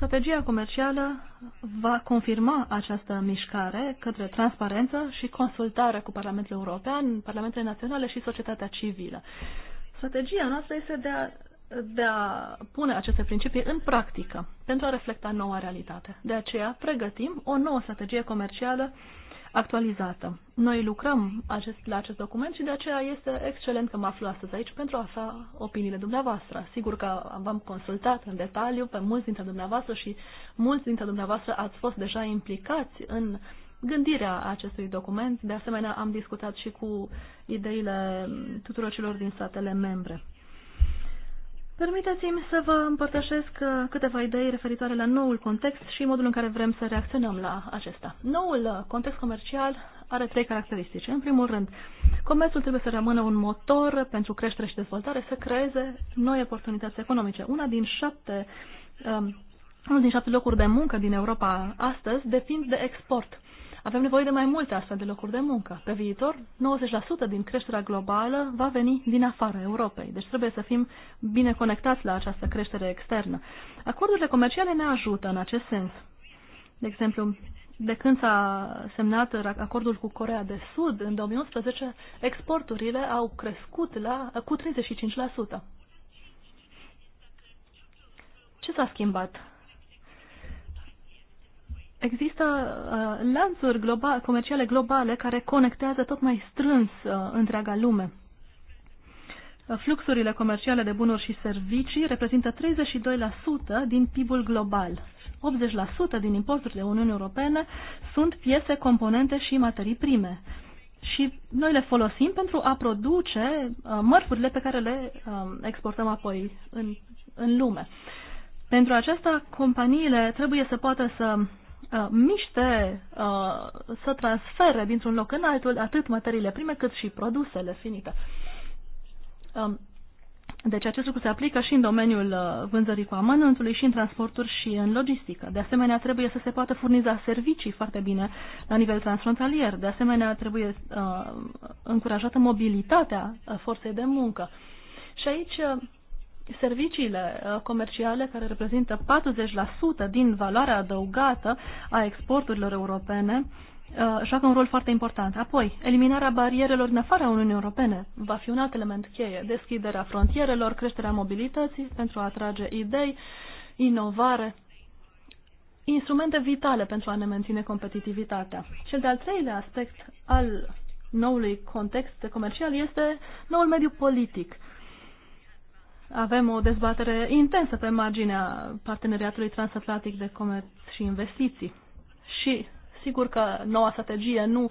Strategia comercială va confirma această mișcare către transparență și consultare cu Parlamentul European, Parlamentele Naționale și societatea civilă. Strategia noastră este de a, de a pune aceste principii în practică pentru a reflecta noua realitate. De aceea pregătim o nouă strategie comercială uh, actualizată. Noi lucrăm acest, la acest document și de aceea este excelent că mă aflu astăzi aici pentru a afla opiniile dumneavoastră. Sigur că v-am consultat în detaliu pe mulți dintre dumneavoastră și mulți dintre dumneavoastră ați fost deja implicați în gândirea acestui document. De asemenea, am discutat și cu ideile tuturor celor din statele membre. Permiteți-mi să vă împărtășesc uh, câteva idei referitoare la noul context și modul în care vrem să reacționăm la acesta. Noul uh, context comercial are trei caracteristici. În primul rând, comerțul trebuie să rămână un motor pentru creștere și dezvoltare, să creeze noi oportunități economice. Una din șapte, um, unul din șapte locuri de muncă din Europa astăzi depind de export. Avem nevoie de mai multe astfel de locuri de muncă. Pe viitor, 90% din creșterea globală va veni din afara Europei, deci trebuie să fim bine conectați la această creștere externă. Acordurile comerciale ne ajută în acest sens. De exemplu, de când s-a semnat acordul cu Corea de Sud în 2011, exporturile au crescut la, cu 35%. Ce s-a schimbat există uh, lanțuri global, comerciale globale care conectează tot mai strâns uh, întreaga lume. Uh, fluxurile comerciale de bunuri și servicii reprezintă 32% din PIB-ul global. 80% din importurile Uniunii Europene sunt piese, componente și materii prime. Și noi le folosim pentru a produce uh, mărfurile pe care le um, exportăm apoi în, în lume. Pentru aceasta, companiile trebuie să poată să Uh, miște, uh, să transfere dintr-un loc în altul atât materiile prime cât și produsele finite. Um, deci acest lucru se aplică și în domeniul uh, vânzării cu amănântului și în transporturi, și în logistică. De asemenea, trebuie să se poată furniza servicii foarte bine la nivel transfrontalier. De asemenea, trebuie uh, încurajată mobilitatea forței de muncă. Și aici serviciile uh, comerciale, care reprezintă 40% din valoarea adăugată a exporturilor europene, uh, joacă un rol foarte important. Apoi, eliminarea barierelor în afara Uniunii Europene va fi un alt element cheie. Deschiderea frontierelor, creșterea mobilității pentru a atrage idei, inovare, instrumente vitale pentru a ne menține competitivitatea. Cel de-al treilea aspect al noului context comercial este noul mediu politic avem o dezbatere intensă pe marginea parteneriatului transatlantic de comerț și investiții. Și sigur că noua strategie nu uh,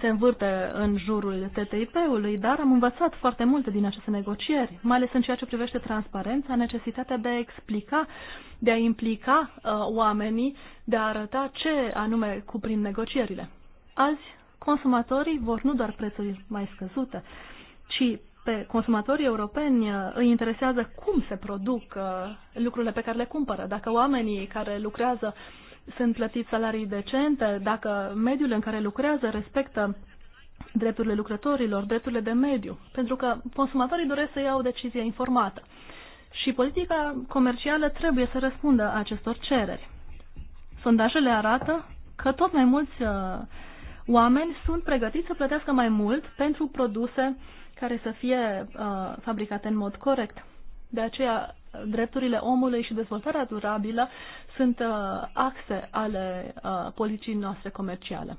se învârte în jurul TTIP-ului, dar am învățat foarte multe din aceste negocieri, mai ales în ceea ce privește transparența, necesitatea de a explica, de a implica uh, oamenii, de a arăta ce anume cuprind negocierile. Azi, consumatorii vor nu doar prețuri mai scăzute, ci pe consumatorii europeni uh, îi interesează cum se produc uh, lucrurile pe care le cumpără. Dacă oamenii care lucrează sunt plătiți salarii decente, dacă mediul în care lucrează respectă drepturile lucrătorilor, drepturile de mediu, pentru că consumatorii doresc să iau o decizie informată. Și politica comercială trebuie să răspundă acestor cereri. Sondajele arată că tot mai mulți uh, oameni sunt pregătiți să plătească mai mult pentru produse care să fie uh, fabricate în mod corect. De aceea, drepturile omului și dezvoltarea durabilă sunt uh, axe ale uh, politicii noastre comerciale.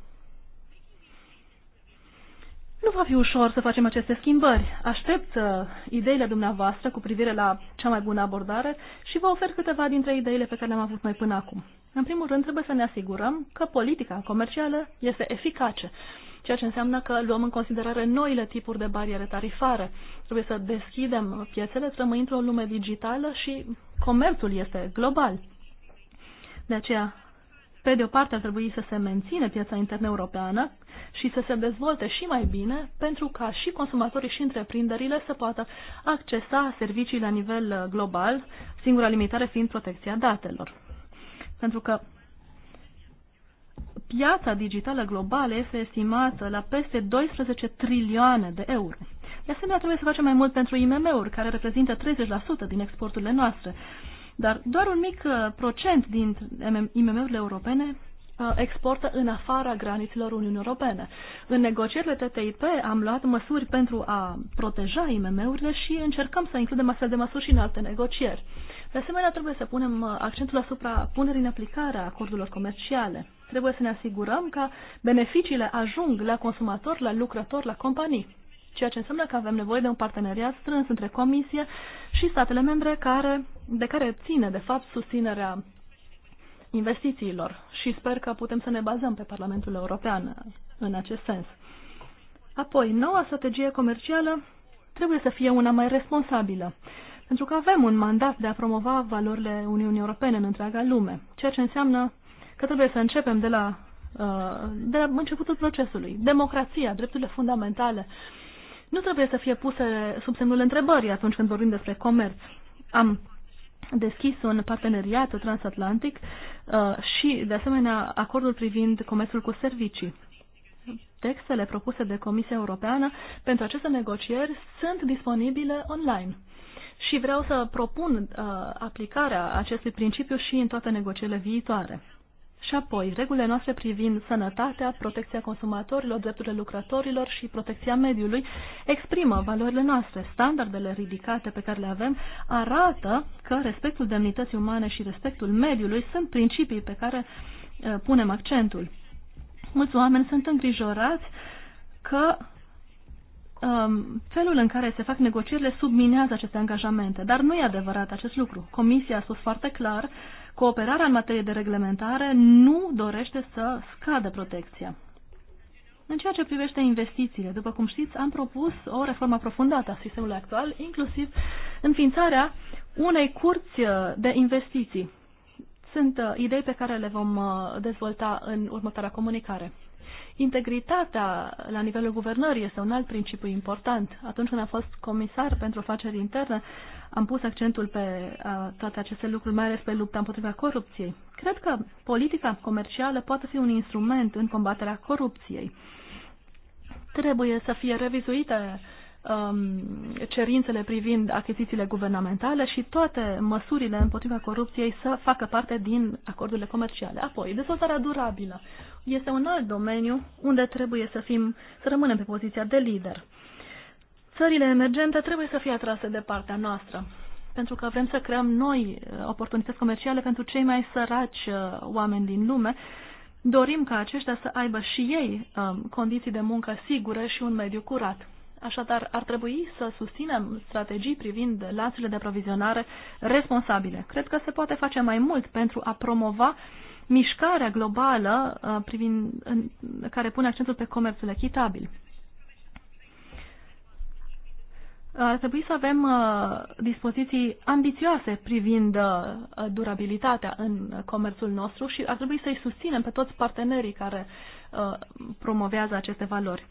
Nu va fi ușor să facem aceste schimbări. Aștept uh, ideile dumneavoastră cu privire la cea mai bună abordare și vă ofer câteva dintre ideile pe care le-am avut noi până acum. În primul rând, trebuie să ne asigurăm că politica comercială este eficace. Uh, ceea ce înseamnă că luăm în considerare noile tipuri de bariere tarifare. Trebuie să deschidem piețele, să mai într-o lume digitală și comerțul este global. De aceea, pe de o parte ar trebui să se menține piața internă europeană și să se dezvolte și mai bine pentru ca și consumatorii și întreprinderile să poată accesa servicii la nivel global, singura limitare fiind protecția datelor. Pentru că piața digitală globală este estimată la peste 12 trilioane de euro. De asemenea, trebuie să facem mai mult pentru IMM-uri, care reprezintă 30% din exporturile noastre. Dar doar un mic uh, procent din IMM-urile europene uh, exportă în afara granițelor Uniunii Europene. În negocierile TTIP am luat măsuri pentru a proteja IMM-urile și încercăm să includem astfel de măsuri și în alte negocieri. De asemenea, trebuie să punem uh, accentul asupra punerii în aplicare a acordurilor comerciale. Trebuie să ne asigurăm că beneficiile ajung la consumator, la lucrător, la companii. Ceea ce înseamnă că avem nevoie de un parteneriat strâns între Comisie și statele membre care, de care ține, de fapt, susținerea investițiilor și sper că putem să ne bazăm pe Parlamentul European în acest sens. Apoi, noua strategie comercială trebuie să fie una mai responsabilă, pentru că avem un mandat de a promova valorile Uniunii Europene în întreaga lume, ceea ce înseamnă că trebuie să începem de la, uh, de la începutul procesului. Democrația, drepturile fundamentale, nu trebuie să fie puse sub semnul întrebării atunci când vorbim despre comerț. Am deschis un parteneriat transatlantic uh, și, de asemenea, acordul privind comerțul cu servicii. Textele propuse de Comisia Europeană pentru aceste negocieri sunt disponibile online. Și vreau să propun uh, aplicarea acestui principiu și în toate negocierile viitoare. Și apoi, regulile noastre privind sănătatea, protecția consumatorilor, drepturile lucrătorilor și protecția mediului exprimă valorile noastre. Standardele ridicate pe care le avem arată că respectul demnității umane și respectul mediului sunt principii pe care uh, punem accentul. Mulți oameni sunt îngrijorați că um, felul în care se fac negocierile subminează aceste angajamente, dar nu e adevărat acest lucru. Comisia a spus foarte clar cooperarea în materie de reglementare nu dorește să scadă protecția. În ceea ce privește investițiile, după cum știți, am propus o reformă aprofundată a sistemului actual, inclusiv înființarea unei curți uh, de investiții. Sunt uh, idei pe care le vom uh, dezvolta în următoarea comunicare. Integritatea la nivelul guvernării este un alt principiu important. Atunci când am fost comisar pentru afaceri interne, am pus accentul pe uh, toate aceste lucruri, mai ales pe lupta împotriva corupției. Cred că politica comercială poate fi un instrument în combaterea corupției. Trebuie să fie revizuite um, cerințele privind achizițiile guvernamentale și toate măsurile împotriva corupției să facă parte din acordurile comerciale. Apoi, dezvoltarea durabilă este un alt domeniu unde trebuie să, fim, să rămânem pe poziția de lider. Țările emergente trebuie să fie atrase de partea noastră, pentru că vrem să creăm noi uh, oportunități comerciale pentru cei mai săraci uh, oameni din lume. Dorim ca aceștia să aibă și ei um, condiții de muncă sigure și un mediu curat. Așadar, ar trebui să susținem strategii privind lanțurile de aprovizionare responsabile. Cred că se poate face mai mult pentru a promova uh, mișcarea globală uh, privind, în, care pune accentul pe comerțul echitabil. Ar trebui să avem uh, dispoziții ambițioase privind uh, durabilitatea în comerțul nostru și ar trebui să-i susținem pe toți partenerii care uh, promovează aceste valori.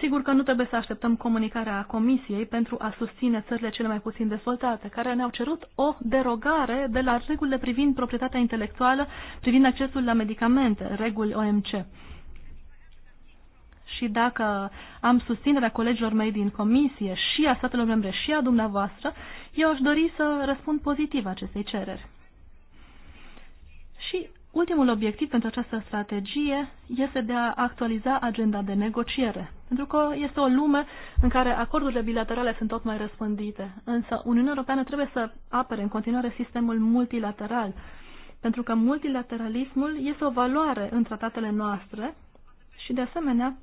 Sigur că nu trebuie să așteptăm comunicarea Comisiei pentru a susține țările cele mai puțin dezvoltate, care ne-au cerut o derogare de la regulile privind proprietatea intelectuală, privind accesul la medicamente, reguli OMC. Și dacă am susținerea colegilor mei din Comisie și a statelor membre și a dumneavoastră, eu aș dori să răspund pozitiv acestei cereri. Și Ultimul obiectiv pentru această strategie este de a actualiza agenda de negociere, pentru că este o lume în care acordurile bilaterale sunt tot mai răspândite, însă Uniunea Europeană trebuie să apere în continuare sistemul multilateral, pentru că multilateralismul este o valoare în tratatele noastre și, de asemenea,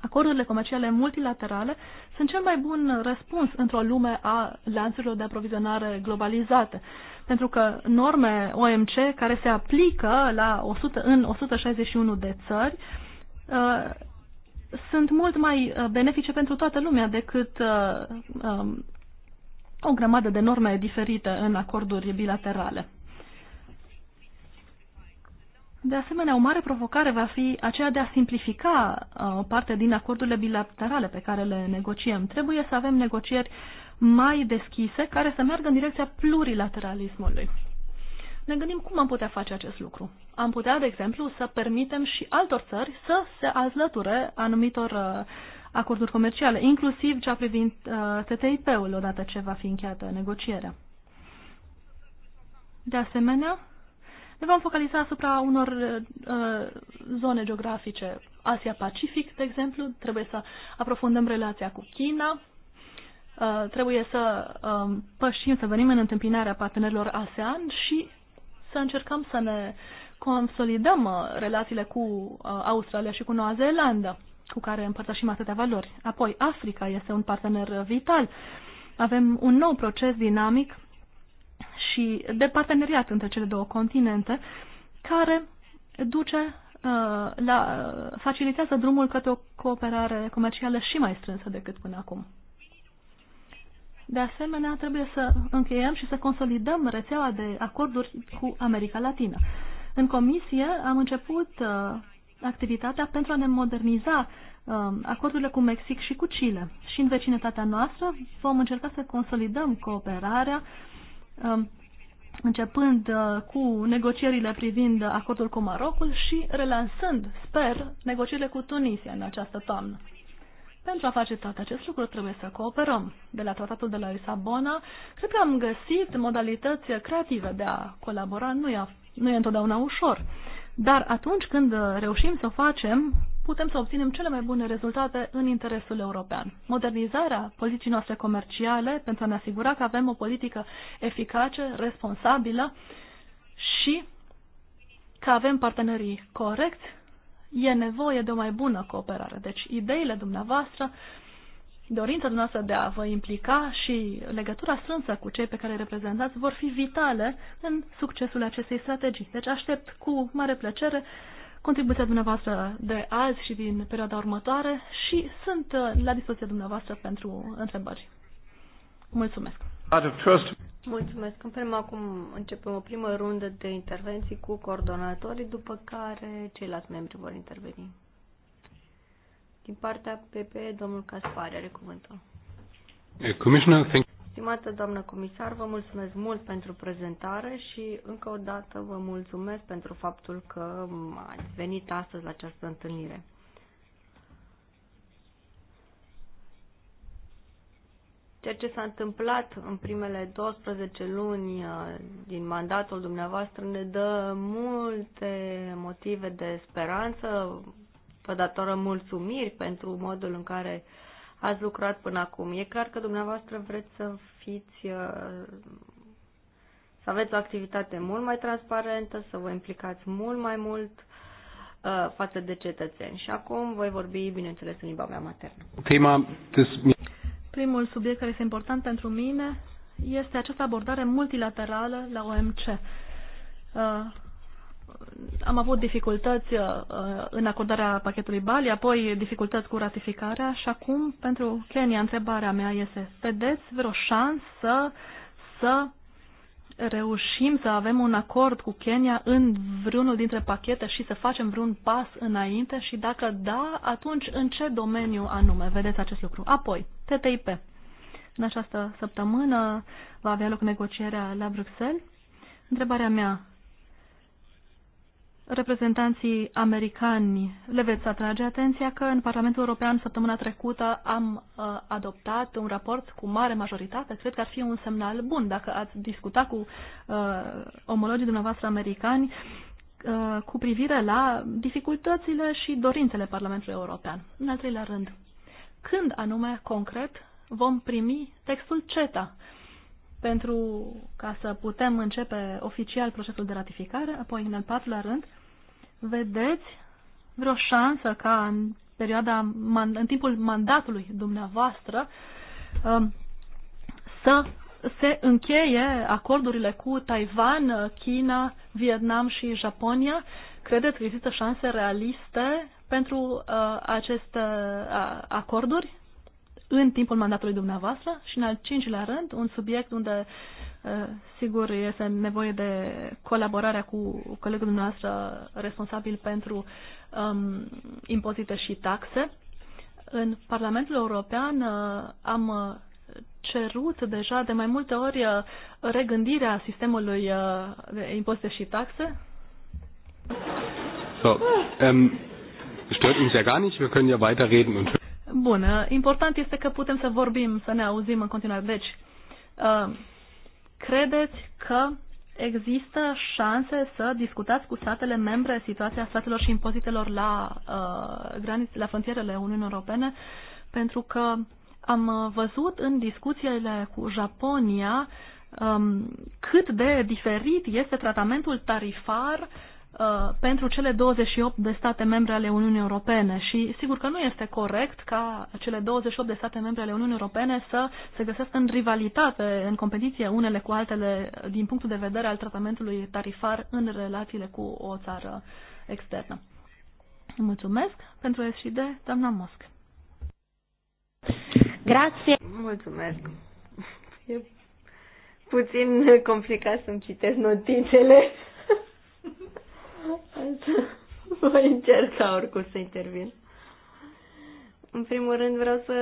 acordurile comerciale multilaterale sunt cel mai bun răspuns într-o lume a lanțurilor de aprovizionare globalizate pentru că norme OMC care se aplică la 100, în 161 de țări uh, sunt mult mai uh, benefice pentru toată lumea decât uh, um, o grămadă de norme diferite în acorduri bilaterale. De asemenea, o mare provocare va fi aceea de a simplifica uh, o parte din acordurile bilaterale pe care le negociem. Trebuie să avem negocieri mai deschise care să meargă în direcția plurilateralismului. Ne gândim cum am putea face acest lucru. Am putea, de exemplu, să permitem și altor țări să se alăture anumitor uh, acorduri comerciale, inclusiv cea privind uh, TTIP-ul odată ce va fi încheiată negocierea. De asemenea, ne vom focaliza asupra unor uh, zone geografice. Asia-Pacific, de exemplu, trebuie să aprofundăm relația cu China, uh, trebuie să uh, pășim, să venim în întâmpinarea partenerilor ASEAN și să încercăm să ne consolidăm uh, relațiile cu uh, Australia și cu Noua Zeelandă, cu care împărtășim atâtea valori. Apoi, Africa este un partener vital. Avem un nou proces dinamic și de parteneriat între cele două continente, care duce uh, la, facilitează drumul către o cooperare comercială și mai strânsă decât până acum. De asemenea, trebuie să încheiem și să consolidăm rețeaua de acorduri cu America Latină. În comisie am început uh, activitatea pentru a ne moderniza uh, acordurile cu Mexic și cu Chile. Și în vecinătatea noastră vom încerca să consolidăm cooperarea uh, începând uh, cu negocierile privind acordul cu Marocul și relansând, sper, negocierile cu Tunisia în această toamnă. Pentru a face toate acest lucru trebuie să cooperăm. De la tratatul de la Lisabona, cred că am găsit modalități creative de a colabora. Nu e, nu e întotdeauna ușor. Dar atunci când reușim să o facem, putem să obținem cele mai bune rezultate în interesul european. Modernizarea politicii noastre comerciale pentru a ne asigura că avem o politică eficace, responsabilă și că avem partenerii corecți, e nevoie de o mai bună cooperare. Deci ideile dumneavoastră, dorința dumneavoastră de a vă implica și legătura strânsă cu cei pe care îi reprezentați vor fi vitale în succesul acestei strategii. Deci aștept cu mare plăcere contribuția dumneavoastră de azi și din perioada următoare și sunt uh, la dispoziția dumneavoastră pentru întrebări. Mulțumesc! Mulțumesc! În acum începem o primă rundă de intervenții cu coordonatorii, după care ceilalți membri vor interveni. Din partea PP, domnul Caspari are cuvântul. Uh, Commissioner, thank Stimată doamnă comisar, vă mulțumesc mult pentru prezentare și încă o dată vă mulțumesc pentru faptul că ați venit astăzi la această întâlnire. Ceea ce s-a întâmplat în primele 12 luni uh, din mandatul dumneavoastră ne dă multe motive de speranță, vă datoră mulțumiri pentru modul în care uh, ați lucrat până acum. E clar că dumneavoastră vreți să fiți uh, să aveți o activitate mult mai transparentă, să vă implicați mult mai mult uh, față de cetățeni. Și acum voi vorbi, bineînțeles, în limba mea maternă. Tema Primul subiect care este important pentru mine este această abordare multilaterală la OMC. Uh, am avut dificultăți uh, uh, în acordarea pachetului Bali, apoi dificultăți cu ratificarea și acum, pentru Kenya, întrebarea mea este, vedeți vreo șansă să reușim să avem un acord cu Kenya în vreunul dintre pachete și să facem vreun pas înainte și dacă da, atunci în ce domeniu anume vedeți acest lucru? Apoi, TTIP. În această săptămână va avea loc negocierea la Bruxelles. Întrebarea mea reprezentanții americani, le veți atrage atenția că în Parlamentul European săptămâna trecută am uh, adoptat un raport cu mare majoritate. Cred că ar fi un semnal bun dacă ați discuta cu uh, omologii dumneavoastră americani uh, cu privire la dificultățile și dorințele Parlamentului European. În al treilea rând, când anume, concret, vom primi textul CETA? Uh, pentru ca să putem începe oficial procesul de ratificare, apoi în al patrulea rând, vedeți vreo șansă ca în perioada, în timpul mandatului dumneavoastră um, să se încheie acordurile cu Taiwan, China, Vietnam și Japonia. Credeți că există șanse realiste pentru uh, aceste uh, acorduri în timpul mandatului dumneavoastră și, în al cincilea rând, un subiect unde, uh, sigur, este nevoie de colaborarea cu colegul dumneavoastră responsabil pentru um, impozite și taxe. În Parlamentul European uh, am uh, cerut deja de mai multe ori regândirea sistemului de impozite și taxe. So, um, stört uns ja gar nicht, wir können ja weiterreden und Bun, ă, important este că putem să vorbim, să ne auzim în continuare. Deci, ă, credeți că există șanse să discutați cu statele membre situația statelor și impozitelor la ă, granițe, la frontierele Uniunii Europene? Pentru că am văzut în discuțiile cu Japonia cât de diferit este tratamentul tarifar Uh, pentru cele 28 de state membre ale Uniunii Europene și sigur că nu este corect ca cele 28 de state membre ale Uniunii Europene să se găsească în rivalitate, în competiție unele cu altele din punctul de vedere al tratamentului tarifar în relațiile cu o țară externă. Mulțumesc pentru SID, doamna Mosc. Grație. Mulțumesc. E puțin complicat să-mi citesc notițele. Voi încerca oricum să intervin. În primul rând vreau să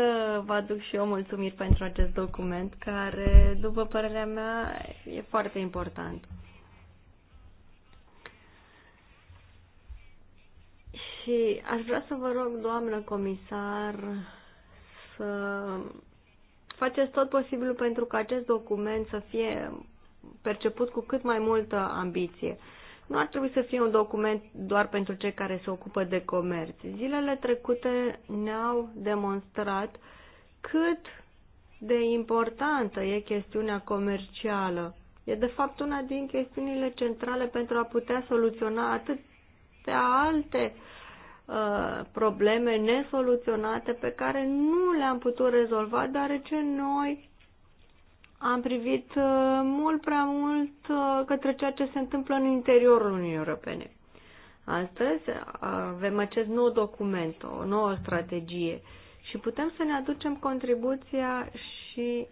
vă aduc și eu mulțumiri pentru acest document care, după părerea mea, e foarte important. Și aș vrea să vă rog, doamnă comisar, să faceți tot posibilul pentru ca acest document să fie perceput cu cât mai multă ambiție. Uh, nu ar trebui să fie un document doar pentru cei care se ocupă de comerț. Zilele trecute ne-au demonstrat cât de importantă e chestiunea comercială. E de fapt una din chestiunile centrale pentru a putea soluționa atâtea alte uh, probleme nesoluționate pe care nu le-am putut rezolva, deoarece noi am privit uh, mult prea mult uh, către ceea ce se întâmplă în interiorul Uniunii Europene. Astăzi uh, avem acest nou document, o nouă strategie și putem să ne aducem contribuția și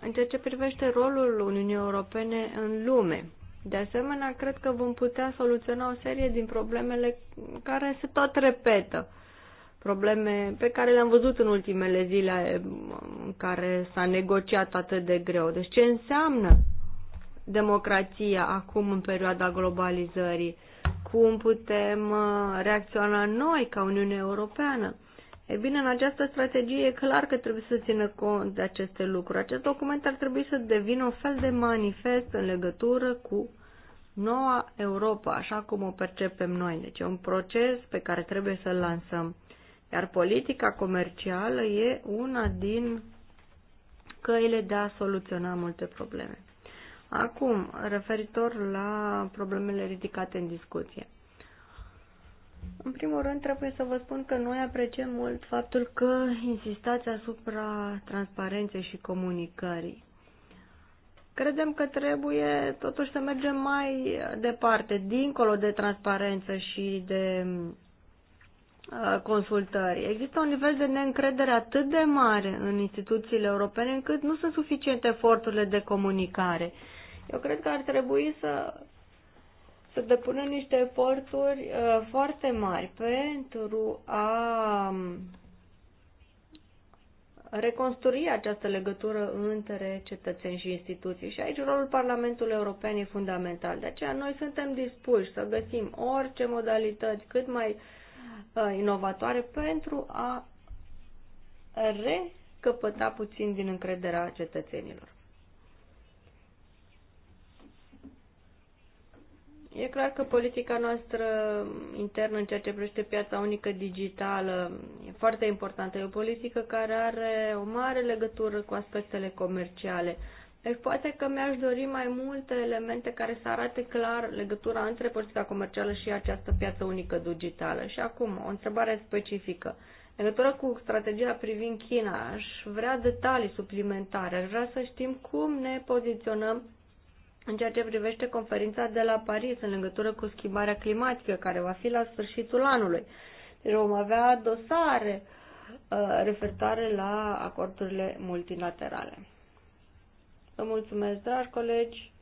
în ceea ce privește rolul Uniunii Europene în lume. De asemenea, cred că vom putea soluționa o serie din problemele care se tot repetă probleme pe care le-am văzut în ultimele zile în care s-a negociat atât de greu. Deci ce înseamnă democrația acum în perioada globalizării? Cum putem uh, reacționa noi ca Uniune Europeană? E bine, în această strategie e clar că trebuie să țină cont de aceste lucruri. Acest document ar trebui să devină un fel de manifest în legătură cu noua Europa, așa cum o percepem noi. Deci e un proces pe care trebuie să-l lansăm. Iar politica comercială e una din căile de a soluționa multe probleme. Acum, referitor la problemele ridicate în discuție. În primul rând, trebuie să vă spun că noi apreciem mult faptul că insistați asupra transparenței și comunicării. Credem că trebuie totuși să mergem mai departe, dincolo de transparență și de Uh, consultări. Există un nivel de neîncredere atât de mare în instituțiile europene încât nu sunt suficiente eforturile de comunicare. Eu cred că ar trebui să, să depunem niște eforturi uh, foarte mari pentru a um, reconstrui această legătură între cetățeni și instituții. Și aici rolul Parlamentului European e fundamental. De aceea noi suntem dispuși să găsim orice modalități cât mai uh, Uh, inovatoare pentru a recăpăta puțin din încrederea cetățenilor. E clar că politica noastră internă în ceea ce privește piața unică digitală e foarte importantă. E o politică care are o mare legătură cu aspectele comerciale. Uh, deci poate că mi-aș dori mai multe elemente care să arate clar legătura între politica comercială și această piață unică digitală. Și acum, o întrebare specifică. În legătură cu strategia privind China, aș vrea detalii suplimentare, aș vrea să știm cum ne poziționăm în ceea ce privește conferința de la Paris în legătură cu schimbarea climatică, care va fi la sfârșitul anului. Deci vom avea dosare uh, referitoare la acordurile multilaterale. Vă mulțumesc, dragi colegi.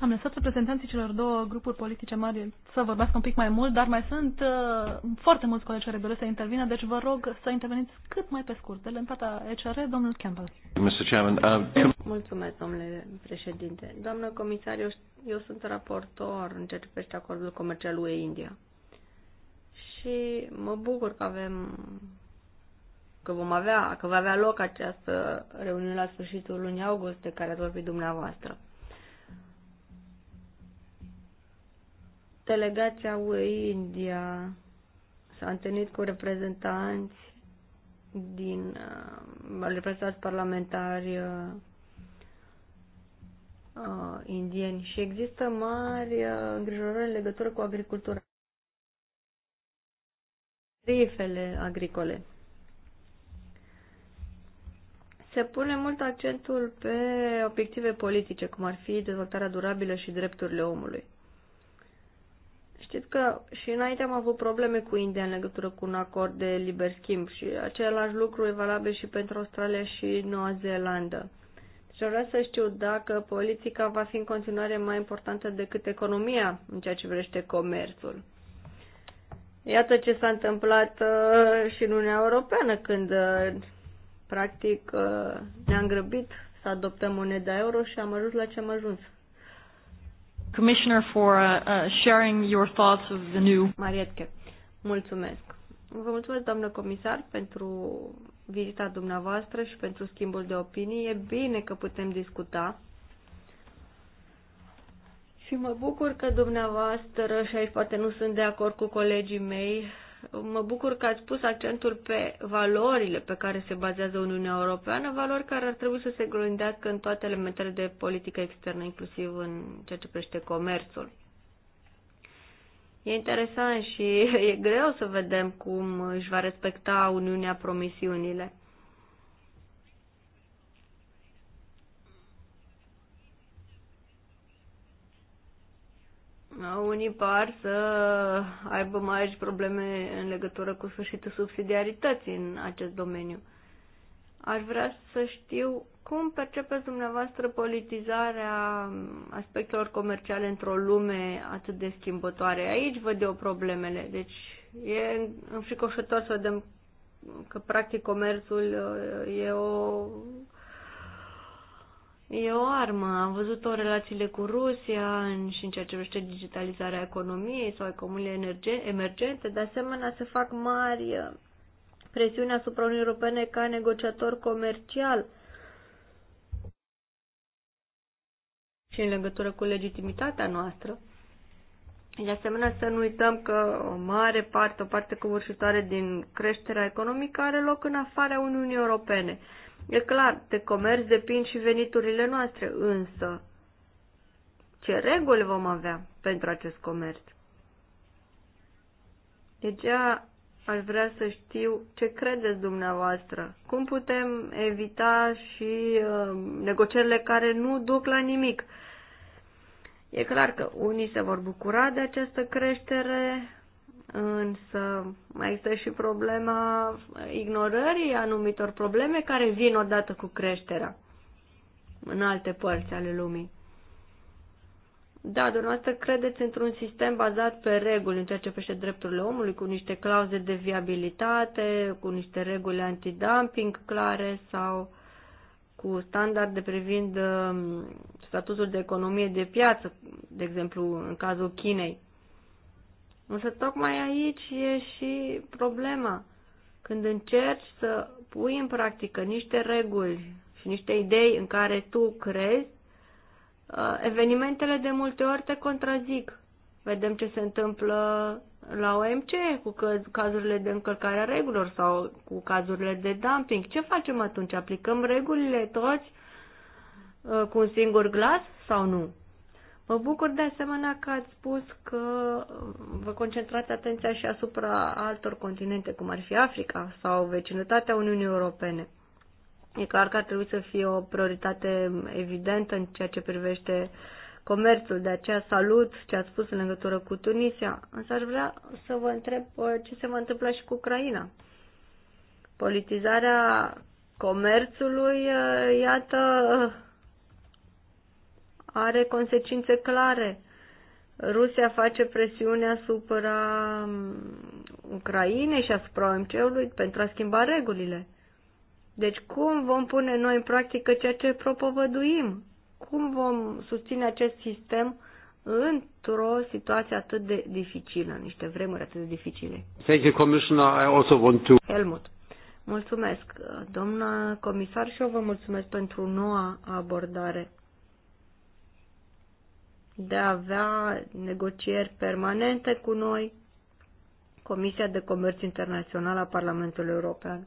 Am lăsat reprezentanții celor două grupuri politice mari să vorbească un pic mai mult, dar mai sunt uh, foarte mulți colegi care doresc să intervină, deci vă rog să interveniți cât mai pe scurt. De în ECR, domnul Campbell. Mr. Chairman, uh... Mulțumesc, domnule președinte. Doamnă comisar, eu, eu sunt raportor în ceea ce privește acordul comercial UE-India. Și mă bucur că avem că vom avea, că va avea loc această reuniune la sfârșitul lunii august de care ați vorbit dumneavoastră. Delegația UE India s-a întâlnit cu reprezentanți din uh, reprezentanți parlamentari uh, uh, indieni și există mari uh, îngrijorări în legătură cu agricultura. Rifele agricole se pune mult accentul pe obiective politice, cum ar fi dezvoltarea durabilă și drepturile omului. Știți că și înainte am avut probleme cu India în legătură cu un acord de liber schimb și același lucru e valabil și pentru Australia și Noua Zeelandă. Deci vreau să știu dacă politica va fi în continuare mai importantă decât economia în ceea ce vrește comerțul. Iată ce s-a întâmplat uh, și în Uniunea Europeană când uh, Practic, uh, ne-am grăbit să adoptăm moneda euro și am ajuns la ce am ajuns. Commissioner for uh, uh, sharing your thoughts of the new. Marietke, mulțumesc. Vă mulțumesc, doamnă comisar, pentru vizita dumneavoastră și pentru schimbul de opinii. E bine că putem discuta. Și mă bucur că dumneavoastră, și aici poate nu sunt de acord cu colegii mei, Mă bucur că ați pus accentul pe valorile pe care se bazează Uniunea Europeană, valori care ar trebui să se grândească în toate elementele de politică externă, inclusiv în ceea ce privește comerțul. E interesant și e greu să vedem cum își va respecta Uniunea promisiunile. Unii par să aibă mai aici probleme în legătură cu sfârșitul subsidiarității în acest domeniu. Aș vrea să știu cum percepeți dumneavoastră politizarea aspectelor comerciale într-o lume atât de schimbătoare. Aici văd eu problemele. Deci e înfricoșător să vedem că practic comerțul uh, e o E o armă. Am văzut-o relațiile cu Rusia în, și în ceea ce privește digitalizarea economiei sau economiile emergente. De asemenea, se fac mari uh, presiuni asupra Uniunii Europene ca negociator comercial și în legătură cu legitimitatea noastră. De asemenea, să nu uităm că o mare parte, o parte covârșitoare din creșterea economică are loc în afara Uniunii Europene. E clar, de comerț depind și veniturile noastre, însă ce reguli vom avea pentru acest comerț? Deci aș vrea să știu ce credeți dumneavoastră. Cum putem evita și uh, negocierile care nu duc la nimic? E clar că unii se vor bucura de această creștere, Însă mai există și problema ignorării anumitor probleme care vin odată cu creșterea în alte părți ale lumii. Da, dumneavoastră credeți într-un sistem bazat pe reguli în ceea ce pește drepturile omului, cu niște clauze de viabilitate, cu niște reguli antidumping clare sau cu standarde privind um, statutul de economie de piață, de exemplu în cazul Chinei. Însă tocmai aici e și problema. Când încerci să pui în practică niște reguli și niște idei în care tu crezi, uh, evenimentele de multe ori te contrazic. Vedem ce se întâmplă la OMC cu cazurile de încălcare a regulilor sau cu cazurile de dumping. Ce facem atunci? Aplicăm regulile toți uh, cu un singur glas sau nu? Mă bucur de asemenea că ați spus că vă concentrați atenția și asupra altor continente, cum ar fi Africa sau vecinătatea Uniunii Europene. E clar că ar trebui să fie o prioritate evidentă în ceea ce privește comerțul, de aceea salut ce ați spus în legătură cu Tunisia, însă aș vrea să vă întreb uh, ce se va întâmpla și cu Ucraina. Politizarea comerțului, uh, iată, are consecințe clare. Rusia face presiune asupra um, Ucrainei și asupra OMC-ului pentru a schimba regulile. Deci cum vom pune noi în practică ceea ce propovăduim? Cum vom susține acest sistem într-o situație atât de dificilă, niște vremuri atât de dificile? Thank you, Commissioner. I also want to... Helmut. Mulțumesc, Domnul comisar, și eu vă mulțumesc pentru noua abordare de a avea negocieri permanente cu noi, Comisia de Comerț Internațional a Parlamentului European.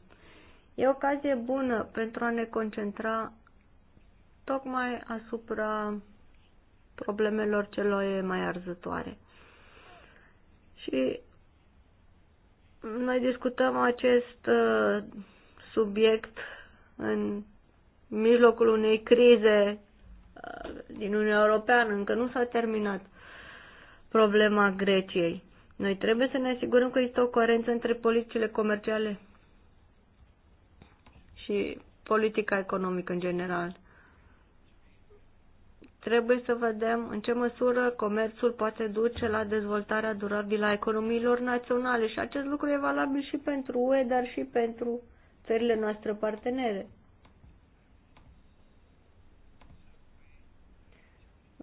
E o ocazie bună pentru a ne concentra tocmai asupra problemelor celor mai arzătoare. Și noi discutăm acest uh, subiect în mijlocul unei crize din Uniunea Europeană. Încă nu s-a terminat problema Greciei. Noi trebuie să ne asigurăm că există o coerență între politicile comerciale și politica economică în general. Trebuie să vedem în ce măsură comerțul poate duce la dezvoltarea durabilă a economiilor naționale și acest lucru e valabil și pentru UE, dar și pentru țările noastre partenere.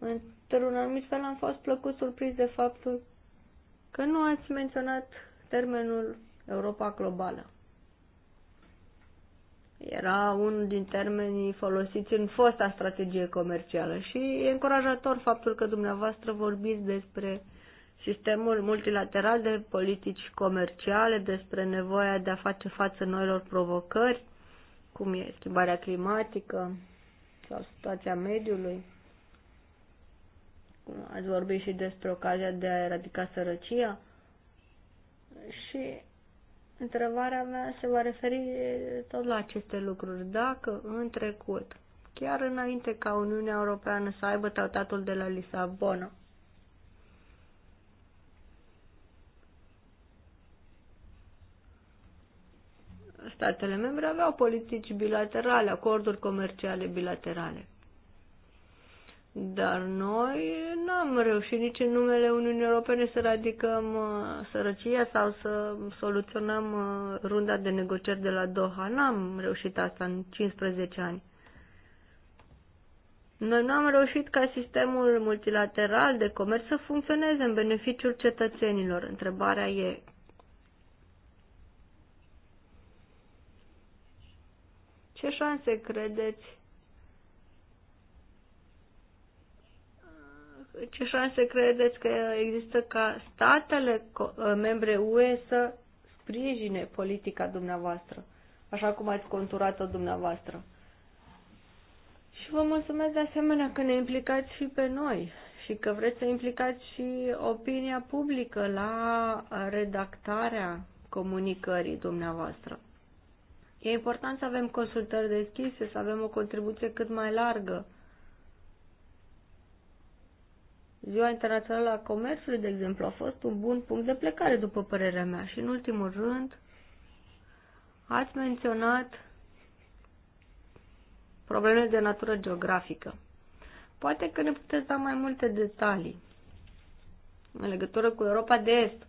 Într-un anumit fel am fost plăcut surprins de faptul că nu ați menționat termenul Europa globală. Era unul din termenii folosiți în fosta strategie comercială și e încurajator faptul că dumneavoastră vorbiți despre sistemul multilateral de politici comerciale, despre nevoia de a face față noilor provocări, cum e schimbarea climatică sau situația mediului ați vorbit și despre ocazia de a eradica sărăcia și întrebarea mea se va referi tot la aceste lucruri. Dacă în trecut, chiar înainte ca Uniunea Europeană să aibă tratatul de la Lisabona, statele membre aveau politici bilaterale, acorduri comerciale bilaterale. Dar noi n-am reușit nici în numele Uniunii Europene să radicăm uh, sărăcia sau să soluționăm uh, runda de negocieri de la Doha. N-am reușit asta în 15 ani. Noi nu am reușit ca sistemul multilateral de comerț să funcționeze în beneficiul cetățenilor. Întrebarea e ce șanse credeți ce șanse credeți că există ca statele ă, membre UE să sprijine politica dumneavoastră, așa cum ați conturat-o dumneavoastră? Și vă mulțumesc de asemenea că ne implicați și pe noi și că vreți să implicați și opinia publică la redactarea comunicării dumneavoastră. E important să avem consultări deschise, să avem o contribuție cât mai largă Ziua Internațională a Comerțului, de exemplu, a fost un bun punct de plecare, după părerea mea. Și, în ultimul rând, ați menționat probleme de natură geografică. Poate că ne puteți da mai multe detalii în legătură cu Europa de Est,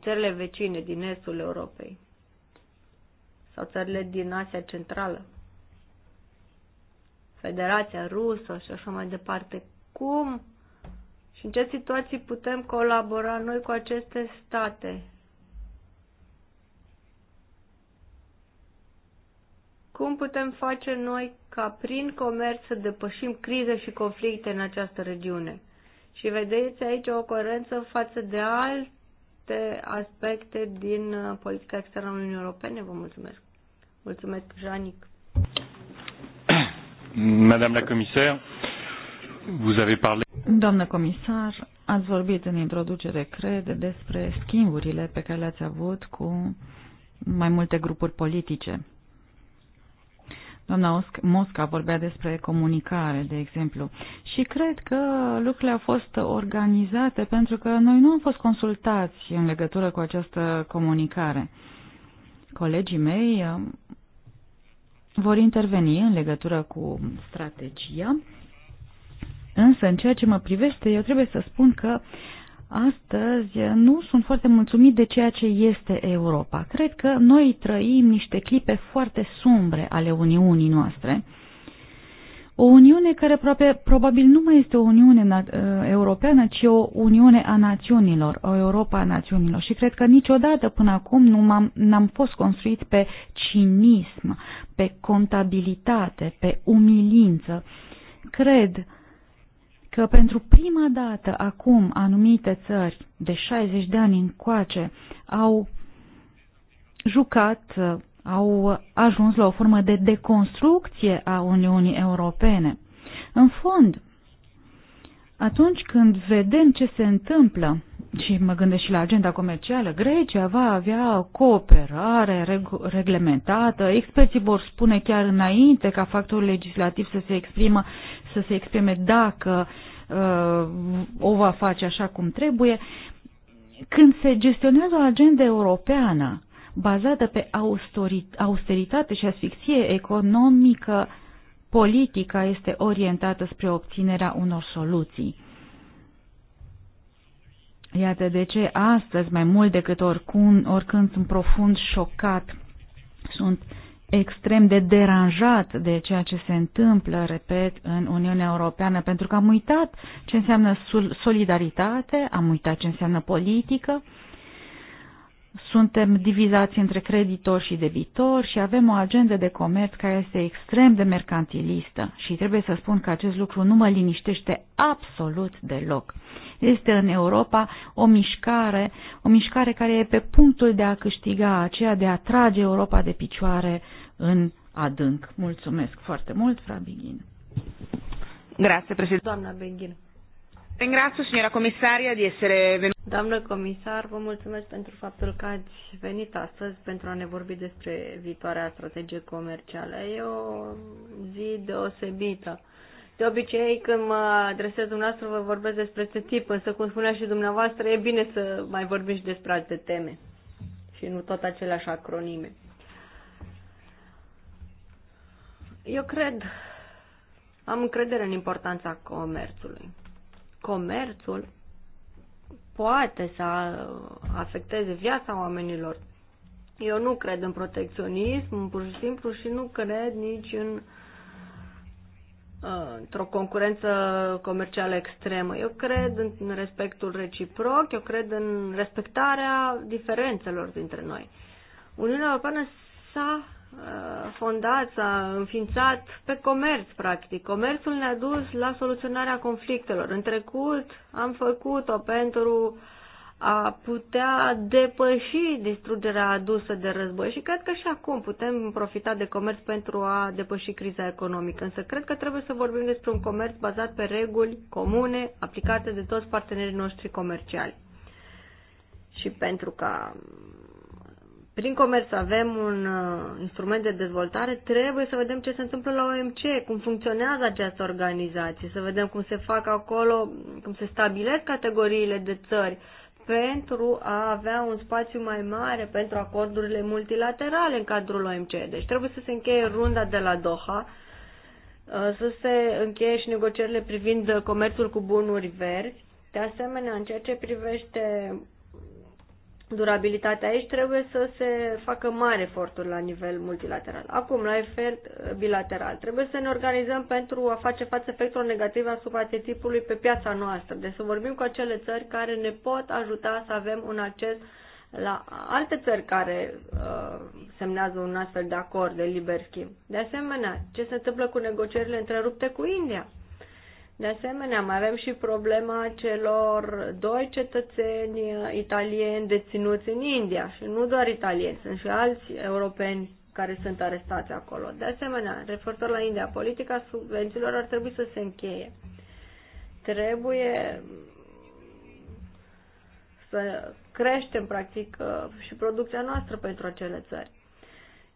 țările vecine din estul Europei sau țările din Asia Centrală, Federația Rusă și așa mai departe. Cum și în ce situații putem colabora noi cu aceste state? Cum putem face noi ca prin comerț să depășim crize și conflicte în această regiune? Și vedeți aici o coerență față de alte aspecte din uh, politica externă a Uniunii Europene. Vă mulțumesc. Mulțumesc, Janic. Madame la commissaire, vous avez parlé Doamnă comisar, ați vorbit în introducere, cred, despre schimburile pe care le-ați avut cu mai multe grupuri politice. Doamna Mosca vorbea despre comunicare, de exemplu, și cred că lucrurile au fost organizate pentru că noi nu am fost consultați în legătură cu această comunicare. Colegii mei um, vor interveni în legătură cu strategia Însă, în ceea ce mă privește, eu trebuie să spun că astăzi nu sunt foarte mulțumit de ceea ce este Europa. Cred că noi trăim niște clipe foarte sumbre ale Uniunii noastre. O Uniune care aproape, probabil nu mai este o Uniune ă, europeană, ci o Uniune a națiunilor, o Europa a națiunilor. Și cred că niciodată până acum nu m-am, n-am fost construit pe cinism, pe contabilitate, pe umilință. Cred că pentru prima dată acum anumite țări de 60 de ani încoace au jucat, au ajuns la o formă de deconstrucție a Uniunii Europene. În fond, atunci când vedem ce se întâmplă și mă gândesc și la agenda comercială, Grecia va avea cooperare reg- reglementată, experții vor spune chiar înainte ca factorul legislativ să se exprimă, să se exprime dacă uh, o va face așa cum trebuie. Când se gestionează o agenda europeană bazată pe austeritate și asfixie economică, politica este orientată spre obținerea unor soluții Iată de ce astăzi, mai mult decât oricum, oricând, sunt profund șocat, sunt extrem de deranjat de ceea ce se întâmplă, repet, în Uniunea Europeană, pentru că am uitat ce înseamnă solidaritate, am uitat ce înseamnă politică, suntem divizați între creditori și debitori și avem o agendă de comerț care este extrem de mercantilistă și trebuie să spun că acest lucru nu mă liniștește absolut deloc. Este în Europa o mișcare, o mișcare care e pe punctul de a câștiga, aceea de a trage Europa de picioare în adânc. Mulțumesc foarte mult, Fra Beghin. Grazie, președinte. Doamna Beghin. Ringrazio, signora comisaria, di essere venuta. Doamnă comisar, vă mulțumesc pentru faptul că ați venit astăzi pentru a ne vorbi despre viitoarea strategie comercială. E o zi deosebită. De obicei, când mă adresez dumneavoastră, vă vorbesc despre ce tip, însă, cum spunea și dumneavoastră, e bine să mai vorbim și despre alte teme și nu tot aceleași acronime. Eu cred, am încredere în importanța comerțului comerțul poate să afecteze viața oamenilor. Eu nu cred în protecționism, pur și simplu, și nu cred nici în uh, într-o concurență comercială extremă. Eu cred în respectul reciproc, eu cred în respectarea diferențelor dintre noi. Uniunea Europeană s-a Uh, fondat, s-a înființat pe comerț, practic. Comerțul ne-a dus la soluționarea conflictelor. În trecut am făcut-o pentru a putea depăși distrugerea adusă de război și cred că și acum putem profita de comerț pentru a depăși criza economică. Însă cred că trebuie să vorbim despre un comerț bazat pe reguli comune aplicate de toți partenerii noștri comerciali. Și pentru ca prin comerț avem un uh, instrument de dezvoltare, trebuie să vedem ce se întâmplă la OMC, cum funcționează această organizație, să vedem cum se fac acolo, cum se stabilesc categoriile de țări pentru a avea un spațiu mai mare pentru acordurile multilaterale în cadrul OMC. Deci trebuie să se încheie runda de la Doha, uh, să se încheie și negocierile privind comerțul cu bunuri verzi. De asemenea, în ceea ce privește durabilitatea aici, trebuie să se facă mari eforturi la nivel multilateral. Acum, la efect bilateral, trebuie să ne organizăm pentru a face față efectelor negative asupra tipului pe piața noastră. Deci să vorbim cu acele țări care ne pot ajuta să avem un acces la alte țări care uh, semnează un astfel de acord de liber schimb. De asemenea, ce se întâmplă cu negocierile întrerupte cu India? De asemenea, mai avem și problema celor doi cetățeni italieni deținuți în India și nu doar italieni, sunt și alți europeni care sunt arestați acolo. De asemenea, referitor la India, politica subvențiilor ar trebui să se încheie. Trebuie să creștem, practic, și producția noastră pentru acele țări.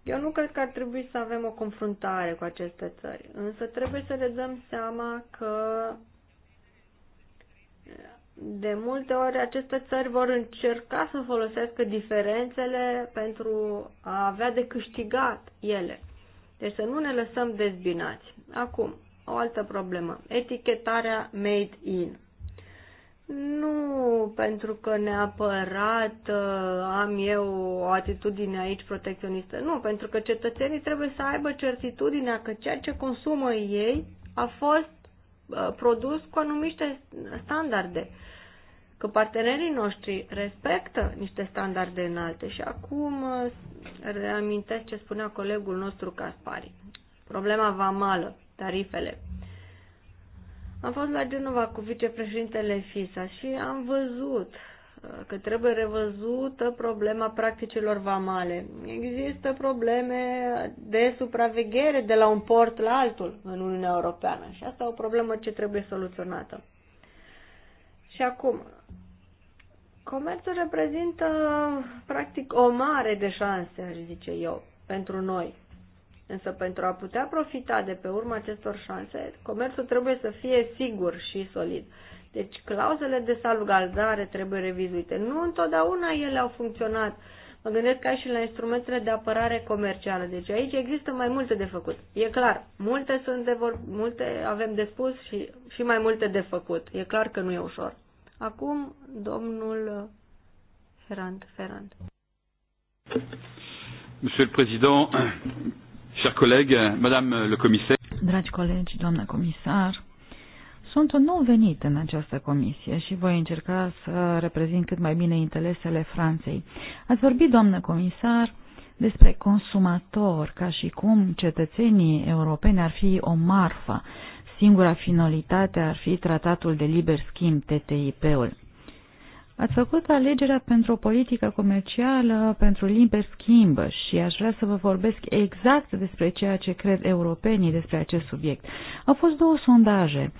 Eu nu cred că ar trebui să avem o confruntare cu aceste țări, însă trebuie să le dăm seama că de multe ori aceste țări vor încerca să folosească diferențele pentru a avea de câștigat ele. Deci să nu ne lăsăm dezbinați. Acum, o altă problemă. Etichetarea made in. Nu pentru că neapărat uh, am eu o atitudine aici protecționistă, nu, pentru că cetățenii trebuie să aibă certitudinea că ceea ce consumă ei a fost uh, produs cu anumite standarde, că partenerii noștri respectă niște standarde înalte. Și acum uh, reamintesc ce spunea colegul nostru Caspari, problema vamală, tarifele. Uh, am fost la Genova cu vicepreședintele FISA și am văzut uh, că trebuie revăzută problema practicilor vamale. Există probleme de supraveghere de la un port la altul în Uniunea Europeană și asta e o problemă ce trebuie soluționată. Și acum, comerțul reprezintă practic o mare de șanse, aș zice eu, pentru noi. Însă pentru a putea profita de pe urma acestor șanse, comerțul trebuie să fie sigur și solid. Deci clauzele de salvgardare trebuie revizuite. Nu întotdeauna ele au funcționat. Mă gândesc ca și la instrumentele de apărare comercială. Deci aici există mai multe de făcut. E clar, multe sunt de vor, multe avem de spus și, și mai multe de făcut. E clar că nu e ușor. Acum, domnul Ferrand. Ferrand. Monsieur le Président, Chers collègues, euh, Madame euh, le Commissaire. Dragi colegi, doamnă comisar, sunt un nou venit în această comisie și voi încerca să reprezint cât mai bine interesele Franței. Ați vorbit, doamnă comisar, despre consumator, ca și cum cetățenii europeni ar fi o marfă. Singura finalitate ar fi tratatul de liber schimb, TTIP-ul. Ați făcut alegerea pentru o politică comercială, pentru liber schimb și aș vrea să vă vorbesc exact despre ceea ce cred europenii despre acest subiect. Au fost două sondaje,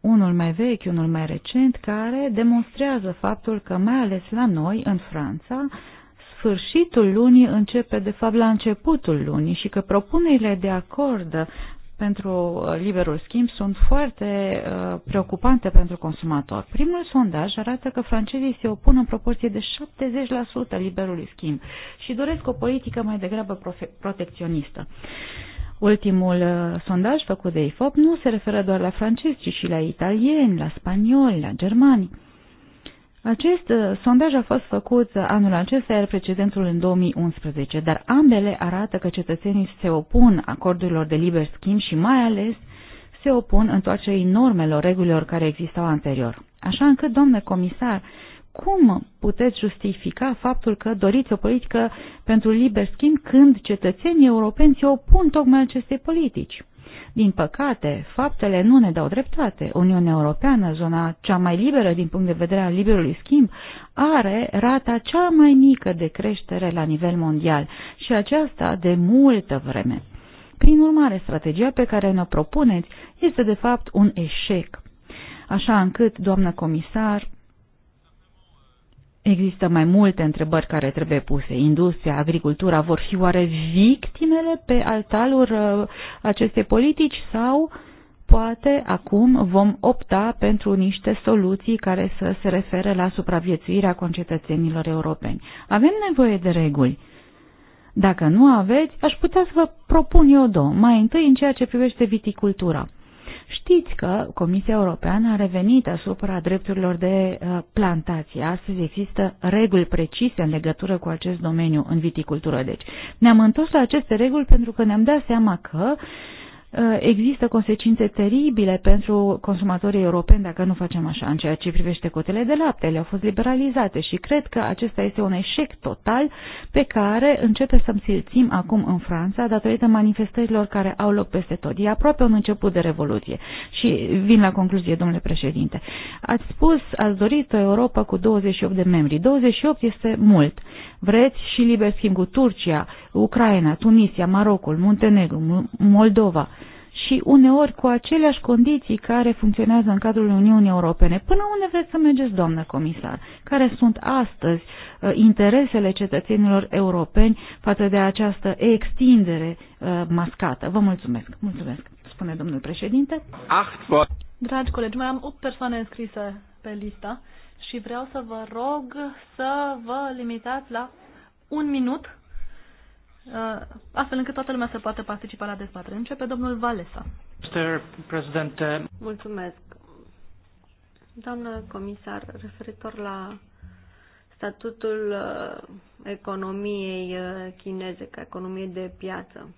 unul mai vechi, unul mai recent, care demonstrează faptul că, mai ales la noi, în Franța, sfârșitul lunii începe de fapt la începutul lunii și că propunerile de acord pentru uh, liberul schimb sunt foarte uh, preocupante pentru consumator. Primul sondaj arată că francezii se opun în proporție de 70% liberului schimb și doresc o politică mai degrabă protecționistă. Ultimul uh, sondaj făcut de IFOP nu se referă doar la francezi, ci și la italieni, la spanioli, la germani. Acest uh, sondaj a fost făcut anul acesta, iar precedentul în 2011, dar ambele arată că cetățenii se opun acordurilor de liber schimb și mai ales se opun întoarcerii normelor, regulilor care existau anterior. Așa încât, domnule comisar, cum puteți justifica faptul că doriți o politică pentru liber schimb când cetățenii europeni se opun tocmai acestei politici? Din păcate, faptele nu ne dau dreptate. Uniunea Europeană, zona cea mai liberă din punct de vedere al liberului schimb, are rata cea mai mică de creștere la nivel mondial și aceasta de multă vreme. Prin urmare, strategia pe care ne-o propuneți este de fapt un eșec. Așa încât, doamnă comisar, Există mai multe întrebări care trebuie puse. Industria, agricultura vor fi oare victimele pe altalul uh, acestei politici sau poate acum vom opta pentru niște soluții care să se refere la supraviețuirea concetățenilor europeni. Avem nevoie de reguli. Dacă nu aveți, aș putea să vă propun eu două. Mai întâi în ceea ce privește viticultura. Știți că Comisia Europeană a revenit asupra drepturilor de uh, plantație. Astăzi există reguli precise în legătură cu acest domeniu în viticultură. Deci ne-am întors la aceste reguli pentru că ne-am dat seama că uh, Uh, există consecințe teribile pentru consumatorii europeni dacă nu facem așa în ceea ce privește cotele de lapte. Le-au fost liberalizate și cred că acesta este un eșec total pe care începe să-mi silțim acum în Franța datorită manifestărilor care au loc peste tot. E aproape un început de revoluție. Și vin la concluzie, domnule președinte. Ați spus, ați dorit o Europa cu 28 de membri. 28 este mult. Vreți și liber schimb cu Turcia, Ucraina, Tunisia, Marocul, Muntenegru, Moldova și uneori cu aceleași condiții care funcționează în cadrul Uniunii Europene. Până unde vreți să mergeți, doamnă comisar? Care sunt astăzi uh, interesele cetățenilor europeni față de această extindere uh, mascată? Vă mulțumesc. Mulțumesc, spune domnul președinte. Dragi colegi, mai am 8 persoane înscrise pe lista și vreau să vă rog să vă limitați la un minut Uh, astfel încât toată lumea să poată participa la dezbatere. Începe domnul Valesa. Mulțumesc. Doamnă comisar, referitor la statutul uh, economiei uh, chineze ca economie de piață,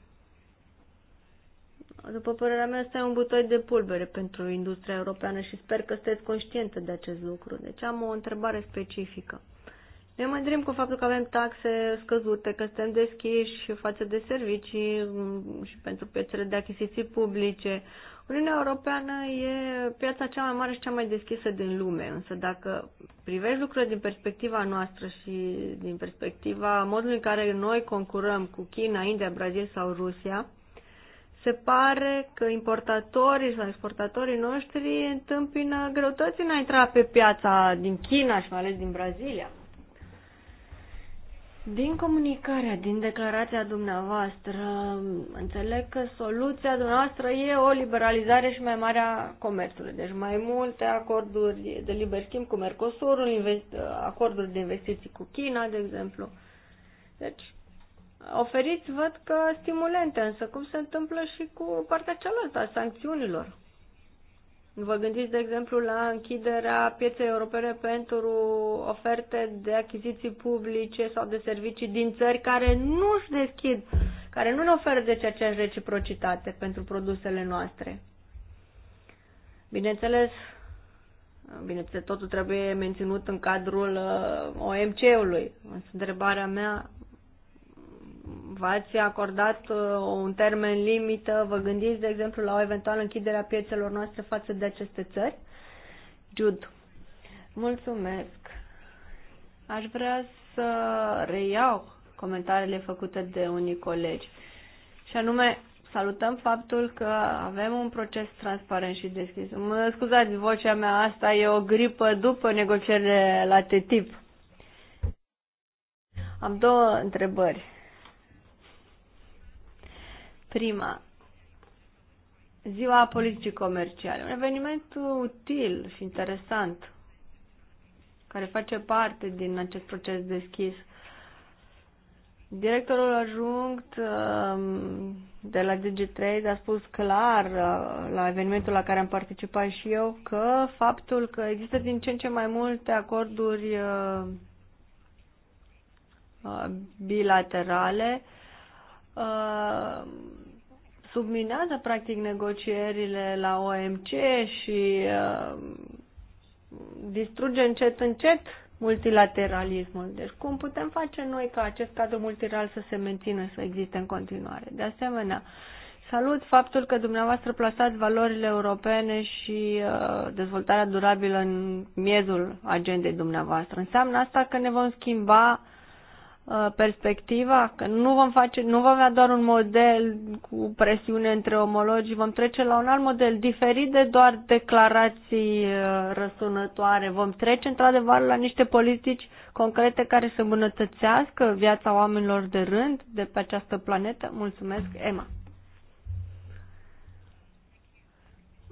după părerea mea, este un butoi de pulbere pentru industria europeană și sper că sunteți conștientă de acest lucru. Deci am o întrebare specifică. Ne mândrim cu faptul că avem taxe scăzute, că suntem deschiși față de servicii mm, și pentru piețele de achiziții publice. Uniunea Europeană e piața cea mai mare și cea mai deschisă din lume, însă dacă privești lucrurile din perspectiva noastră și din perspectiva modului în care noi concurăm cu China, India, Brazil sau Rusia, se pare că importatorii sau exportatorii noștri întâmpină greutăți în a intra pe piața din China și mai ales din Brazilia. Din comunicarea, din declarația dumneavoastră, înțeleg că soluția dumneavoastră e o liberalizare și mai mare a comerțului. Deci mai multe acorduri de liber schimb cu Mercosurul, acorduri de investiții cu China, de exemplu. Deci oferiți, văd că stimulente, însă cum se întâmplă și cu partea cealaltă a sancțiunilor? Vă gândiți, de exemplu, la închiderea pieței europene pentru oferte de achiziții publice sau de servicii din țări care nu își deschid, care nu ne oferă deci aceeași reciprocitate pentru produsele noastre. Bineînțeles, bineînțeles, totul trebuie menținut în cadrul uh, OMC-ului. Întrebarea mea v-ați acordat uh, un termen limită, vă gândiți, de exemplu, la o eventuală închidere a piețelor noastre față de aceste țări? Jud, mulțumesc. Aș vrea să reiau comentariile făcute de unii colegi. Și anume, salutăm faptul că avem un proces transparent și deschis. Mă scuzați, vocea mea asta e o gripă după negocierile la TTIP. Am două întrebări. Prima, Ziua Politicii Comerciale, un eveniment util și interesant care face parte din acest proces deschis. Directorul ajunct um, de la DG3 a spus clar uh, la evenimentul la care am participat și eu că faptul că există din ce în ce mai multe acorduri uh, uh, bilaterale subminează practic negocierile la OMC și uh, distruge încet încet multilateralismul. Deci cum putem face noi ca acest cadru multilateral să se mențină, să existe în continuare? De asemenea, salut faptul că dumneavoastră plasați valorile europene și uh, dezvoltarea durabilă în miezul agendei dumneavoastră. Înseamnă asta că ne vom schimba uh, Uh, perspectiva, că nu vom, face, nu vom avea doar un model cu presiune între omologi, vom trece la un alt model diferit de doar declarații uh, răsunătoare. Vom trece într-adevăr la niște politici concrete care să îmbunătățească viața oamenilor de rând de pe această planetă. Mulțumesc, Emma.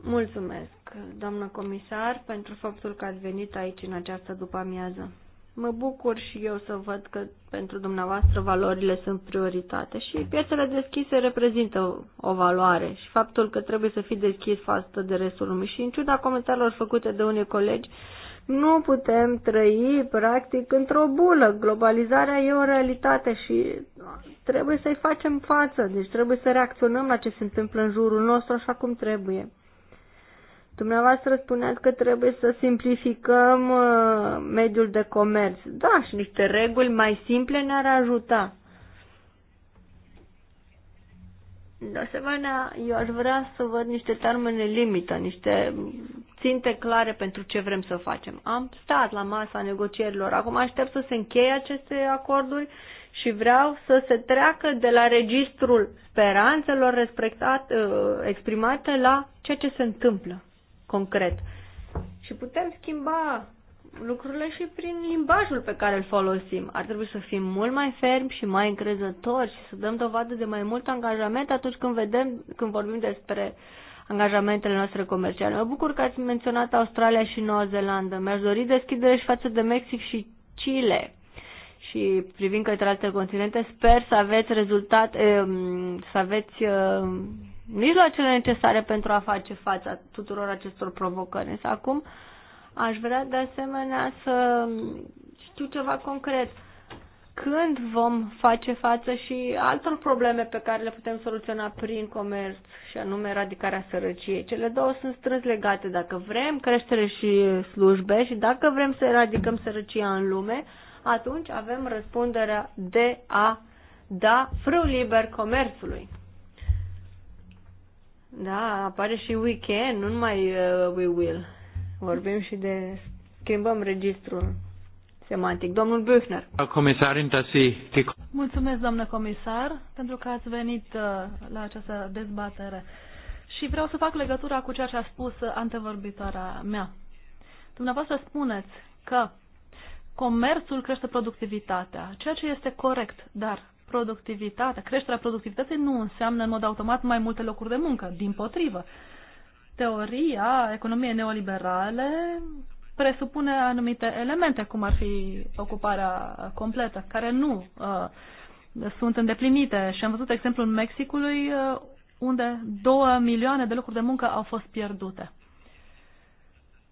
Mulțumesc, doamnă comisar, pentru faptul că ați venit aici în această după amiază. Mă bucur și eu să văd că pentru dumneavoastră valorile sunt prioritate și piețele deschise reprezintă o valoare și faptul că trebuie să fii deschis față de restul lumii. Și în ciuda comentariilor făcute de unii colegi, nu putem trăi practic într-o bulă. Globalizarea e o realitate și trebuie să-i facem față, deci trebuie să reacționăm la ce se întâmplă în jurul nostru așa cum trebuie. Dumneavoastră spuneați că trebuie să simplificăm uh, mediul de comerț. Da, și niște reguli mai simple ne-ar ajuta. De asemenea, eu aș vrea să văd niște termene limită, niște ținte clare pentru ce vrem să facem. Am stat la masa negocierilor, acum aștept să se încheie aceste acorduri și vreau să se treacă de la registrul speranțelor uh, exprimate la ceea ce se întâmplă concret. Și putem schimba lucrurile și prin limbajul pe care îl folosim. Ar trebui să fim mult mai fermi și mai încrezători și să dăm dovadă de mai mult angajament atunci când vedem, când vorbim despre angajamentele noastre comerciale. Mă bucur că ați menționat Australia și Noua Zeelandă. Mi-aș dori deschidere și față de Mexic și Chile. Și privind către alte continente, sper să aveți rezultat, să aveți uh, mijloacele necesare pentru a face fața tuturor acestor provocări. Însă acum aș vrea de asemenea să știu ceva concret. Când vom face față și altor probleme pe care le putem soluționa prin comerț, și anume eradicarea sărăciei? Cele două sunt strâns legate. Dacă vrem creștere și slujbe și dacă vrem să eradicăm sărăcia în lume, atunci avem răspunderea de a da frâu liber comerțului. Da, apare și we can, nu numai uh, we will. Vorbim și de schimbăm registrul semantic. Domnul Büchner. Comisarin Mulțumesc, doamnă comisar, pentru că ați venit uh, la această dezbatere. Și vreau să fac legătura cu ceea ce a spus antevorbitoarea mea. Dumneavoastră spuneți că comerțul crește productivitatea, ceea ce este corect, dar productivitatea, creșterea productivității nu înseamnă în mod automat mai multe locuri de muncă, din potrivă. Teoria economiei neoliberale presupune anumite elemente, cum ar fi ocuparea completă, care nu uh, sunt îndeplinite. Și am văzut exemplul Mexicului, uh, unde două milioane de locuri de muncă au fost pierdute.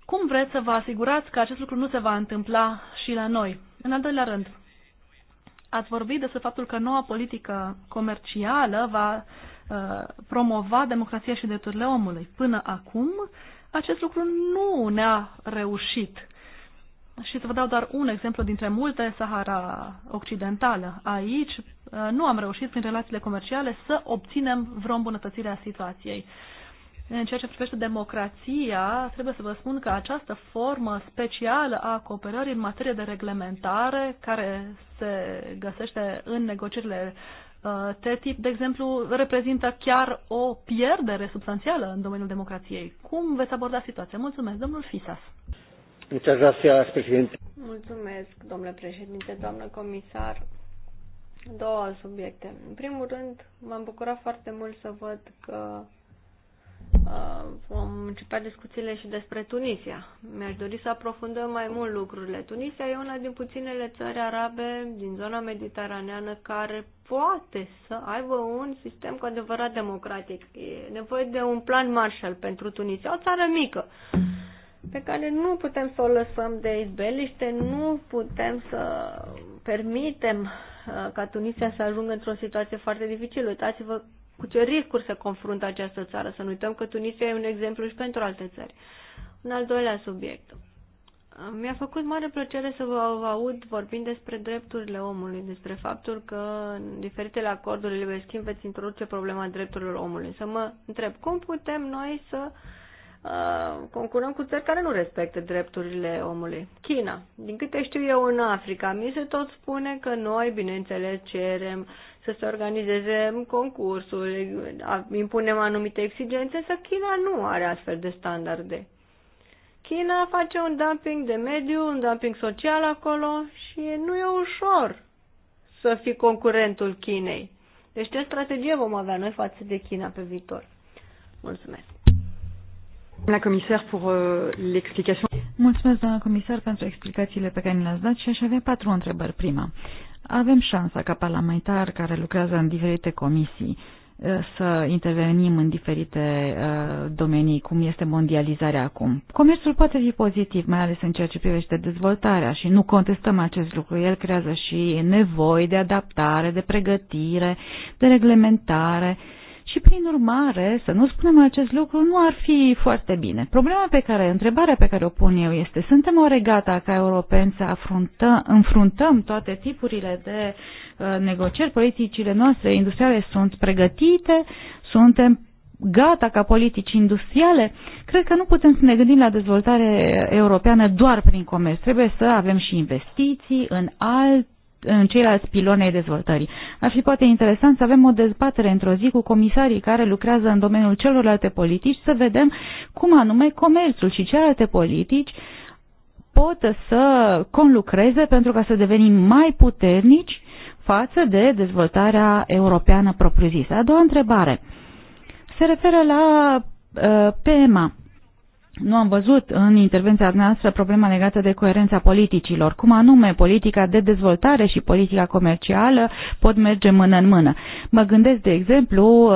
Cum vreți să vă asigurați că acest lucru nu se va întâmpla și la noi? În al doilea rând, ați vorbit despre faptul că noua politică comercială va uh, promova democrația și drepturile omului. Până acum, acest lucru nu ne-a reușit. Și să vă dau doar un exemplu dintre multe, Sahara Occidentală. Aici uh, nu am reușit, prin relațiile comerciale, să obținem vreo îmbunătățire a situației. Uh, în ceea ce privește democrația, trebuie să vă spun că această formă specială a cooperării în materie de reglementare, care se găsește în negocierile uh, TTIP, de exemplu, reprezintă chiar o pierdere substanțială în domeniul democrației. Cum veți aborda situația? Mulțumesc, domnul Fisas. Mulțumesc, domnule președinte, doamnă comisar. Două subiecte. În primul rând, m-am bucurat foarte mult să văd că Uh, vom începea discuțiile și despre Tunisia. Mi-aș dori să aprofundăm mai mult lucrurile. Tunisia e una din puținele țări arabe din zona mediteraneană care poate să aibă un sistem cu adevărat democratic. E nevoie de un plan Marshall pentru Tunisia, o țară mică pe care nu putem să o lăsăm de izbeliște, nu putem să permitem uh, ca Tunisia să ajungă într-o situație foarte dificilă. Uitați-vă cu ce riscuri se confruntă această țară. Să nu uităm că Tunisia e un exemplu și pentru alte țări. Un al doilea subiect. Mi-a făcut mare plăcere să vă aud vorbind despre drepturile omului, despre faptul că în diferitele acorduri liber schimb veți introduce problema drepturilor omului. Să mă întreb, cum putem noi să uh, concurăm cu țări care nu respectă drepturile omului? China. Din câte știu eu în Africa, mi se tot spune că noi, bineînțeles, cerem uh, să se organizeze concursuri, impunem anumite exigențe, să China nu are astfel de standarde. China face un dumping de mediu, un dumping social acolo și nu e ușor să fii concurentul Chinei. Deci ce strategie vom avea noi față de China pe viitor? Mulțumesc. La comisar pour uh, Mulțumesc, doamna comisar, pentru explicațiile pe care ni le-ați dat și aș avea patru întrebări. Prima, avem șansa ca parlamentar care lucrează în diferite comisii uh, să intervenim în diferite uh, domenii, cum este mondializarea acum. Comerțul poate fi pozitiv, mai ales în ceea ce privește dezvoltarea și nu contestăm acest lucru. El creează și nevoi de adaptare, de pregătire, de reglementare, și prin urmare să nu spunem acest lucru nu ar fi foarte bine. Problema pe care, întrebarea pe care o pun eu este, suntem o regată ca europeni să înfruntăm toate tipurile de uh, negocieri, politicile noastre industriale sunt pregătite, suntem gata ca politici industriale, cred că nu putem să ne gândim la dezvoltare europeană doar prin comerț. Trebuie să avem și investiții în alt în ceilalți piloni ai dezvoltării. Ar fi poate interesant să avem o dezbatere într-o zi cu comisarii care lucrează în domeniul celorlalte politici, să vedem cum anume comerțul și celelalte politici pot să conlucreze pentru ca să devenim mai puternici față de dezvoltarea europeană propriu-zisă. A doua întrebare se referă la uh, PMA nu am văzut în intervenția noastră problema legată de coerența politicilor. Cum anume politica de dezvoltare și politica comercială pot merge mână în mână. Mă gândesc, de exemplu,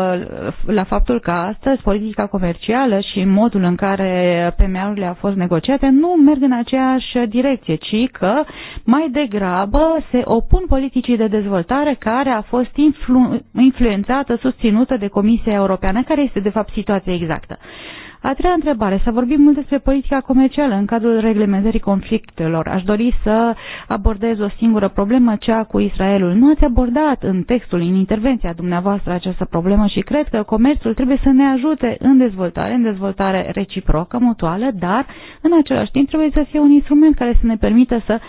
la faptul că astăzi politica comercială și modul în care PMA-urile au fost negociate nu merg în aceeași direcție, ci că mai degrabă se opun politicii de dezvoltare care a fost influ- influențată, susținută de Comisia Europeană, care este de fapt situația exactă. A treia întrebare. Să vorbim mult despre politica comercială în cadrul reglementării conflictelor. Aș dori să abordez o singură problemă, cea cu Israelul. Nu ați abordat în textul, în intervenția dumneavoastră această problemă și cred că comerțul trebuie să ne ajute în dezvoltare, în dezvoltare reciprocă, mutuală, dar în același timp trebuie să fie un instrument care să ne permită să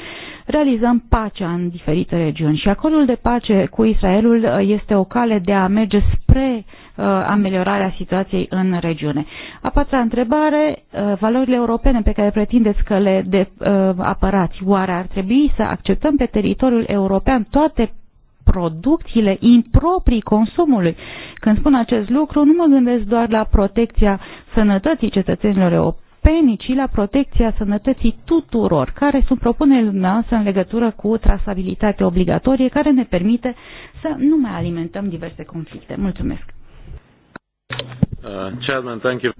realizăm pacea în diferite regiuni. Și acordul de pace cu Israelul este o cale de a merge spre uh, Uh, ameliorarea situației în regiune. A patra întrebare, uh, valorile europene pe care pretindeți că le de, uh, apărați, oare ar trebui să acceptăm pe teritoriul european toate producțiile improprii consumului. Când spun acest lucru, nu mă gândesc doar la protecția sănătății cetățenilor europeni, ci la protecția sănătății tuturor, care sunt propunerile noastre în legătură cu trasabilitatea obligatorie, care ne permite să nu mai alimentăm diverse conflicte. Mulțumesc! Uh, chairman, thank you.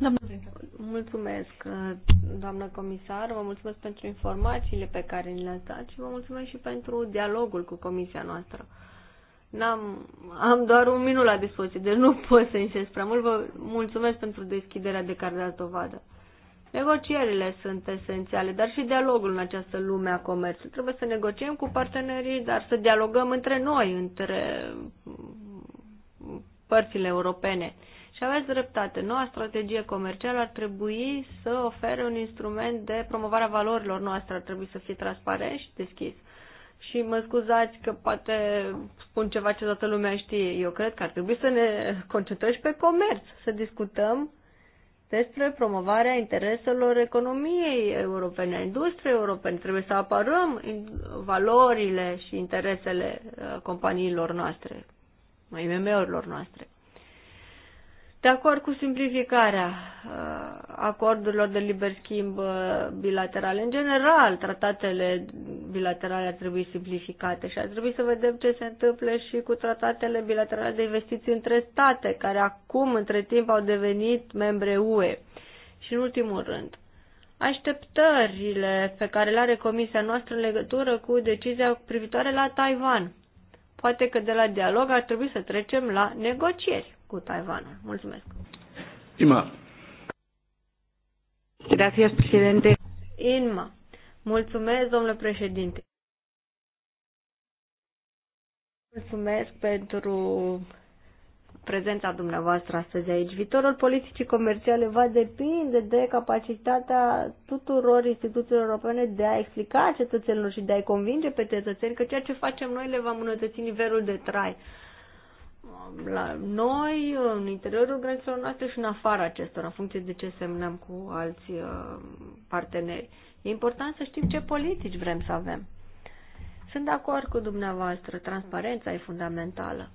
Mulțumesc, uh, doamnă comisar, vă mulțumesc pentru informațiile pe care ni le-ați dat și vă mulțumesc și pentru dialogul cu comisia noastră. N-am, am doar un minut la dispoziție, deci nu pot să insist prea mult. Vă mulțumesc pentru deschiderea de care dați dovadă. Negocierile sunt esențiale, dar și dialogul în această lume a comerțului. Trebuie să negociem cu partenerii, dar să dialogăm între noi, între părțile europene. Și aveți dreptate, noua strategie comercială ar trebui să ofere un instrument de promovare a valorilor noastre, ar trebui să fie transparent și deschis. Și mă scuzați că poate spun ceva ce toată lumea știe. Eu cred că ar trebui să ne concentrăm și pe comerț, să discutăm despre promovarea intereselor economiei europene, a industriei europene. Trebuie să apărăm valorile și interesele uh, companiilor noastre, IMM-urilor noastre. De acord cu simplificarea uh, acordurilor de liber schimb uh, bilaterale, în general, tratatele bilaterale ar trebui simplificate și ar trebui să vedem ce se întâmplă și cu tratatele bilaterale de investiții între state, care acum, între timp, au devenit membre UE. Și, în ultimul rând, așteptările pe care le are Comisia noastră în legătură cu decizia privitoare la Taiwan. Poate că de la dialog ar trebui să trecem la negocieri cu Taiwan. Mulțumesc. Ima. Gracias, președinte. Inma. Mulțumesc, domnule președinte. Mulțumesc pentru prezența dumneavoastră astăzi aici. Viitorul politicii comerciale va depinde de capacitatea tuturor instituțiilor europene de a explica cetățenilor și de a-i convinge pe cetățeni că ceea ce facem noi le va îmbunătăți nivelul de trai la noi, în interiorul granițelor noastre și în afara acestora, în funcție de ce semnăm cu alți uh, parteneri. E important să știm ce politici vrem să avem. Sunt de acord cu dumneavoastră, transparența e fundamentală.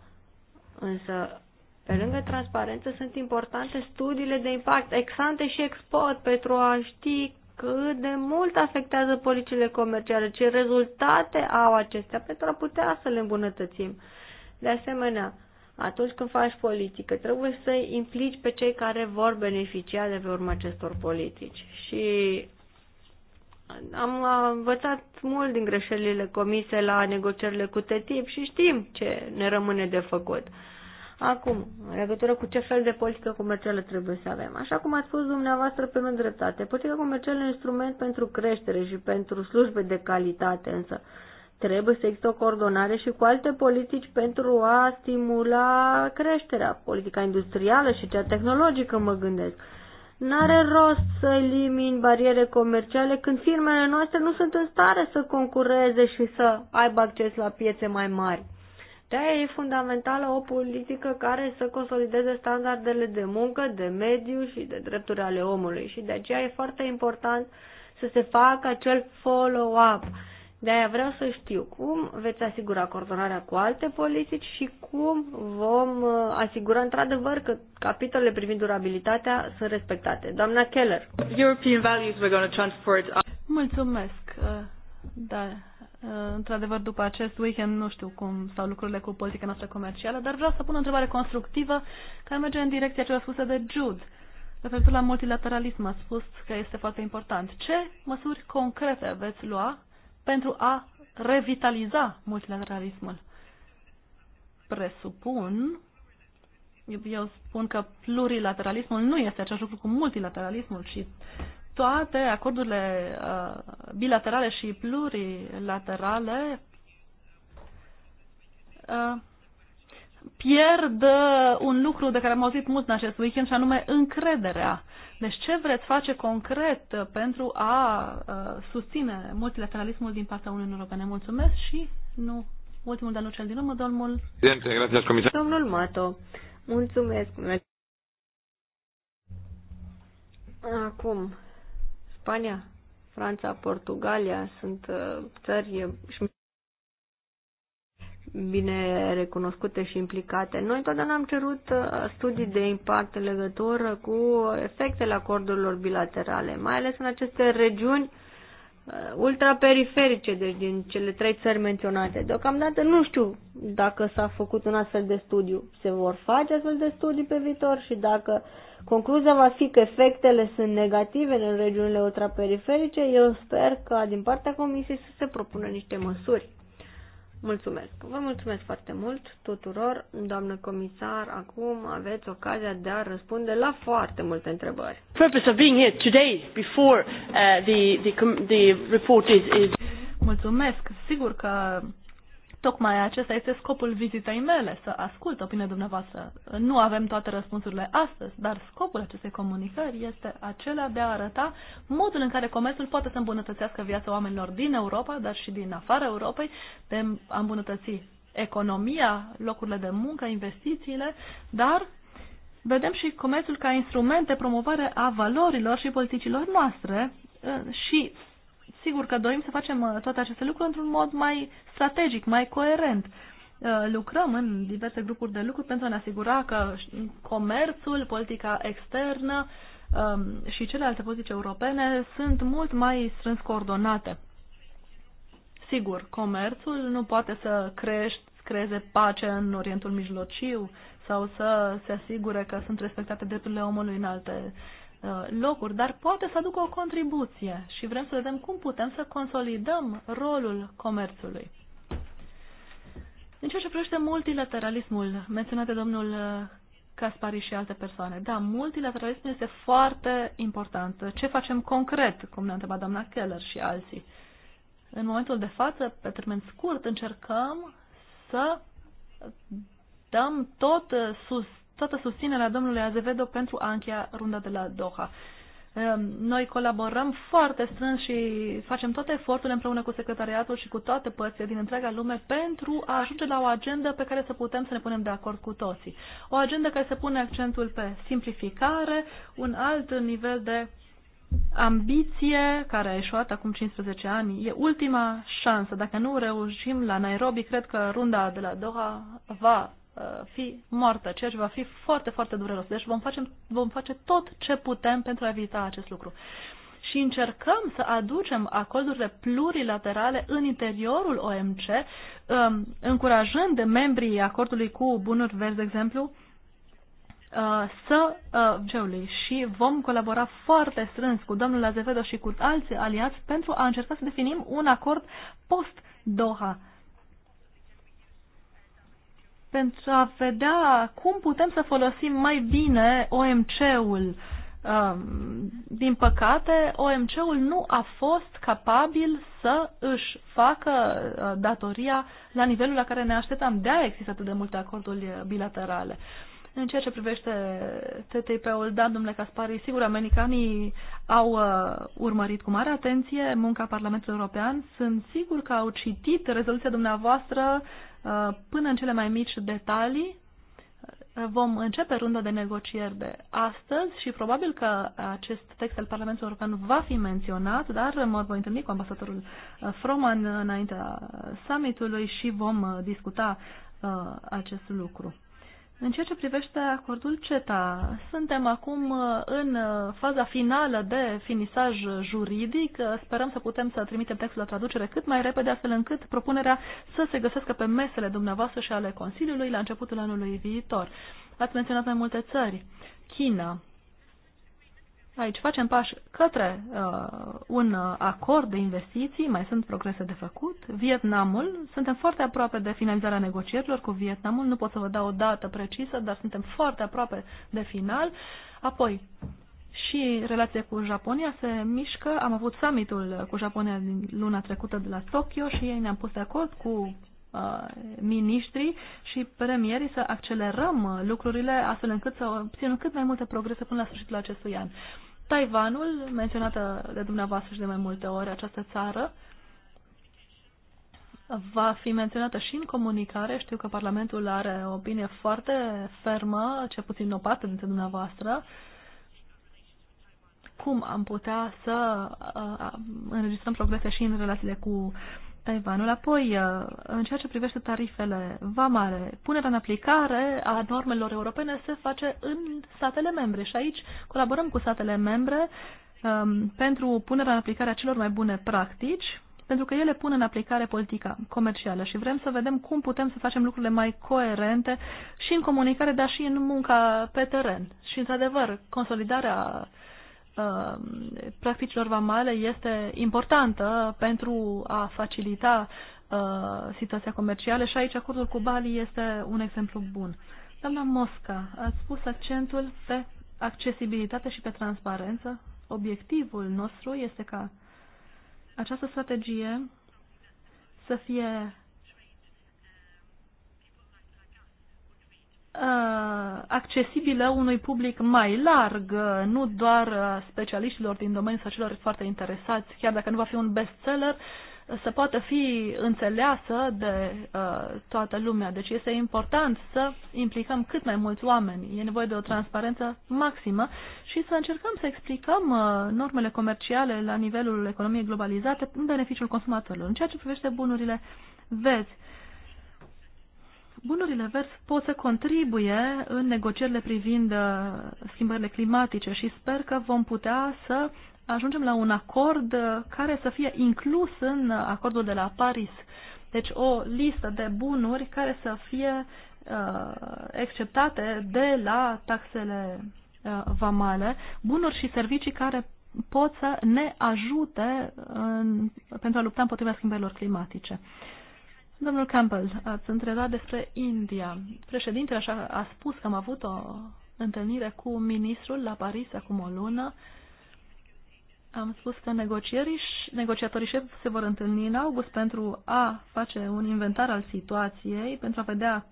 Însă, pe lângă transparență, sunt importante studiile de impact ex ante și ex post pentru a ști cât de mult afectează politicile comerciale, ce rezultate au acestea pentru a putea să le îmbunătățim. De asemenea, atunci când faci politică. Trebuie să implici pe cei care vor beneficia de pe urma acestor politici. Și am învățat mult din greșelile comise la negocierile cu TTIP și știm ce ne rămâne de făcut. Acum, în legătură cu ce fel de politică comercială trebuie să avem. Așa cum ați spus dumneavoastră pe mine dreptate, politica comercială e un instrument pentru creștere și pentru slujbe de calitate, însă Trebuie să există o coordonare și cu alte politici pentru a stimula creșterea, politica industrială și cea tehnologică, mă gândesc. N-are rost să elimini bariere comerciale când firmele noastre nu sunt în stare să concureze și să aibă acces la piețe mai mari. De-aia e fundamentală o politică care să consolideze standardele de muncă, de mediu și de drepturi ale omului. Și de aceea e foarte important să se facă acel follow-up de-aia vreau să știu cum veți asigura coordonarea cu alte politici și cum vom uh, asigura într-adevăr că capitolele privind durabilitatea sunt respectate. Doamna Keller. European values we're going to transport. Mulțumesc. Uh, da, uh, într-adevăr, după acest weekend nu știu cum stau lucrurile cu politica noastră comercială, dar vreau să pun o întrebare constructivă care merge în direcția celor spuse de Jude. Referitor la multilateralism, a spus că este foarte important. Ce măsuri concrete veți lua pentru a revitaliza multilateralismul. Presupun, eu spun că plurilateralismul nu este același lucru cu multilateralismul, ci toate acordurile uh, bilaterale și plurilaterale uh, pierd uh, un lucru de care am auzit mult în acest weekend și anume încrederea. Uh, deci ce vreți face concret pentru a susține multilateralismul din partea Uniunii Europene? Mulțumesc și nu ultimul, dar nu cel din urmă, domnul... Domnul Mato, mulțumesc. Acum, Spania, Franța, Portugalia sunt uh, țări și bine recunoscute și implicate. Noi întotdeauna am cerut uh, studii de impact în legătură cu efectele acordurilor bilaterale, mai ales în aceste regiuni uh, ultraperiferice, deci din cele trei țări menționate. Deocamdată nu știu dacă s-a făcut un astfel de studiu. Se vor face astfel de studii pe viitor și dacă concluzia va fi că efectele sunt negative în regiunile ultraperiferice, eu sper că din partea Comisiei să se propună niște măsuri. Mulțumesc. Vă mulțumesc foarte mult tuturor. Doamnă comisar, acum aveți ocazia de a răspunde la foarte multe întrebări. Purpose of being here today before uh, the, the, the report is, is... Mulțumesc. Sigur că Tocmai acesta este scopul vizitei mele, să ascult opinia dumneavoastră. Nu avem toate răspunsurile astăzi, dar scopul acestei comunicări este acela de a arăta modul în care comerțul poate să îmbunătățească viața oamenilor din Europa, dar și din afara Europei, de a îmbunătăți economia, locurile de muncă, investițiile, dar vedem și comerțul ca instrument de promovare a valorilor și politicilor noastre eh, și Sigur că dorim să facem uh, toate aceste lucruri într-un mod mai strategic, mai coerent. Uh, lucrăm în diverse grupuri de lucru pentru a ne asigura că comerțul, politica externă um, și celelalte politici europene sunt mult mai strâns coordonate. Sigur, comerțul nu poate să crești, creeze pace în Orientul Mijlociu sau să se asigure că sunt respectate drepturile omului în alte uh, Uh, locuri, dar poate să aducă o contribuție și vrem să vedem cum putem să consolidăm rolul comerțului. În ceea ce privește multilateralismul, menționat de domnul uh, Caspari și alte persoane, da, multilateralismul este foarte important. Ce facem concret, cum ne-a întrebat doamna Keller și alții? În momentul de față, pe termen scurt, încercăm să dăm tot uh, sus toată susținerea domnului Azevedo pentru a încheia runda de la Doha. Ehm, noi colaborăm foarte strâns și facem toate eforturile împreună cu secretariatul și cu toate părțile din întreaga lume pentru a ajunge la o agendă pe care să putem să ne punem de acord cu toții. O agendă care să pune accentul pe simplificare, un alt nivel de ambiție care a ieșuat acum 15 ani e ultima șansă. Dacă nu reușim la Nairobi, cred că runda de la Doha va Uh, fi moartă, ceea ce va fi foarte, foarte dureros. Deci vom face, vom face tot ce putem pentru a evita acest lucru. Și încercăm să aducem acordurile plurilaterale în interiorul OMC, um, încurajând membrii acordului cu bunuri verzi, de exemplu, uh, să Geului uh, și vom colabora foarte strâns cu domnul Azevedo și cu alții aliați pentru a încerca să definim un acord post-Doha pentru a vedea cum putem să folosim mai bine OMC-ul. Um, din păcate, OMC-ul nu a fost capabil să își facă uh, datoria la nivelul la care ne așteptam. De-aia există atât de multe acorduri bilaterale. În ceea ce privește TTIP-ul, da, domnule Caspari, sigur, americanii au uh, urmărit cu mare atenție munca Parlamentului European. Sunt sigur că au citit rezoluția dumneavoastră Uh, până în cele mai mici detalii. Uh, vom începe runda de negocieri de astăzi și probabil că acest text al Parlamentului European va fi menționat, dar mă voi întâlni cu ambasadorul uh, Froman înaintea summitului și vom discuta acest lucru. În ceea ce privește acordul CETA, suntem acum uh, în uh, faza finală de finisaj juridic. Uh, sperăm să putem să trimitem textul la traducere cât mai repede, astfel încât propunerea să se găsească pe mesele dumneavoastră și ale Consiliului la începutul anului viitor. Ați menționat mai multe țări. China. Aici facem pași către uh, un uh, acord de investiții, mai sunt progrese de făcut. Vietnamul, suntem foarte aproape de finalizarea negocierilor cu Vietnamul, nu pot să vă dau o dată precisă, dar suntem foarte aproape de final. Apoi, și relația cu Japonia se mișcă. Am avut summitul cu Japonia din luna trecută de la Tokyo și ei ne-am pus de acord cu uh, miniștrii și premierii să accelerăm uh, lucrurile astfel încât să obținem cât mai multe progrese până la sfârșitul acestui an. Uh, Taiwanul, menționată de dumneavoastră și de mai multe ori această țară, va fi menționată și în comunicare. Știu că Parlamentul are o opinie foarte fermă, cel puțin o parte dintre dumneavoastră, cum am putea să uh, uh înregistrăm progrese și în relațiile cu Taiwanul. Apoi, uh, în ceea ce privește tarifele vamale, punerea în aplicare a normelor europene se face în statele membre și aici colaborăm cu statele membre um, pentru punerea în aplicare a celor mai bune practici, pentru că ele pun în aplicare politica comercială și vrem să vedem cum putem să facem lucrurile mai coerente și în comunicare, dar și în munca pe teren. Și, într-adevăr, consolidarea uh, Um, practicilor vamale este importantă pentru a facilita uh, situația comercială și aici acordul cu Bali este un exemplu bun. Doamna Mosca, ați pus accentul pe accesibilitate și pe transparență. Obiectivul nostru este ca această strategie să fie Uh, accesibilă unui public mai larg, nu doar uh, specialiștilor din domeniu sau celor foarte interesați, chiar dacă nu va fi un bestseller, să poată fi înțeleasă de uh, toată lumea. Deci este important să implicăm cât mai mulți oameni. E nevoie de o transparență maximă și să încercăm să explicăm uh, normele comerciale la nivelul economiei globalizate în beneficiul consumatorilor. În ceea ce privește bunurile vezi, uh, Bunurile verzi pot să contribuie în negocierile privind uh, schimbările climatice și sper că vom putea să ajungem la un acord uh, care să fie inclus în uh, acordul de la Paris. Deci o listă de bunuri care să fie uh, exceptate de la taxele uh, vamale, bunuri și servicii care pot să ne ajute în, pentru a lupta împotriva schimbărilor climatice. Uh, Domnul Campbell, ați întrebat despre India. Președintele așa a spus că am avut o întâlnire cu ministrul la Paris acum o lună. Am spus că negociatorii șef se vor întâlni în august pentru a face un inventar al situației, pentru a vedea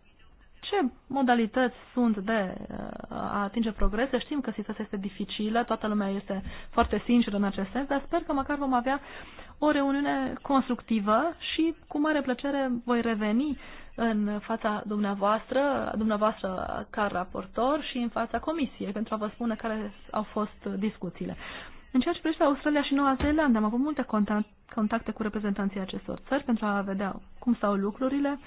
ce modalități sunt de uh, a atinge progrese. Știm că situația este dificilă, toată lumea este foarte sinceră în acest sens, dar sper că măcar vom avea o reuniune constructivă și cu mare plăcere voi reveni în fața dumneavoastră, dumneavoastră ca raportor și în fața comisiei pentru a vă spune care au fost discuțiile. În ceea ce privește Australia și Noua Zeelandă, am avut multe contacte cu reprezentanții acestor țări pentru a vedea cum stau lucrurile.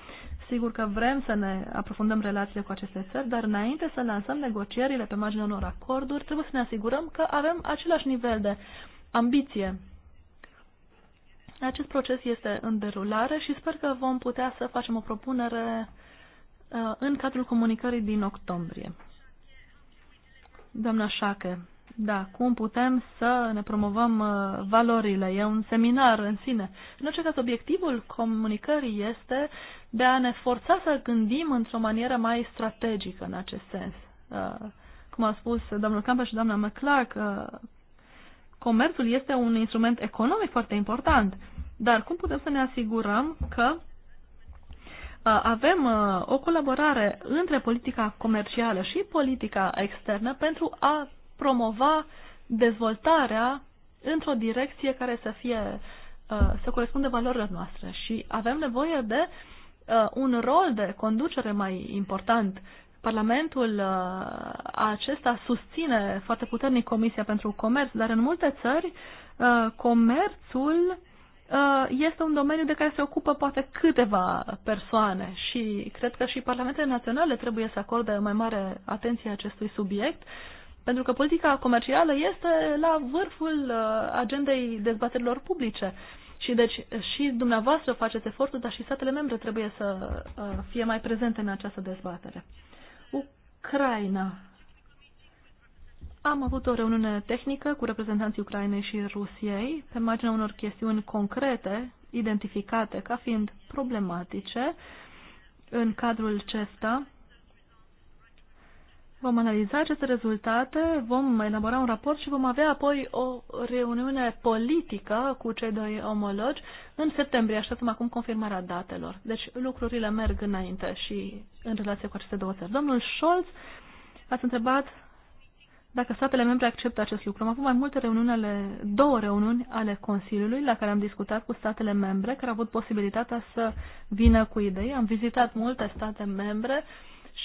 Sigur că vrem să ne aprofundăm relațiile cu aceste țări, dar înainte să lansăm negocierile pe marginea unor acorduri, trebuie să ne asigurăm că avem același nivel de ambiție. Acest proces este în derulare și sper că vom putea să facem o propunere uh, în cadrul comunicării din octombrie. Doamna Șache, da, cum putem să ne promovăm uh, valorile. E un seminar în sine. În orice caz, obiectivul comunicării este de a ne forța să gândim într-o manieră mai strategică în acest sens. Uh, cum a spus domnul Campbell și doamna McClark, uh, comerțul este un instrument economic foarte important. Dar cum putem să ne asigurăm că avem o colaborare între politica comercială și politica externă pentru a promova dezvoltarea într-o direcție care să fie uh, să corespundă valorilor noastre și avem nevoie de uh, un rol de conducere mai important. Parlamentul uh, acesta susține foarte puternic Comisia pentru Comerț, dar în multe țări comerțul este un domeniu de care se ocupă poate câteva persoane și cred că și parlamentele naționale trebuie să acorde mai mare atenție acestui subiect pentru că politica comercială este la vârful uh, agendei dezbaterilor publice. Și deci și dumneavoastră faceți efortul, dar și statele membre trebuie să uh, fie mai prezente în această dezbatere. Ucraina. Am avut o reuniune tehnică cu reprezentanții Ucrainei și Rusiei pe marginea unor chestiuni concrete identificate ca fiind problematice în cadrul CESTA Vom analiza aceste rezultate, vom elabora un raport și vom avea apoi o reuniune politică cu cei doi omologi în septembrie. Așteptăm acum confirmarea datelor. Deci lucrurile merg înainte și în relație cu aceste două țări. Domnul Scholz, ați întrebat dacă statele membre acceptă acest lucru. Am avut mai multe reuniuni ale, două reuniuni ale Consiliului la care am discutat cu statele membre, care au avut posibilitatea să vină cu idei. Am vizitat multe state membre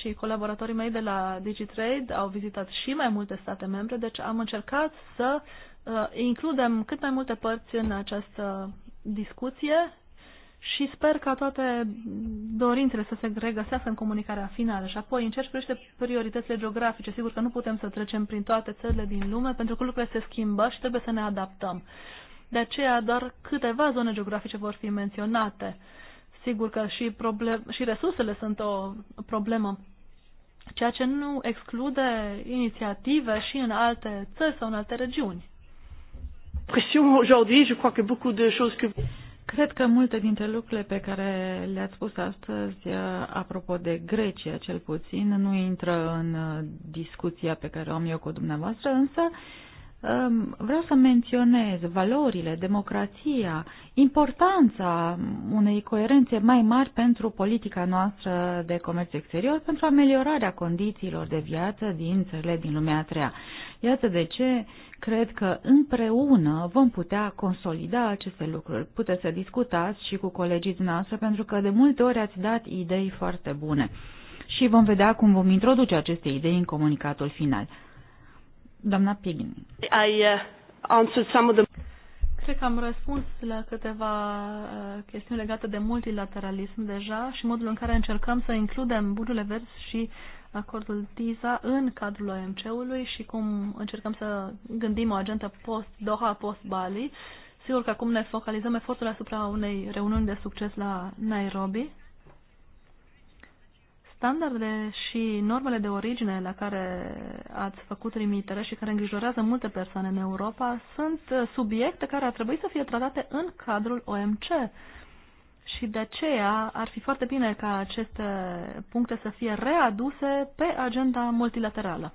și colaboratorii mei de la DigiTrade au vizitat și mai multe state membre, deci am încercat să uh, includem cât mai multe părți în această discuție și sper ca toate dorințele să se regăsească în comunicarea finală. Și apoi, în ceea ce privește prioritățile geografice, sigur că nu putem să trecem prin toate țările din lume, pentru că lucrurile se schimbă și trebuie să ne adaptăm. De aceea, doar câteva zone geografice vor fi menționate. Uh, Sigur că și, problem, și resursele sunt o problemă, ceea ce nu exclude inițiative și în alte țări sau în alte regiuni. Cred că multe dintre lucrurile pe care le-ați spus astăzi, eh, apropo de Grecia cel puțin, nu intră în eh, discuția pe care o am eu cu dumneavoastră, însă uh, vreau să menționez valorile, democrația, importanța unei coerențe mai mari pentru politica noastră de comerț exterior, pentru ameliorarea condițiilor de viață din țările din lumea a treia. Iată de ce cred că împreună vom putea consolida aceste lucruri. Puteți să discutați și cu colegii dumneavoastră, pentru că de multe ori ați dat idei foarte bune. Și vom vedea cum vom introduce aceste idei în comunicatul final. Doamna Pigin. I uh, answered some of the... Cred că am răspuns la câteva uh, chestiuni legate de multilateralism deja și modul în care încercăm să includem bunurile vers și acordul TISA în cadrul OMC-ului și cum încercăm să gândim o agentă post-Doha, post-Bali. Sigur că acum ne focalizăm efortul asupra unei reuniuni de succes la Nairobi Standardele și normele de origine la care ați făcut trimitere și care îngrijorează multe persoane în Europa sunt uh, subiecte care ar trebui să fie tratate în cadrul OMC. Și de aceea ar fi foarte bine ca aceste puncte să fie readuse pe agenda multilaterală.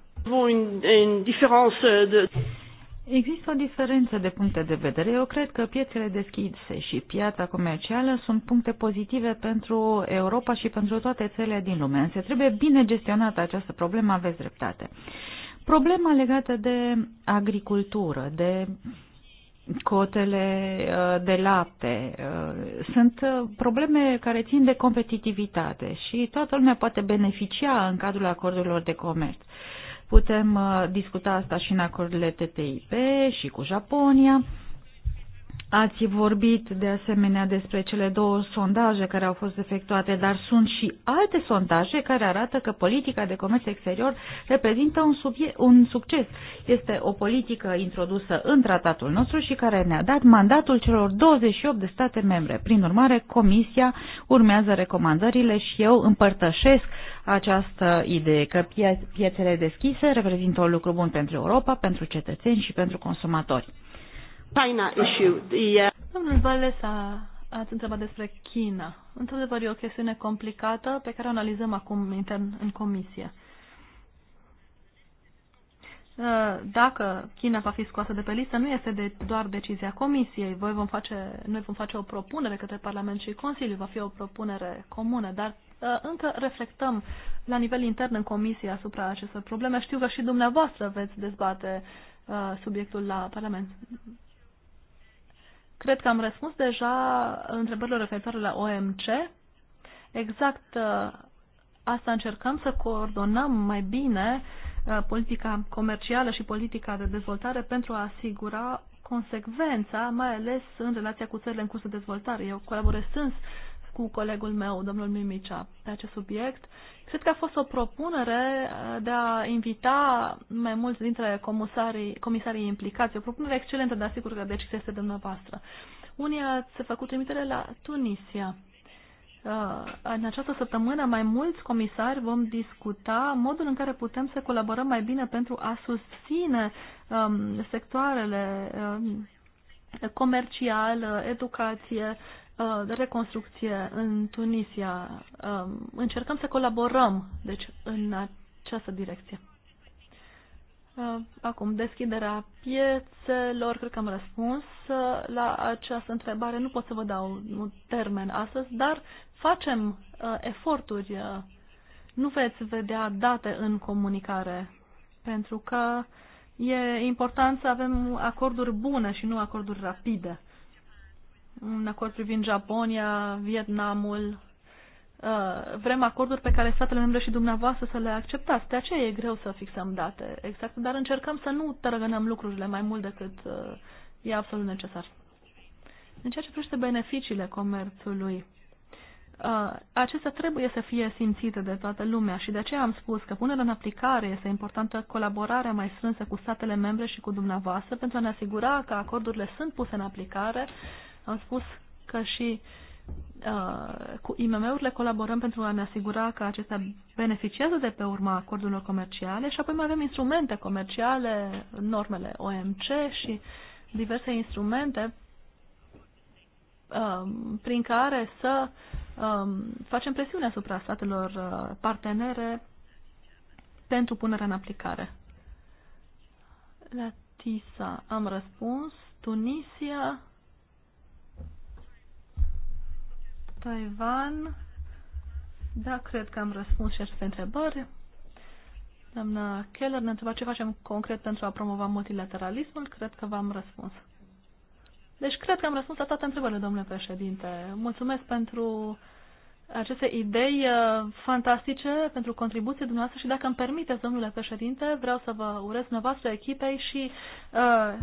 Există o diferență de puncte de vedere. Eu cred că piețele deschise și piața comercială sunt puncte pozitive pentru Europa și pentru toate țările din lume, însă trebuie bine gestionată această problemă, aveți dreptate. Problema legată de agricultură, de cotele uh, de lapte. Uh, sunt uh, probleme care țin de competitivitate și toată lumea poate beneficia în cadrul acordurilor de comerț. Putem uh, discuta asta și în acordurile TTIP și cu Japonia. Ați vorbit de asemenea despre cele două sondaje care au fost efectuate, dar sunt și alte sondaje care arată că politica de comerț exterior reprezintă un, subie- un succes. Este o politică introdusă în tratatul nostru și care ne-a dat mandatul celor 28 de state membre. Prin urmare, Comisia urmează recomandările și eu împărtășesc această idee că piețele deschise reprezintă un lucru bun pentru Europa, pentru cetățeni și pentru consumatori. China issue. The... Uh, Domnul Vales a, ați întrebat despre China. Într-adevăr, e o chestiune complicată pe care o analizăm acum intern în comisie. Uh, dacă China va fi scoasă de pe listă, nu este de, doar decizia Comisiei. Voi vom face, noi vom face o propunere către Parlament și Consiliu, va fi o propunere comună, dar Ă, încă reflectăm la nivel intern în comisie asupra acestor probleme. Știu că și dumneavoastră veți dezbate ă, subiectul la Parlament. Cred că am răspuns deja întrebările referitoare la OMC. Exact ă, asta încercăm să coordonăm mai bine politica comercială și politica de dezvoltare pentru a asigura consecvența, mai ales în relația cu țările în curs de dezvoltare. Eu colaborez sens cu colegul meu, domnul Mimicea, pe acest subiect. Cred că a fost o propunere uh, de a invita mai mulți dintre comisarii, comisarii implicați. O propunere excelentă, dar sigur că deci este dumneavoastră. Unii ați făcut trimitere la Tunisia. Uh, în această săptămână, mai mulți comisari vom discuta modul în care putem să colaborăm mai bine pentru a susține um, sectoarele um, comercial, uh, educație, Uh, de reconstrucție în Tunisia. Um, încercăm să colaborăm, deci, în această direcție. Uh, acum, deschiderea piețelor, cred că am răspuns uh, la această întrebare. Nu pot să vă dau un termen astăzi, dar facem eforturi. Nu veți vedea date în comunicare, pentru că e important să avem acorduri bune și nu acorduri rapide un acord privind Japonia, Vietnamul. Uh, vrem acorduri pe care statele membre și dumneavoastră să le acceptați. De aceea e greu să fixăm date exacte, dar încercăm să nu tărăgănăm lucrurile mai mult decât uh, e absolut necesar. În ceea ce privește beneficiile comerțului, uh, acestea trebuie să fie simțite de toată lumea și de aceea am spus că punerea în aplicare este importantă colaborarea mai strânsă cu statele membre și cu dumneavoastră pentru a ne asigura că acordurile sunt puse în aplicare am spus că și uh, cu IMM-urile colaborăm pentru a ne asigura că acestea beneficiază de pe urma acordurilor comerciale și apoi mai avem instrumente comerciale, normele OMC și diverse instrumente uh, prin care să um, facem presiune asupra statelor uh, partenere pentru punerea în aplicare. La TISA am răspuns. Tunisia, Taiwan. Da, cred că am răspuns și aceste întrebări. Doamna Keller ne întreba ce facem concret pentru a promova multilateralismul. Cred că v-am răspuns. Deci cred că am răspuns la toate întrebările, domnule președinte. Mulțumesc pentru aceste idei uh, fantastice, pentru contribuție dumneavoastră și dacă îmi permiteți, domnule președinte, vreau să vă urez dumneavoastră echipei și uh,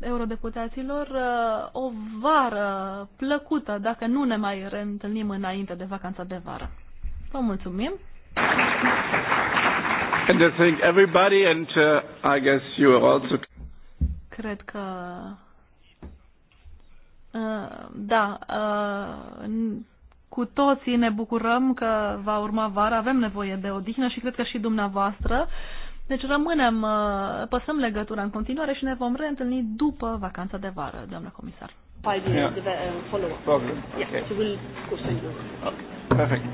eurodeputaților uh, o vară plăcută, dacă nu ne mai reîntâlnim înainte de vacanța de vară. Vă mulțumim! And I think everybody, and uh, I guess you also. Cred că uh, da, uh, cu toții ne bucurăm că va urma vara, avem nevoie de odihnă și cred că și dumneavoastră. Uh, deci rămânem, uh, păsăm legătura în continuare și ne vom reîntâlni după vacanța de vară, doamnă comisar. Uh, Good. Perfect.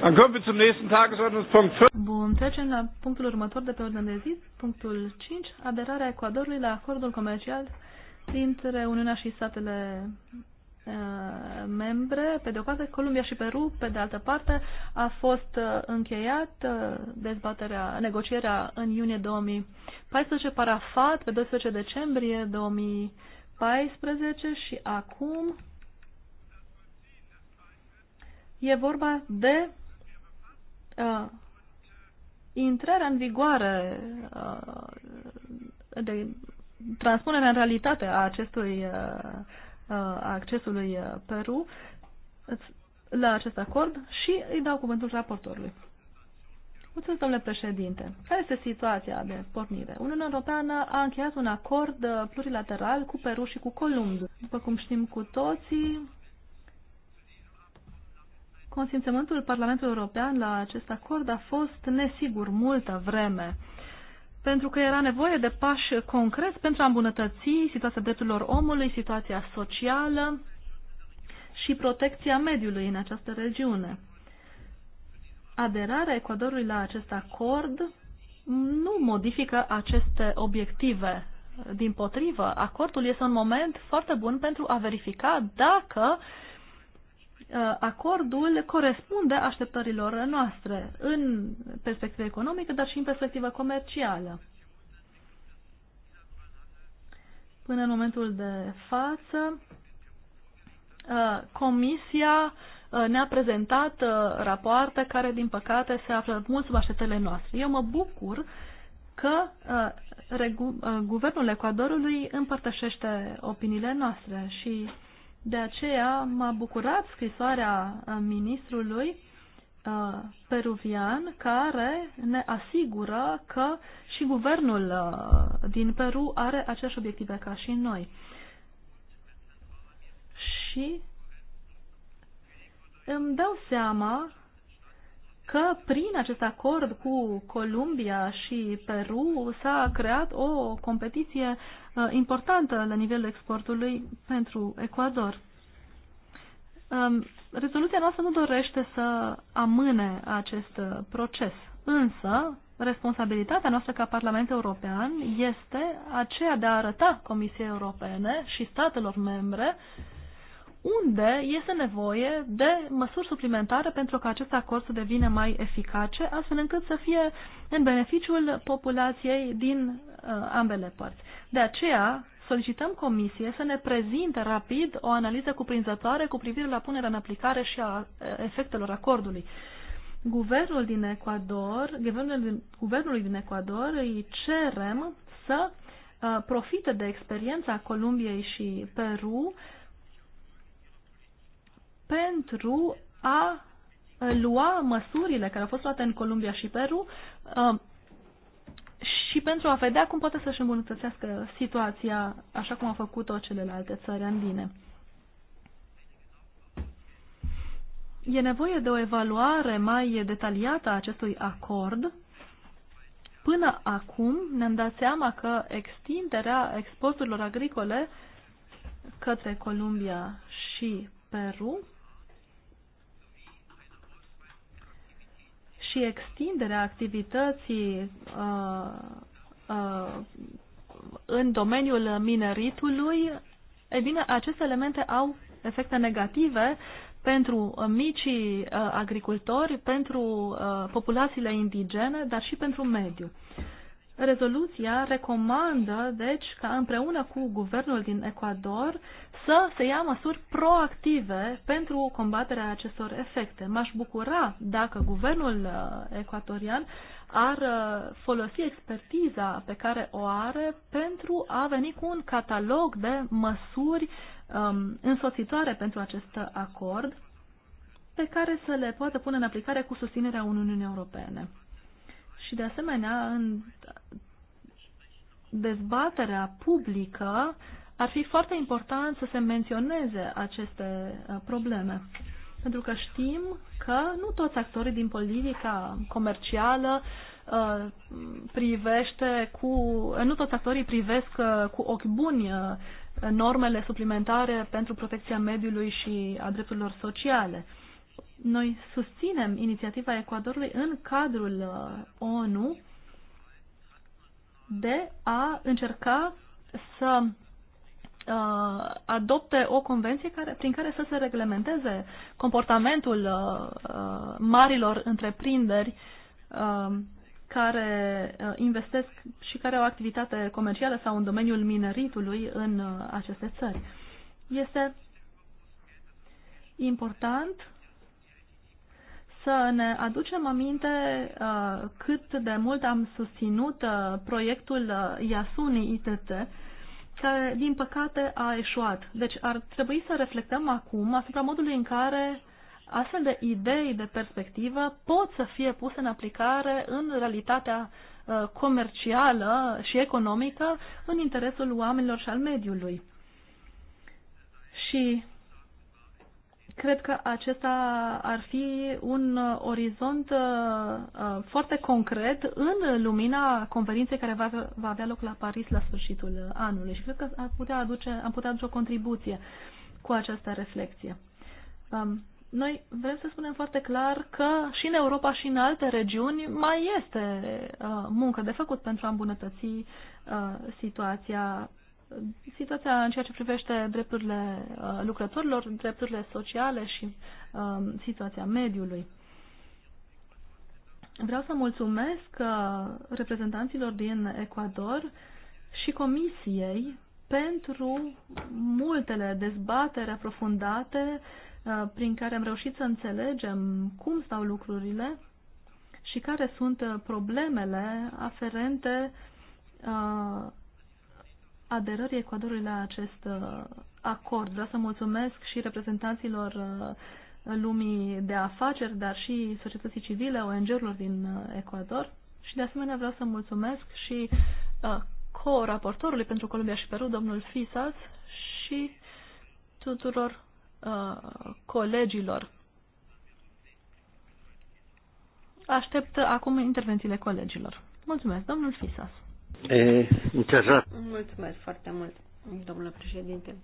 Dann kommen wir zum nächsten Tagesordnungspunkt 5. Bun, trecem la punctul următor de pe ordine de zi, punctul 5, aderarea Ecuadorului la acordul comercial dintre Uniunea și statele uh, membre, pe de o parte Columbia și Peru, pe de altă parte a fost uh, încheiat uh, dezbaterea, negocierea în iunie 2014, parafat pe 12 decembrie 2014 și acum e vorba de uh, intrarea în vigoare uh, de transpunerea în realitate a acestui uh, uh, a accesului uh, Peru la acest acord și îi dau cuvântul raportorului. Mulțumesc, domnule președinte. Care este situația de pornire? Uniunea Europeană a încheiat un acord plurilateral cu Peru și cu Columb. După cum știm cu toții, consimțământul Parlamentului European la acest acord a fost nesigur multă vreme pentru că era nevoie de pași concreți pentru a îmbunătăți situația drepturilor omului, situația socială și protecția mediului în această regiune. Aderarea Ecuadorului la acest acord nu modifică aceste obiective. Din potrivă, acordul este un moment foarte bun pentru a verifica dacă uh, Uh, acordul corespunde așteptărilor noastre în perspectivă economică, dar și în perspectivă comercială. Până în momentul de față, uh, Comisia uh, ne-a prezentat rapoarte care, din păcate, se află mult sub așteptările noastre. Eu mă bucur că Guvernul Ecuadorului împărtășește opiniile noastre și de aceea m-a bucurat scrisoarea uh, ministrului uh, peruvian care ne asigură că și guvernul uh, din Peru are aceeași obiective ca și noi. Și îmi dau seama că prin acest acord cu Columbia și Peru s-a creat o competiție Uh, importantă la nivelul exportului pentru Ecuador. Um, rezoluția noastră nu dorește să amâne acest uh, proces, însă responsabilitatea noastră ca Parlament European este aceea de a arăta Comisiei Europene și statelor membre uh, unde este nevoie de măsuri suplimentare pentru ca acest acord să devină mai eficace, astfel încât să fie în beneficiul populației din uh, ambele părți. De aceea, solicităm Comisie să ne prezinte rapid o analiză cuprinzătoare cu privire la punerea în aplicare și a uh, efectelor acordului. Guvernul din Ecuador, guvernul din, guvernului din Ecuador îi cerem să uh, profite de experiența Columbiei și Peru pentru a lua măsurile care au fost luate în Columbia și Peru și pentru a vedea cum poate să-și îmbunătățească situația așa cum au făcut-o celelalte țări andine. E nevoie de o evaluare mai detaliată a acestui acord. Până acum ne-am dat seama că extinderea exporturilor agricole către Columbia și Peru și extinderea activității uh, uh, în domeniul mineritului, e bine, aceste elemente au efecte negative pentru micii uh, agricultori, pentru uh, populațiile indigene, dar și pentru mediu. Rezoluția recomandă, deci, ca împreună cu guvernul din Ecuador să se ia măsuri proactive pentru combaterea acestor efecte. M-aș bucura dacă guvernul uh, ecuatorian ar uh, folosi expertiza pe care o are pentru a veni cu un catalog de măsuri um, însoțitoare pentru acest acord pe care să le poată pune în aplicare cu susținerea Uniunii Europene. Și de asemenea, în dezbaterea publică ar fi foarte important să se menționeze aceste uh, probleme. Pentru că știm că nu toți actorii din politica comercială uh, privește cu, uh, nu toți actorii privesc cu ochi buni normele suplimentare pentru protecția mediului și a drepturilor sociale. Noi susținem inițiativa Ecuadorului în cadrul uh, ONU de a încerca să uh, adopte o convenție care, prin care să se reglementeze comportamentul uh, uh, marilor întreprinderi uh, care uh, investesc și care au activitate comercială sau în domeniul mineritului în uh, aceste țări. Este important să ne aducem aminte uh, cât de mult am susținut uh, proiectul uh, Yasuni ITT, care, din păcate, a eșuat. Deci ar trebui să reflectăm acum asupra modului în care astfel de idei de perspectivă pot să fie puse în aplicare în realitatea comercială și economică în interesul oamenilor și al mediului. Și cred că acesta ar fi un uh, orizont uh, uh, foarte concret în lumina conferinței care va, avea loc la Paris la sfârșitul anului și cred că ar putea aduce, am putea aduce o contribuție cu această reflexie. Um, noi vrem să spunem foarte clar că și în Europa și în alte regiuni mai este muncă de făcut pentru a îmbunătăți situația situația în ceea ce privește drepturile uh, lucrătorilor, drepturile sociale și um, situația mediului. Vreau să mulțumesc uh, reprezentanților din Ecuador și Comisiei pentru multele dezbatere aprofundate uh, prin care am reușit să înțelegem cum stau lucrurile și care sunt problemele aferente aderării Ecuadorului la acest uh, acord. Vreau să mulțumesc și reprezentanților uh, lumii de afaceri, dar și societății civile, ONG-urilor din uh, Ecuador. Și de asemenea vreau să mulțumesc și co-raportorului pentru Columbia și Peru, domnul Fisas, și tuturor uh, colegilor. Aștept acum intervențiile colegilor. Mulțumesc, domnul Fisas. Eh, Mulțumesc foarte mult, domnule președinte.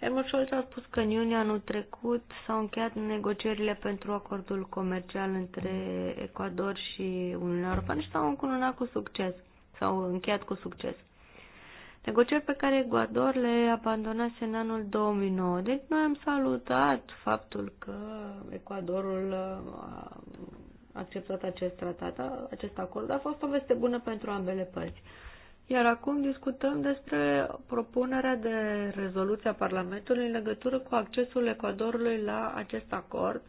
Helmut Scholz a spus că în iunie anul trecut s-au încheiat negocierile pentru acordul comercial între Ecuador și Uniunea Europeană și s-au încununat cu succes, s-au încheiat cu succes. Negocieri pe care Ecuador le abandonase în anul 2009. Deci noi am salutat faptul că Ecuadorul a acceptat acest tratat, acest acord, a fost o veste bună pentru ambele părți. Iar acum discutăm despre propunerea de rezoluție a Parlamentului în legătură cu accesul Ecuadorului la acest acord,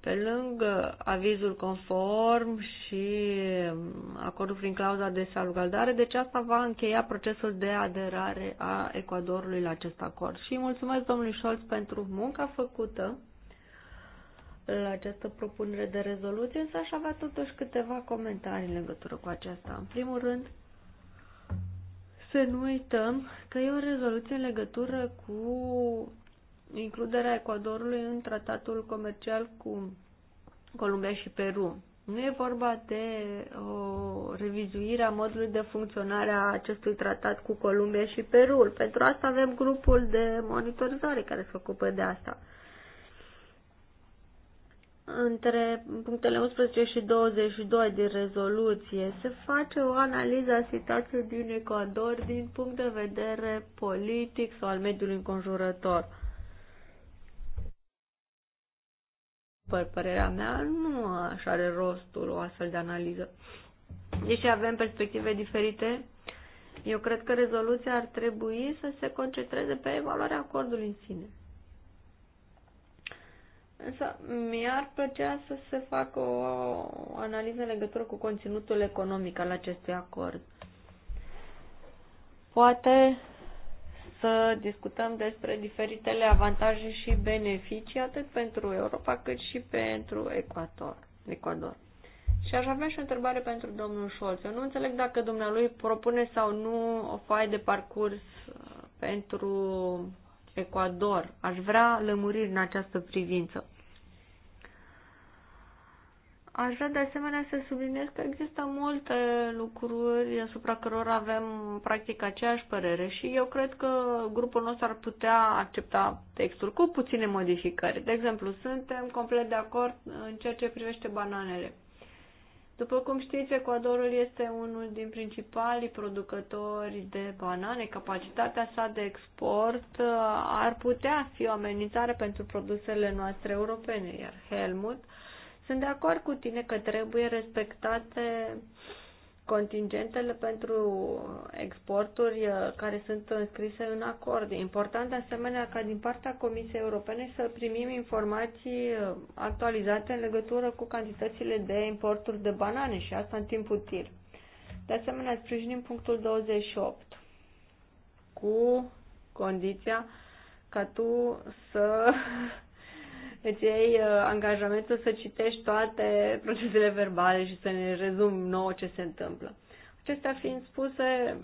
pe lângă avizul conform și um, acordul prin clauza de salugaldare, deci asta va încheia procesul de aderare a Ecuadorului la acest acord. Și mulțumesc domnului Scholz pentru munca făcută la această propunere de rezoluție, însă aș avea totuși câteva comentarii în legătură cu aceasta. În primul rând, să nu uităm că e o rezoluție în legătură cu includerea Ecuadorului în tratatul comercial cu Columbia și Peru. Nu e vorba de o revizuire a modului de funcționare a acestui tratat cu Columbia și Peru. Pentru asta avem grupul de monitorizare care se ocupă de asta între punctele 11 și 22 din rezoluție se face o analiză a situației din Ecuador din punct de vedere politic sau al mediului înconjurător. După părerea mea, nu așa are rostul o astfel de analiză. Deși avem perspective diferite, eu cred că rezoluția ar trebui să se concentreze pe evaluarea acordului în sine. Însă mi-ar plăcea să se facă o analiză în legătură cu conținutul economic al acestui acord. Poate să discutăm despre diferitele avantaje și beneficii atât pentru Europa cât și pentru Ecuador. Ecuador. Și aș avea și o întrebare pentru domnul Scholz. Eu nu înțeleg dacă dumnealui propune sau nu o faie de parcurs uh, pentru Ecuador. Aș vrea lămuriri în această privință. Aș vrea de asemenea să subliniez că există multe lucruri asupra cărora avem practic aceeași părere și eu cred că grupul nostru ar putea accepta textul cu puține modificări. De exemplu, suntem complet de acord în ceea ce privește bananele. După cum știți, Ecuadorul este unul din principalii producători de banane. Capacitatea sa de export uh, ar putea fi o amenințare pentru produsele noastre europene, iar Helmut, sunt de acord cu tine că trebuie respectate uh, contingentele pentru exporturi uh, care sunt înscrise în acord. E important de asemenea ca din partea Comisiei Europene să primim informații uh, actualizate în legătură cu cantitățile de importuri de banane și asta în timp util. De asemenea, sprijinim punctul 28 cu condiția ca tu să deci ei uh, angajamentul să citești toate procesele verbale și să ne rezum nouă ce se întâmplă. Acestea fiind spuse,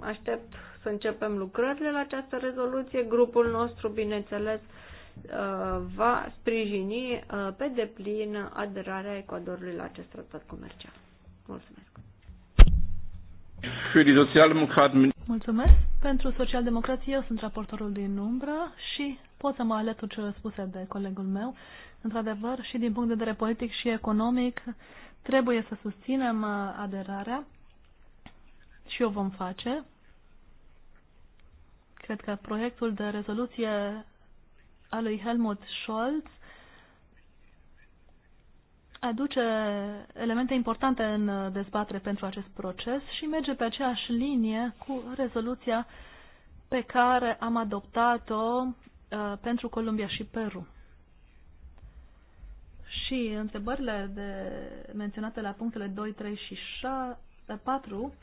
aștept să începem lucrările la această rezoluție. Grupul nostru, bineînțeles, uh, va sprijini uh, pe deplin aderarea Ecuadorului la acest tratat comercial. Mulțumesc! Mulțumesc. Pentru socialdemocrație eu sunt raportorul din umbră și pot să mă alătur ce spuse de colegul meu. Într-adevăr, și din punct de vedere politic și economic, trebuie să susținem uh, aderarea și o vom face. Cred că proiectul de rezoluție a lui Helmut Scholz aduce elemente importante în dezbatere pentru acest proces și merge pe aceeași linie cu rezoluția pe care am adoptat-o uh, pentru Columbia și Peru. Și întrebările de, menționate la punctele 2, 3 și 6, 4,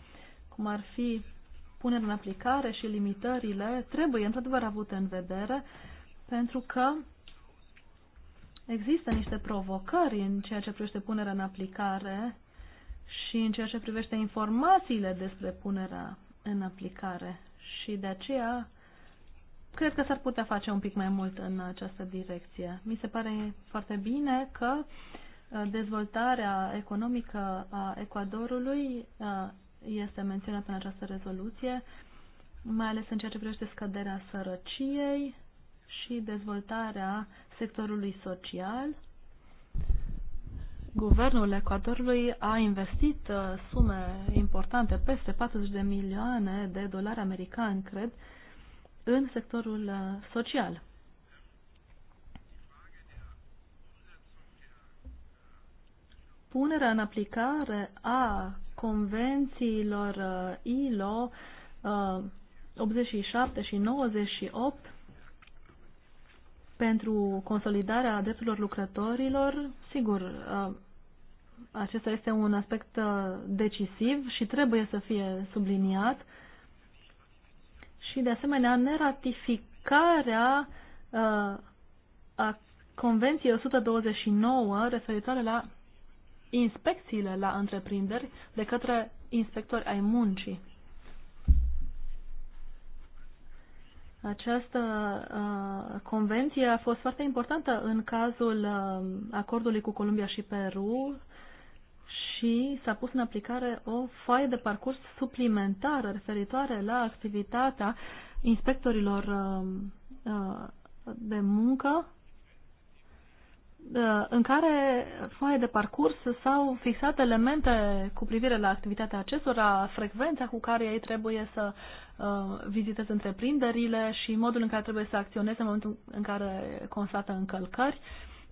cum ar fi punerea în aplicare și limitările, trebuie într-adevăr avute în vedere, pentru că Există niște provocări în ceea ce privește punerea în aplicare și în ceea ce privește informațiile despre punerea în aplicare. Și de aceea cred că s-ar putea face un pic mai mult în această direcție. Mi se pare foarte bine că uh, dezvoltarea economică a Ecuadorului uh, este menționată în această rezoluție, mai ales în ceea ce privește scăderea sărăciei și dezvoltarea sectorului social. Guvernul Ecuadorului a investit uh, sume importante, peste 40 de milioane de dolari americani, cred, în sectorul uh, social. Punerea în aplicare a convențiilor uh, ILO 87 și 98 pentru consolidarea drepturilor lucrătorilor, sigur, uh, acesta este un aspect uh, decisiv și trebuie să fie subliniat. Și, de asemenea, neratificarea uh, a Convenției 129 referitoare la inspecțiile la întreprinderi de către inspectori ai muncii. Această uh, convenție a fost foarte importantă în cazul uh, acordului cu Columbia și Peru și s-a pus în aplicare o foaie de parcurs suplimentară referitoare la activitatea inspectorilor uh, uh, de muncă Ă, în care foaie de parcurs s-au fixat elemente cu privire la activitatea acestora, frecvența cu care ei trebuie să ă, viziteze întreprinderile și modul în care trebuie să acționeze în momentul în care constată încălcări.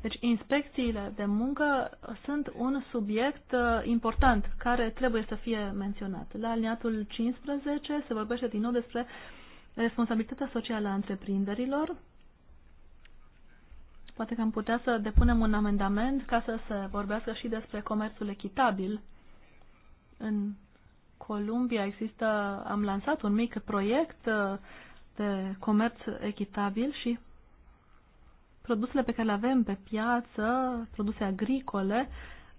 Deci inspecțiile de muncă sunt un subiect ă, important care trebuie să fie menționat. La aliniatul 15 se vorbește din nou despre responsabilitatea socială a întreprinderilor, Poate că am putea să depunem un amendament ca să se vorbească și despre comerțul echitabil. În Columbia există, am lansat un mic proiect uh, de comerț echitabil și produsele pe care le avem pe piață, produse agricole,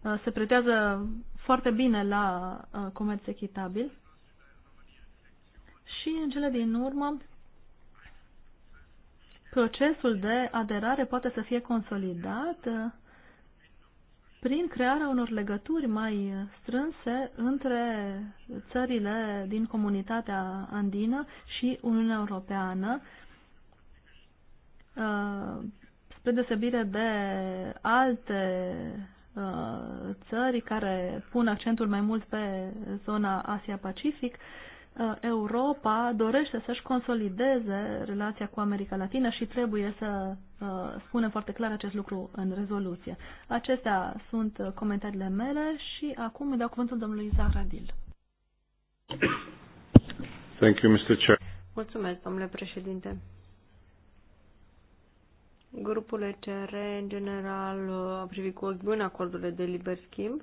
uh, se pretează foarte bine la uh, comerț echitabil. Și în cele din urmă procesul de aderare poate să fie consolidat uh, prin crearea unor legături mai strânse între țările din comunitatea andină și Uniunea Europeană, uh, spre deosebire de alte uh, țări care pun accentul mai mult pe zona Asia-Pacific, Uh, Europa dorește să-și consolideze relația cu America Latină și trebuie să uh, spunem foarte clar acest lucru în rezoluție. Acestea sunt uh, comentariile mele și acum îi dau cuvântul domnului Zahradil. Thank you, Mr. Chair. Mulțumesc, domnule președinte. Grupul ECR, în general, a privit cu ochi buni acordurile de liber schimb,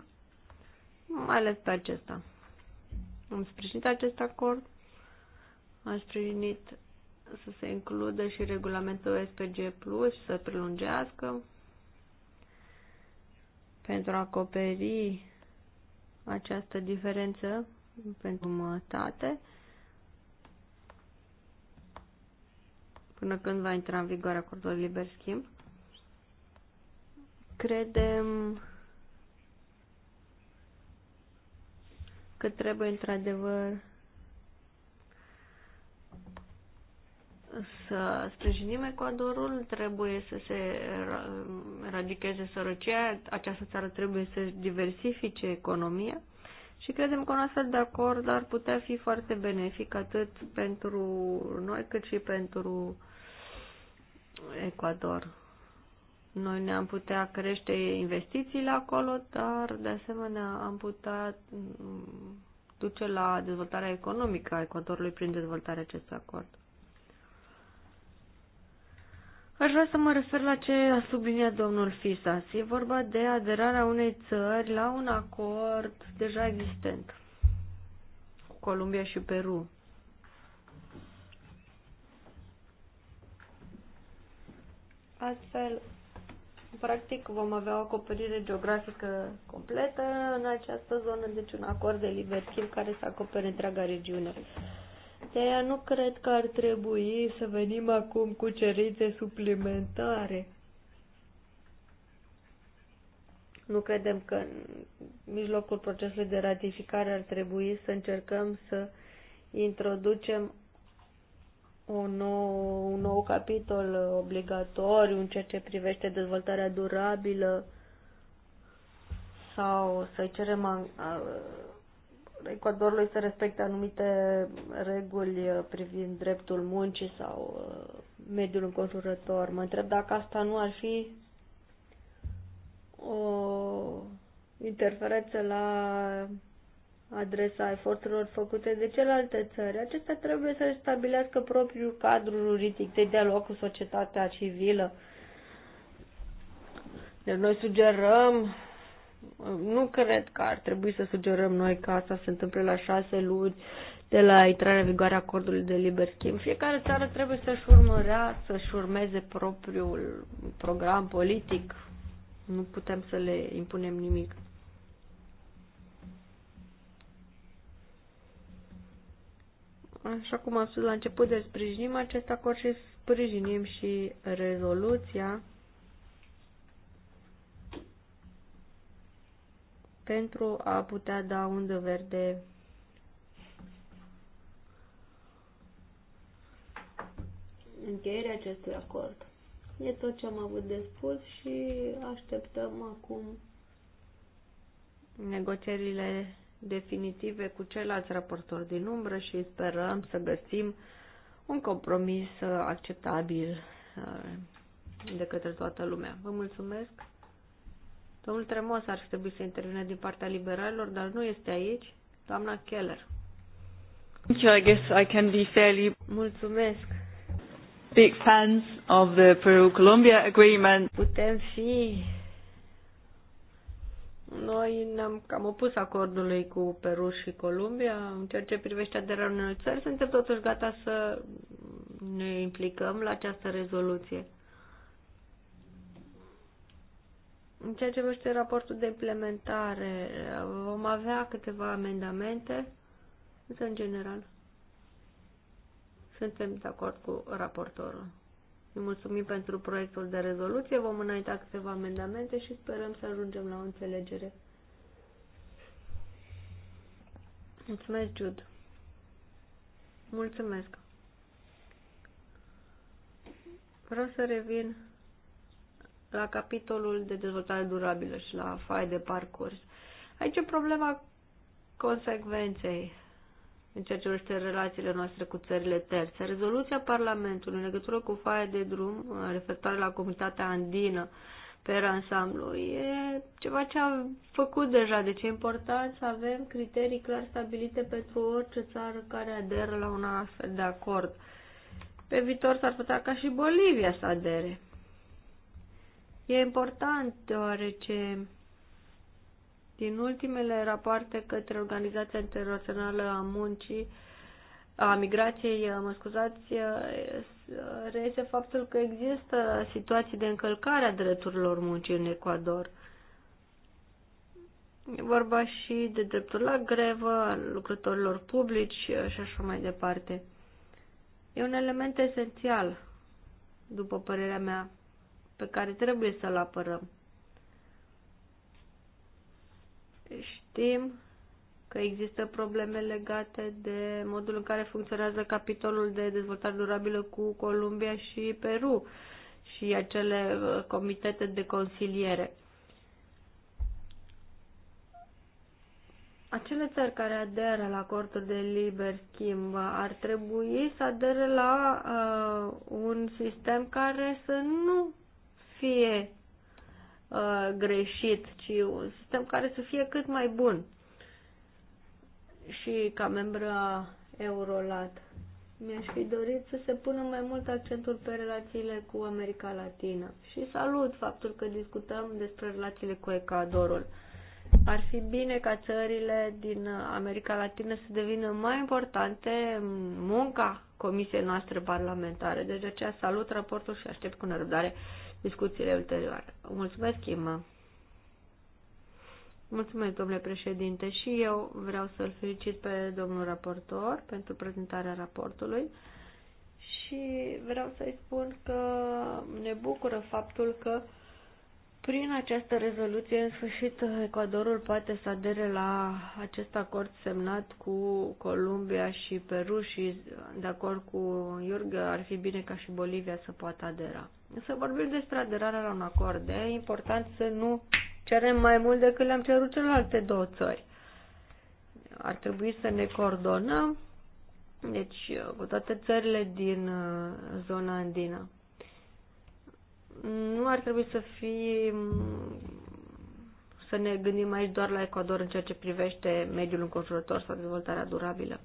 mai ales pe acesta. Am sprijinit acest acord. Am sprijinit să se includă și regulamentul SPG Plus și să prelungească pentru a acoperi această diferență pentru mătate până când va intra în vigoare acordul liber schimb. Credem că trebuie într-adevăr să sprijinim Ecuadorul, trebuie să se eradicheze sărăcia, această țară trebuie să diversifice economia și credem că un astfel de acord ar putea fi foarte benefic atât pentru noi cât și pentru Ecuador. Noi ne-am putea crește investițiile acolo, dar de asemenea am putea mm, duce la dezvoltarea economică a Ecuadorului prin dezvoltarea acestui acord. Aș vrea să mă refer la ce a subliniat domnul Fisas. E vorba de aderarea unei țări la un acord deja existent cu Columbia și Peru. Astfel, practic vom avea o acoperire geografică completă în această zonă, deci un acord de liber schimb care să acopere întreaga regiune. De aia nu cred că ar trebui să venim acum cu cerințe suplimentare. Nu credem că în mijlocul procesului de ratificare ar trebui să încercăm să introducem un nou, un nou capitol obligatoriu în ceea ce privește dezvoltarea durabilă sau să cerem a, a, Ecuadorului să respecte anumite reguli privind dreptul muncii sau a, mediul înconjurător. Mă întreb dacă asta nu ar fi o interferență la adresa eforturilor făcute de celelalte țări. Acestea trebuie să stabilească propriul cadru juridic de dialog cu societatea civilă. Deci noi sugerăm, nu cred că ar trebui să sugerăm noi că asta se întâmplă la șase luni de la intrarea în vigoare a acordului de liber schimb. Fiecare țară trebuie să-și urmărea, să-și urmeze propriul program politic. Nu putem să le impunem nimic. Așa cum am spus la început, de sprijinim acest acord și sprijinim și rezoluția pentru a putea da undă verde încheierea acestui acord. E tot ce am avut de spus și așteptăm acum negocierile definitive cu ceilalți raportori din umbră și sperăm să găsim un compromis uh, acceptabil uh, de către toată lumea. Vă mulțumesc! Domnul Tremos ar trebui să intervine din partea liberalilor, dar nu este aici. Doamna Keller. I guess I can be fairly... Mulțumesc! Big fans of the Peru-Colombia agreement. Putem fi noi ne-am cam opus acordului cu Peru și Columbia. În ceea ce privește aderarea unor țări, suntem totuși gata să ne implicăm la această rezoluție. În ceea ce privește raportul de implementare, vom avea câteva amendamente, însă în general suntem de acord cu raportorul. Îi mulțumim pentru proiectul de rezoluție, vom înainta câteva amendamente și sperăm să ajungem la o înțelegere. Mulțumesc, Jude. Mulțumesc. Vreau să revin la capitolul de dezvoltare durabilă și la faie de parcurs. Aici e problema consecvenței în ceea ce urește relațiile noastre cu țările terțe. Rezoluția Parlamentului în legătură cu faia de drum uh, referitoare la comunitatea andină pe ansamblu e ceva ce am făcut deja, deci e important să avem criterii clar stabilite pentru orice țară care aderă la un astfel de acord. Pe viitor s-ar putea ca și Bolivia să adere. E important deoarece din ultimele rapoarte către Organizația Internațională a Muncii, a migrației, mă scuzați, reiese faptul că există situații de încălcare a drepturilor muncii în Ecuador. E vorba și de dreptul la grevă, lucrătorilor publici și așa mai departe. E un element esențial, după părerea mea, pe care trebuie să-l apărăm. Știm că există probleme legate de modul în care funcționează capitolul de dezvoltare durabilă cu Columbia și Peru și acele uh, comitete de consiliere. Acele țări care aderă la acordul de liber schimb ar trebui să adere la uh, un sistem care să nu fie uh, greșit, ci un sistem care să fie cât mai bun. Și ca membra Eurolat, mi-aș fi dorit să se pună mai mult accentul pe relațiile cu America Latină. Și salut faptul că discutăm despre relațiile cu Ecuadorul. Ar fi bine ca țările din America Latină să devină mai importante munca comisiei noastre parlamentare. Deci aceea salut raportul și aștept cu nerăbdare discuțiile ulterioare. Mulțumesc, Ima. Mulțumesc, domnule președinte, și eu vreau să-l felicit pe domnul raportor pentru prezentarea raportului și vreau să-i spun că ne bucură faptul că prin această rezoluție, în sfârșit, Ecuadorul poate să adere la acest acord semnat cu Columbia și Peru și, de acord cu Iurgă, ar fi bine ca și Bolivia să poată adera. Să vorbim despre aderarea la un acord. E important să nu cerem mai mult decât le-am cerut celelalte două țări. Ar trebui să ne coordonăm, deci cu toate țările din uh, zona andină. Nu ar trebui să fie să ne gândim aici doar la Ecuador în ceea ce privește mediul înconjurător sau dezvoltarea durabilă.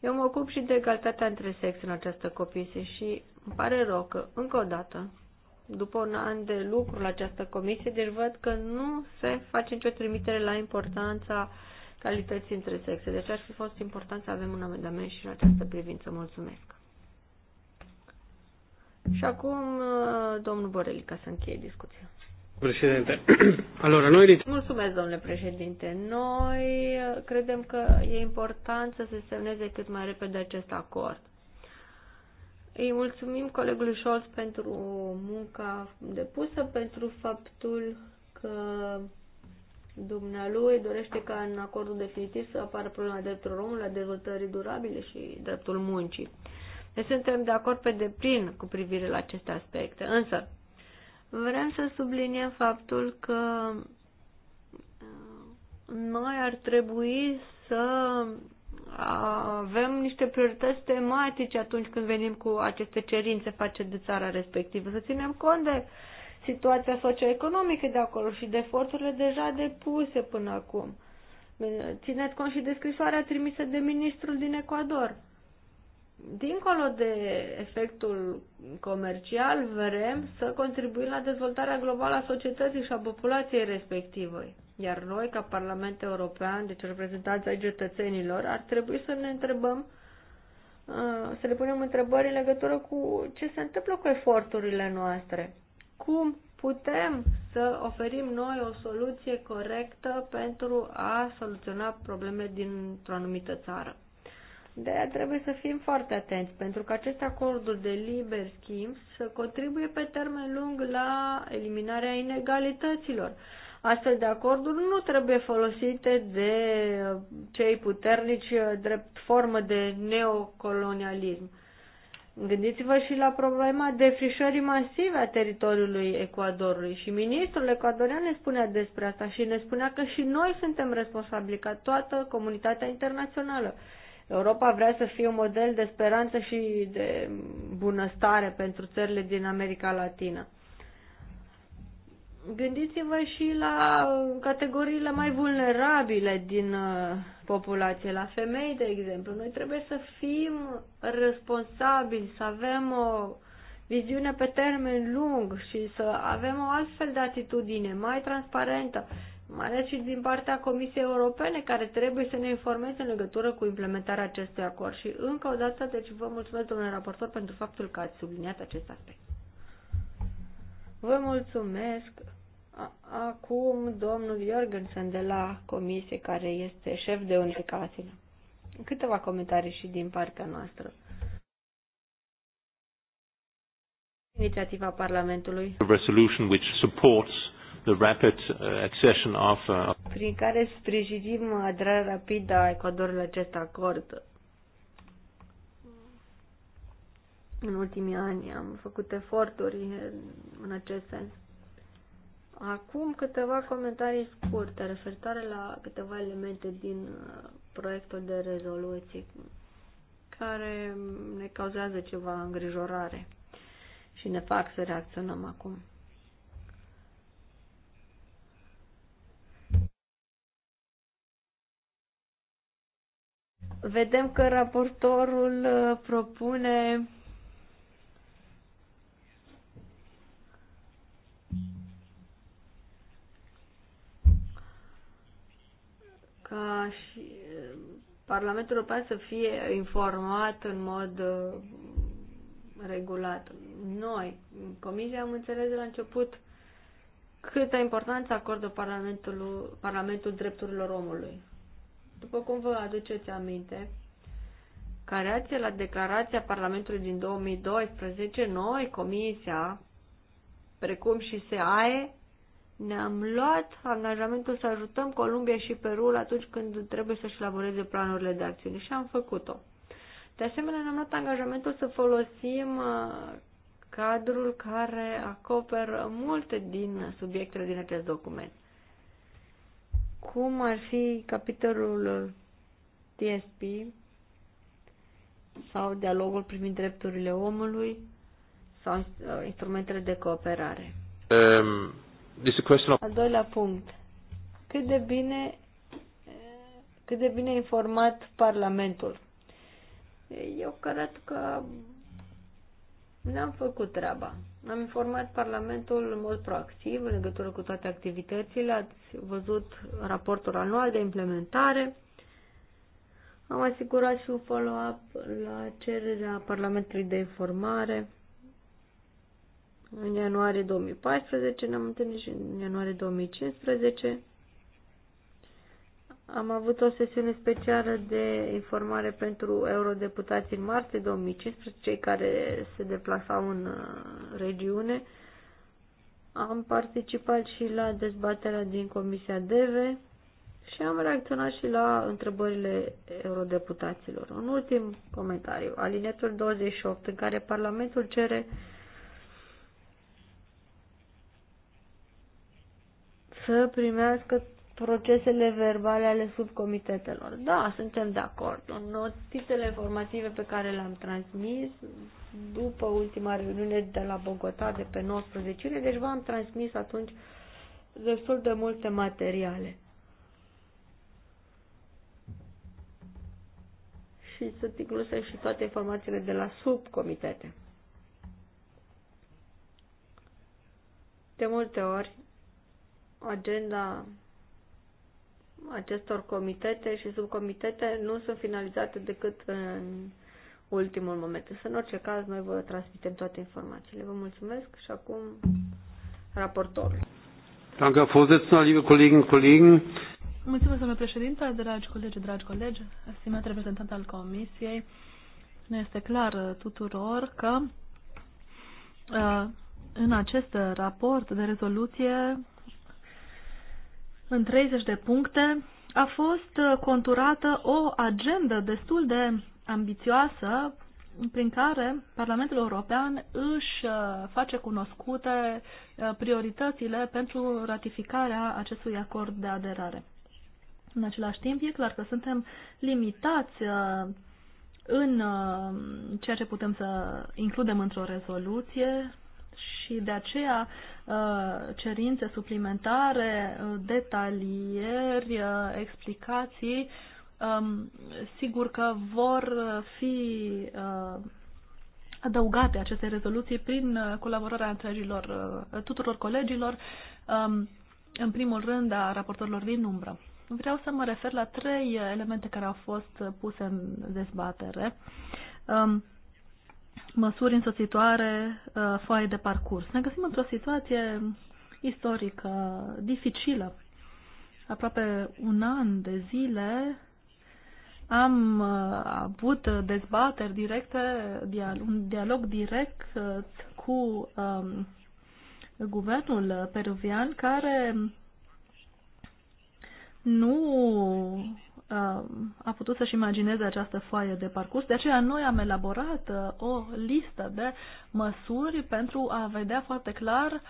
Eu mă ocup și de egalitatea între sexe în această copie și îmi pare rău că, încă o dată, după un an de lucru la această comisie, deci văd că nu se face nicio trimitere la importanța calității între sexe. Deci ar fi fost important să avem un amendament și în această privință. Mulțumesc! Și acum, domnul Boreli, ca să încheie discuția. Președinte, alora noi... Mulțumesc, domnule președinte. Noi credem că e important să se semneze cât mai repede acest acord îi mulțumim colegului Scholz pentru munca depusă, pentru faptul că dumnealui dorește ca în acordul definitiv să apară problema drepturilor omului, a dezvoltării durabile și dreptul muncii. Ne deci suntem de acord pe deplin cu privire la aceste aspecte, însă vrem să subliniem faptul că uh, noi ar trebui să avem niște priorități tematice atunci când venim cu aceste cerințe face de țara respectivă. Să ținem cont de situația socioeconomică de acolo și de eforturile deja depuse până acum. Țineți cont și de scrisoarea trimisă de ministrul din Ecuador. Dincolo de efectul comercial, vrem să contribuim la dezvoltarea globală a societății și a populației respectivei. Iar noi, ca Parlament European, deci reprezentanți ai cetățenilor, ar trebui să ne întrebăm, uh, să le punem întrebări în legătură cu ce se întâmplă cu eforturile noastre. Cum putem să oferim noi o soluție corectă pentru a soluționa probleme dintr-o anumită țară? De aia trebuie să fim foarte atenți, pentru că acest acordul de liber schimb să contribuie pe termen lung la eliminarea inegalităților. Astfel de acorduri nu trebuie folosite de cei puternici drept formă de neocolonialism. Gândiți-vă și la problema defrișării masive a teritoriului Ecuadorului și ministrul ecuadorian ne spunea despre asta și ne spunea că și noi suntem responsabili ca toată comunitatea internațională. Europa vrea să fie un model de speranță și de bunăstare pentru țările din America Latină. Gândiți-vă și la uh, categoriile mai vulnerabile din uh, populație, la femei, de exemplu. Noi trebuie să fim responsabili, să avem o viziune pe termen lung și să avem o altfel de atitudine mai transparentă, mai ales și din partea Comisiei Europene, care trebuie să ne informeze în legătură cu implementarea acestui acord. Și încă o dată, deci vă mulțumesc, domnule raportor, pentru faptul că ați subliniat acest aspect. Vă mulțumesc! Acum domnul Jorgensen de la comisie, care este șef de unificație. Câteva comentarii și din partea noastră. Inițiativa Parlamentului. Resolution which supports the rapid uh, accession of, uh, prin care sprijinim aderarea rapidă a Ecuadorului la acest acord. În ultimii ani am făcut eforturi în acest sens. Acum câteva comentarii scurte referitoare la câteva elemente din uh, proiectul de rezoluție care ne cauzează ceva îngrijorare și ne fac să reacționăm acum. Vedem că raportorul uh, propune ca și eh, Parlamentul European să fie informat în mod eh, regulat. Noi, în comisie, am înțeles de la început câtă importanță acordă Parlamentul, Parlamentul drepturilor omului. După cum vă aduceți aminte, care ați la declarația Parlamentului din 2012, noi, Comisia, precum și SEAE, ne-am luat angajamentul să ajutăm Columbia și Peru atunci când trebuie să-și elaboreze planurile de acțiune și am făcut-o. De asemenea, ne-am luat angajamentul să folosim uh, cadrul care acoperă multe din subiectele din acest document. Cum ar fi capitolul TSP sau dialogul privind drepturile omului sau uh, instrumentele de cooperare. Um. Al doilea punct. Cât de bine cât de bine informat Parlamentul. Eu cred că ne-am făcut treaba. Am informat Parlamentul în mod proactiv în legătură cu toate activitățile. Ați văzut raportul anual de implementare. Am asigurat și un follow-up la cererea Parlamentului de informare. În ianuarie 2014 ne-am întâlnit și în ianuarie 2015 am avut o sesiune specială de informare pentru eurodeputații în martie 2015, cei care se deplasau în uh, regiune. Am participat și la dezbaterea din Comisia DEVE și am reacționat și la întrebările eurodeputaților. Un ultim comentariu, alinetul 28, în care Parlamentul cere să primească procesele verbale ale subcomitetelor. Da, suntem de acord. notițele informative pe care le-am transmis după ultima reuniune de la Bogota de pe 19 iulie, deci v-am transmis atunci destul de multe materiale. Și sunt incluse și toate informațiile de la subcomitete. De multe ori, agenda acestor comitete și subcomitete nu sunt finalizate decât în ultimul moment. Însă, în orice caz, noi vă transmitem toate informațiile. Vă mulțumesc și acum raportorul. Danke, Vorsitzender, liebe Kolleginnen und Kollegen. Mulțumesc, domnule președinte, dragi colegi, dragi colegi, stimat reprezentant al Comisiei. Ne este clar uh, tuturor că uh, în acest raport de rezoluție în 30 de puncte, a fost uh, conturată o agendă destul de ambițioasă prin care Parlamentul European își uh, face cunoscute uh, prioritățile pentru ratificarea acestui acord de aderare. În același timp, e clar că suntem limitați în ceea ce putem să includem într-o rezoluție și de aceea Uh, cerințe suplimentare, uh, detalieri, uh, explicații, um, sigur că vor fi adăugate aceste rezoluții prin colaborarea întregilor, tuturor colegilor, um, în primul rând a raportorilor din umbră. Vreau să mă refer la trei elemente care au fost puse în dezbatere. Um, măsuri însoțitoare, uh, foaie de parcurs. Ne găsim într-o situație istorică dificilă. Aproape un an de zile am uh, avut dezbateri directe, un dialog direct uh, cu um, guvernul peruvian care nu Uh, a putut să-și imagineze această foaie de parcurs. De aceea noi am elaborat uh, o listă de măsuri pentru a vedea foarte clar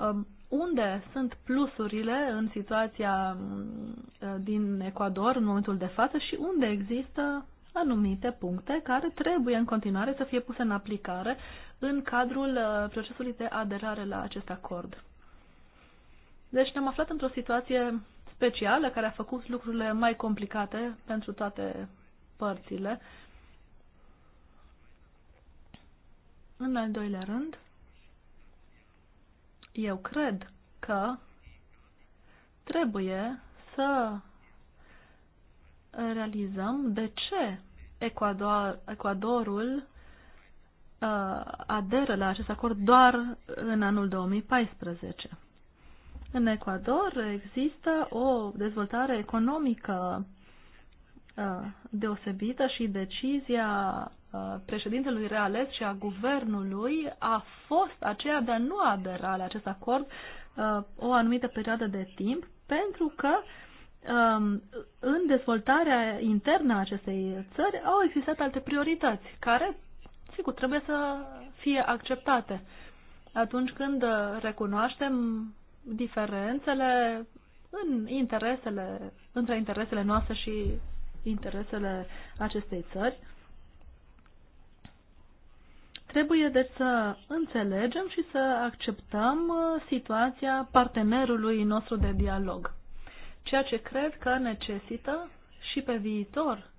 um, unde sunt plusurile în situația uh, din Ecuador în momentul de față și unde există anumite puncte care trebuie în continuare să fie puse în aplicare în cadrul procesului de aderare la acest acord. Deci ne-am aflat într-o situație specială care a făcut lucrurile mai complicate pentru toate părțile. În al doilea rând, eu cred că trebuie să realizăm de ce Ecuador, Ecuadorul uh, aderă la acest acord doar în anul 2014. În Ecuador există o dezvoltare economică uh, deosebită și decizia uh, președintelui reales și a guvernului a fost aceea de a nu adera la acest acord uh, o anumită perioadă de timp, pentru că um, în dezvoltarea internă a acestei țări au existat alte priorități care, sigur, trebuie să fie acceptate. Atunci când recunoaștem diferențele în interesele, între interesele noastre și interesele acestei țări. Trebuie deci să înțelegem și să acceptăm uh, situația partenerului nostru de dialog, ceea ce cred că necesită și pe viitor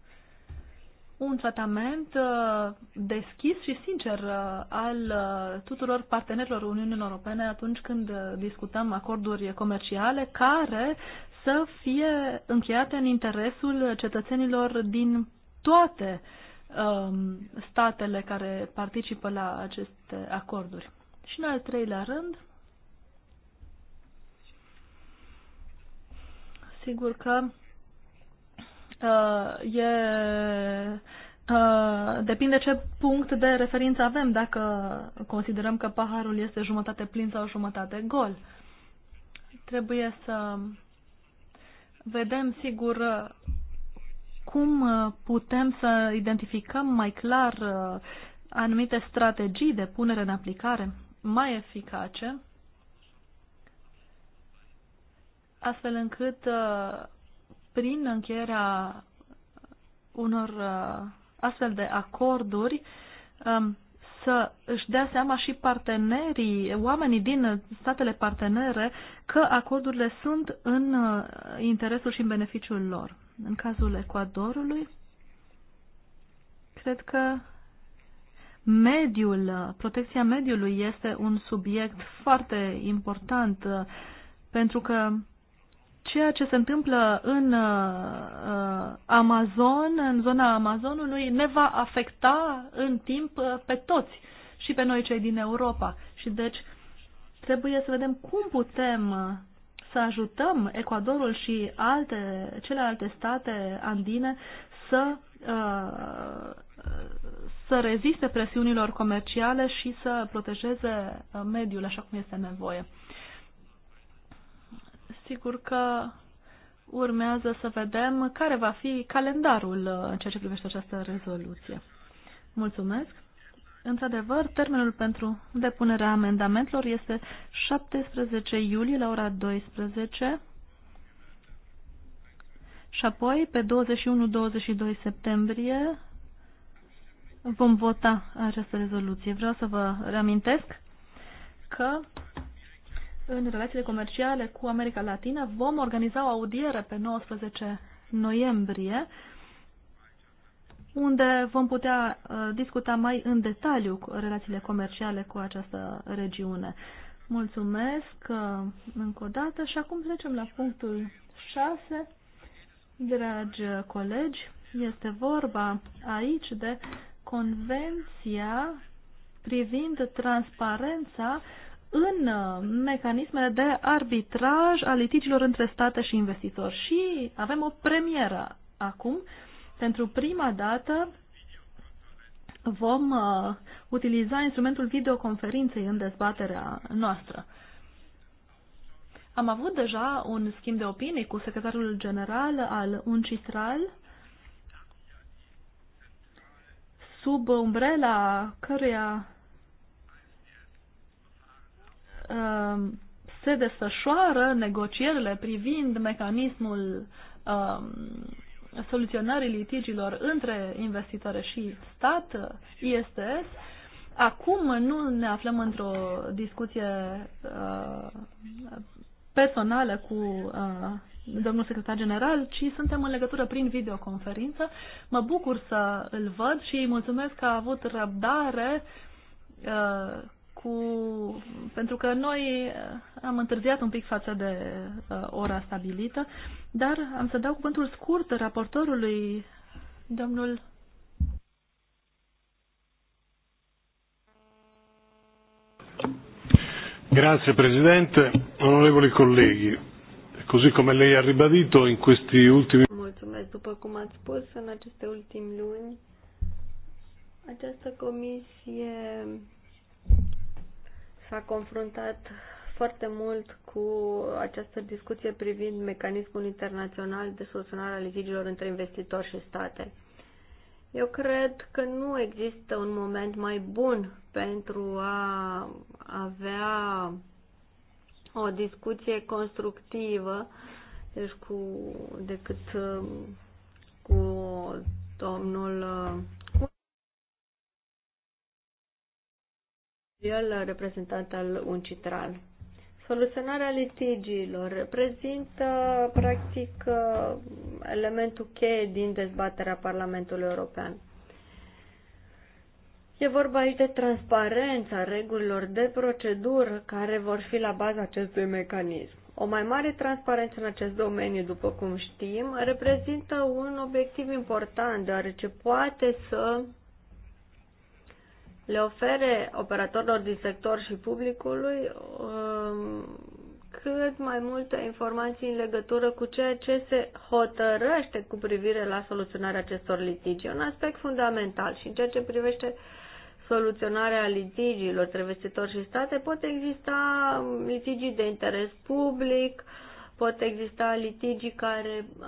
un tratament uh, deschis și sincer uh, al uh, tuturor partenerilor Uniunii Europene atunci când discutăm acorduri comerciale care să fie încheiate în interesul cetățenilor din toate um, statele care participă la aceste acorduri. Și în al treilea rând, sigur că uh, e, uh, depinde ce punct de referință avem, dacă considerăm că paharul este jumătate plin sau jumătate gol. Trebuie să vedem, sigur, cum putem să identificăm mai clar uh, anumite strategii de punere în aplicare mai eficace, astfel încât uh, prin încheierea unor uh, astfel de acorduri um, să își dea seama și partenerii, oamenii din statele partenere, că acordurile sunt în uh, interesul și în beneficiul lor. În cazul Ecuadorului, cred că mediul, uh, protecția mediului este un subiect foarte important pentru că ceea ce se întâmplă în uh, uh, Amazon, în zona Amazonului, ne va afecta în timp uh, pe toți și pe noi cei din Europa. Și deci trebuie să vedem cum putem să ajutăm Ecuadorul și alte, celelalte state andine să, să reziste presiunilor comerciale și să protejeze mediul așa cum este nevoie sigur că urmează să vedem care va fi calendarul uh, în ceea ce privește această rezoluție. Mulțumesc! Într-adevăr, termenul pentru depunerea amendamentelor este 17 iulie la ora 12 și apoi pe 21-22 septembrie vom vota această rezoluție. Vreau să vă reamintesc că în relațiile comerciale cu America Latină. Vom organiza o audiere pe 19 noiembrie unde vom putea uh, discuta mai în detaliu cu relațiile comerciale cu această regiune. Mulțumesc uh, încă o dată și acum trecem la punctul 6. Dragi colegi, este vorba aici de Convenția privind transparența în uh, mecanismele de arbitraj a litigilor între state și investitori. Și avem o premieră acum. Pentru prima dată vom uh, utiliza instrumentul videoconferinței în dezbaterea noastră. Am avut deja un schimb de opinii cu secretarul general al UNCITRAL sub umbrela căruia Um, se desfășoară negocierile privind mecanismul um, soluționării litigilor între investitori și stat, ISTS, acum nu ne aflăm într-o discuție uh, personală cu uh, domnul secretar general, ci suntem în legătură prin videoconferință. Mă bucur să îl văd și îi mulțumesc că a avut răbdare uh, cu... pentru că noi uh, am întârziat un pic față de uh, ora stabilită, dar am să dau cuvântul scurt raportorului, domnul Grazie Presidente, onorevoli colleghi, così come lei ha ribadito in questi ultimi... Mulțumesc, după cum ați spus, în aceste ultimi luni această comisie s-a confruntat foarte mult cu această discuție privind mecanismul internațional de soluționare a litigiilor între investitori și state. Eu cred că nu există un moment mai bun pentru a avea o discuție constructivă deci cu, decât um, cu domnul uh, el reprezentant al Uncitral. Soluționarea litigiilor reprezintă, practic, elementul cheie din dezbaterea Parlamentului European. E vorba aici de transparența regulilor de procedură care vor fi la baza acestui mecanism. O mai mare transparență în acest domeniu, după cum știm, reprezintă un obiectiv important, deoarece poate să le ofere operatorilor din sector și publicului um, cât mai multe informații în legătură cu ceea ce se hotărăște cu privire la soluționarea acestor litigi. un aspect fundamental și în ceea ce privește soluționarea litigiilor trevestitori și state pot exista litigii de interes public, pot exista litigii care uh,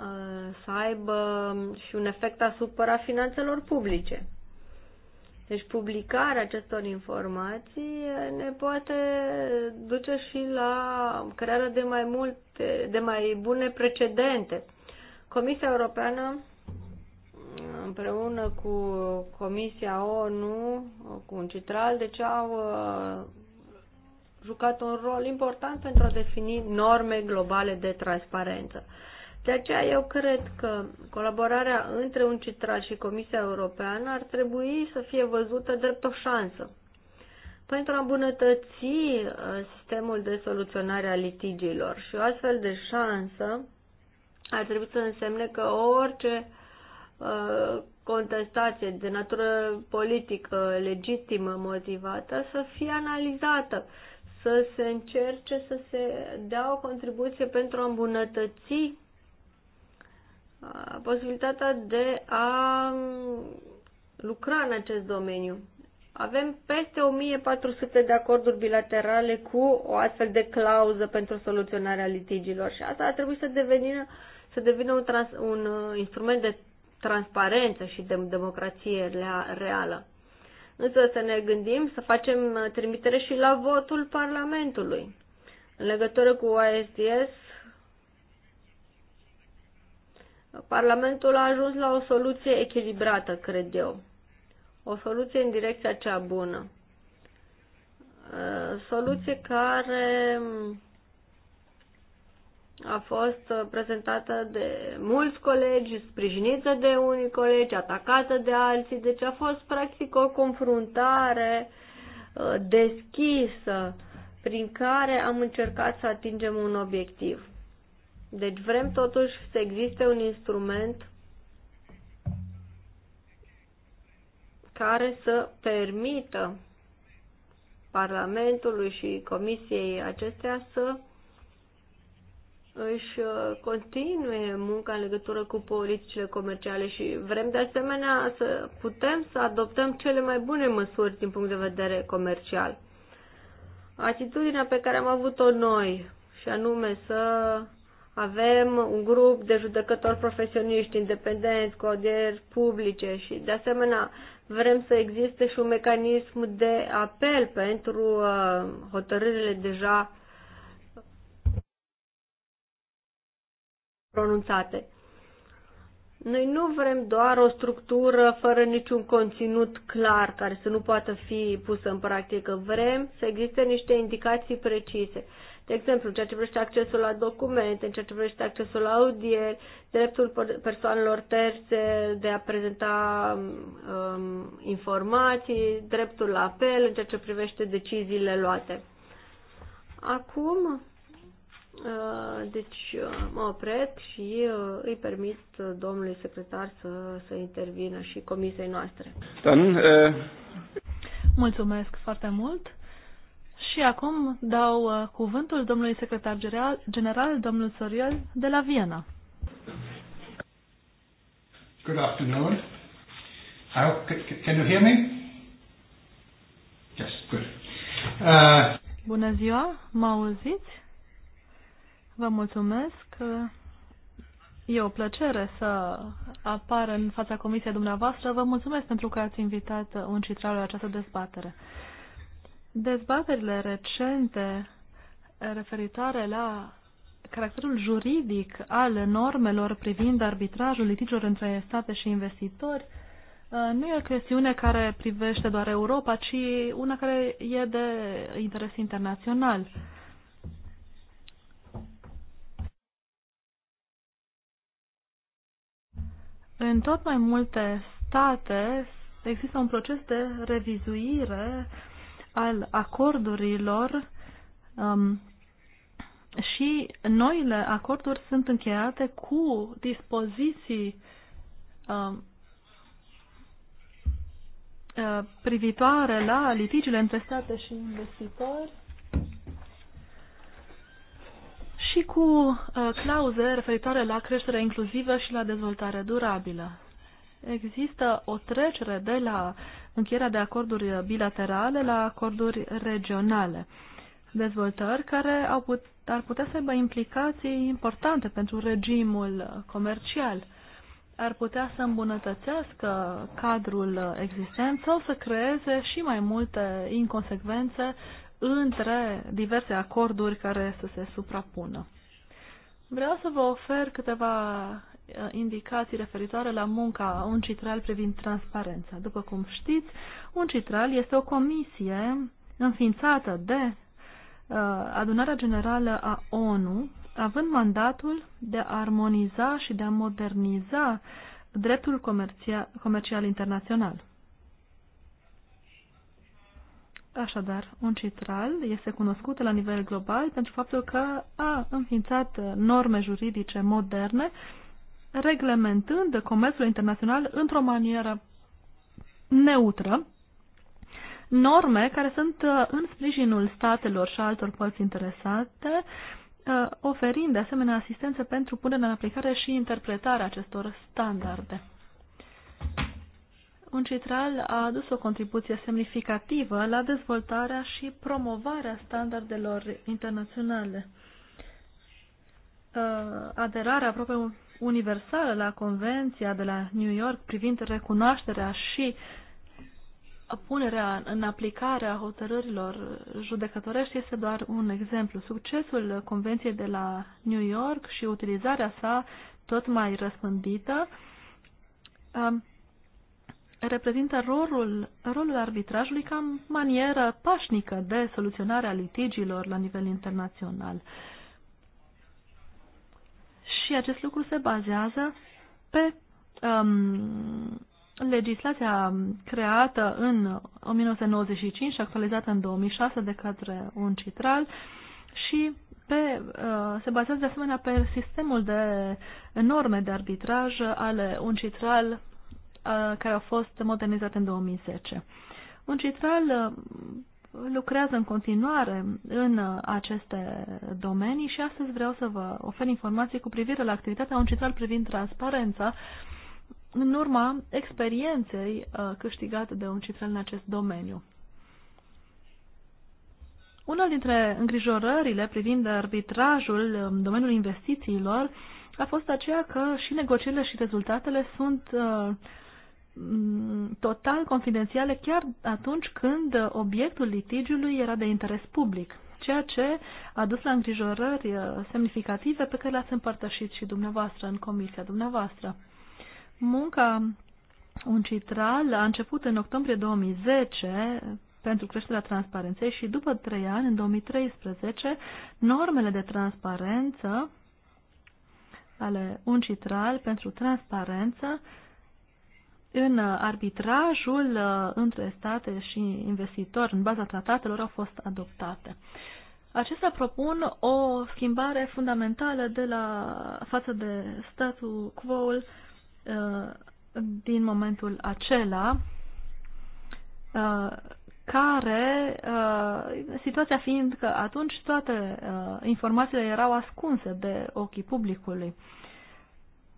să aibă și un efect asupra finanțelor publice. Deci publicarea acestor informații ne poate duce și la crearea de mai multe, de mai bune precedente. Comisia Europeană împreună cu Comisia ONU, cu un citral, deci au uh, jucat un rol important pentru a defini norme globale de transparență. De aceea eu cred că colaborarea între UNCITRAL și Comisia Europeană ar trebui să fie văzută drept o șansă pentru a îmbunătăți uh, sistemul de soluționare a litigiilor. Și o astfel de șansă ar trebui să însemne că orice uh, contestație de natură politică, legitimă, motivată, să fie analizată, să se încerce să se dea o contribuție pentru a îmbunătăți Uh, posibilitatea de a um, lucra în acest domeniu. Avem peste 1400 de acorduri bilaterale cu o astfel de clauză pentru soluționarea litigilor și asta ar trebui să devină, să devină un, trans, un uh, instrument de transparență și de democrație reală. Însă să ne gândim să facem uh, trimitere și la votul Parlamentului. În legătură cu ASDS, Parlamentul a ajuns la o soluție echilibrată, cred eu. O soluție în direcția cea bună. Uh, soluție care mm, a fost prezentată de mulți colegi, sprijinită de unii colegi, atacată de alții, deci a fost practic o confruntare uh, deschisă prin care am încercat să atingem un obiectiv. Deci vrem totuși să existe un instrument care să permită Parlamentului și Comisiei acestea să își uh, continue munca în legătură cu politicile comerciale și vrem de asemenea să putem să adoptăm cele mai bune măsuri din punct de vedere comercial. Atitudinea pe care am avut-o noi și anume să avem un grup de judecători profesioniști independenți, cu audieri publice și, de asemenea, vrem să existe și un mecanism de apel pentru uh, hotărârile deja pronunțate. Noi nu vrem doar o structură fără niciun conținut clar care să nu poată fi pusă în practică. Vrem să existe niște indicații precise. De exemplu, în ceea ce privește accesul la documente, în ceea ce privește accesul la audieri, dreptul persoanelor terțe de a prezenta um, informații, dreptul la apel, în ceea ce privește deciziile luate. Acum, uh, deci uh, mă opresc și uh, îi permit domnului secretar să, să intervină și comisiei noastre. Dan, uh... Mulțumesc foarte mult. Și acum dau uh, cuvântul domnului secretar general, general domnul Soriel, de la Viena. Good afternoon. I hope, can you hear me? Yes, good. Uh, Bună ziua, mă auziți? Vă mulțumesc. E o plăcere să apar în fața comisiei dumneavoastră. Vă mulțumesc pentru că ați invitat uh, un citral la această dezbatere. Uh, Dezbaterile recente referitoare la caracterul juridic al normelor privind arbitrajul litigiilor între state și investitori uh, nu e o chestiune care privește doar Europa, ci una care e de interes internațional. În tot mai multe state există un proces de revizuire al acordurilor um, și noile acorduri sunt încheiate cu dispoziții um, uh, privitoare la litigiile între state și investitori și cu uh, clauze referitoare la creșterea inclusivă și la dezvoltare durabilă. Există o trecere de la încheierea de acorduri bilaterale la acorduri regionale. Dezvoltări care au put, ar putea să aibă implicații importante pentru regimul comercial. Ar putea să îmbunătățească cadrul existent sau să creeze și mai multe inconsecvențe între diverse acorduri care să se suprapună. Vreau să vă ofer câteva Uh, indicații referitoare la munca citral privind transparența. După cum știți, citral este o comisie înființată de uh, Adunarea Generală a ONU, având mandatul de a armoniza și de a moderniza dreptul comercial, comercial internațional. Așadar, un citral este cunoscut la nivel global pentru faptul că a înființat norme juridice moderne reglementând comerțul internațional într-o manieră neutră, norme care sunt uh, în sprijinul statelor și altor părți interesate, uh, oferind de asemenea asistență pentru punerea în aplicare și interpretarea acestor standarde. citral a adus o contribuție semnificativă la dezvoltarea și promovarea standardelor internaționale. Uh, aderarea aproape universală la Convenția de la New York privind recunoașterea și punerea în aplicare a hotărârilor judecătorești este doar un exemplu. Succesul Convenției de la New York și utilizarea sa tot mai răspândită um, reprezintă rolul, rolul arbitrajului ca manieră pașnică de soluționare a litigiilor la nivel internațional și acest lucru se bazează pe um, legislația creată în 1995 și actualizată în 2006 de către un citral și pe, uh, se bazează de asemenea pe sistemul de norme de arbitraj ale un citral uh, care a fost modernizat în 2010. Un citral uh, lucrează în continuare în aceste domenii și astăzi vreau să vă ofer informații cu privire la activitatea unui central privind transparența în urma experienței uh, câștigate de un central în acest domeniu. Una dintre îngrijorările privind arbitrajul în um, domeniul investițiilor a fost aceea că și negocierile și rezultatele sunt uh, Mm, total confidențiale chiar atunci când obiectul litigiului era de interes public, ceea ce a dus la îngrijorări uh, semnificative pe care le-ați împărtășit și dumneavoastră în comisia dumneavoastră. Munca Uncitral a început în octombrie 2010 pentru creșterea transparenței și după trei ani, în 2013, normele de transparență ale Uncitral pentru transparență în uh, arbitrajul uh, între state și investitori în baza tratatelor au fost adoptate. Acestea propun o schimbare fundamentală de la față de statul quo uh, din momentul acela, care, situația fiind că atunci toate informațiile erau ascunse de ochii publicului.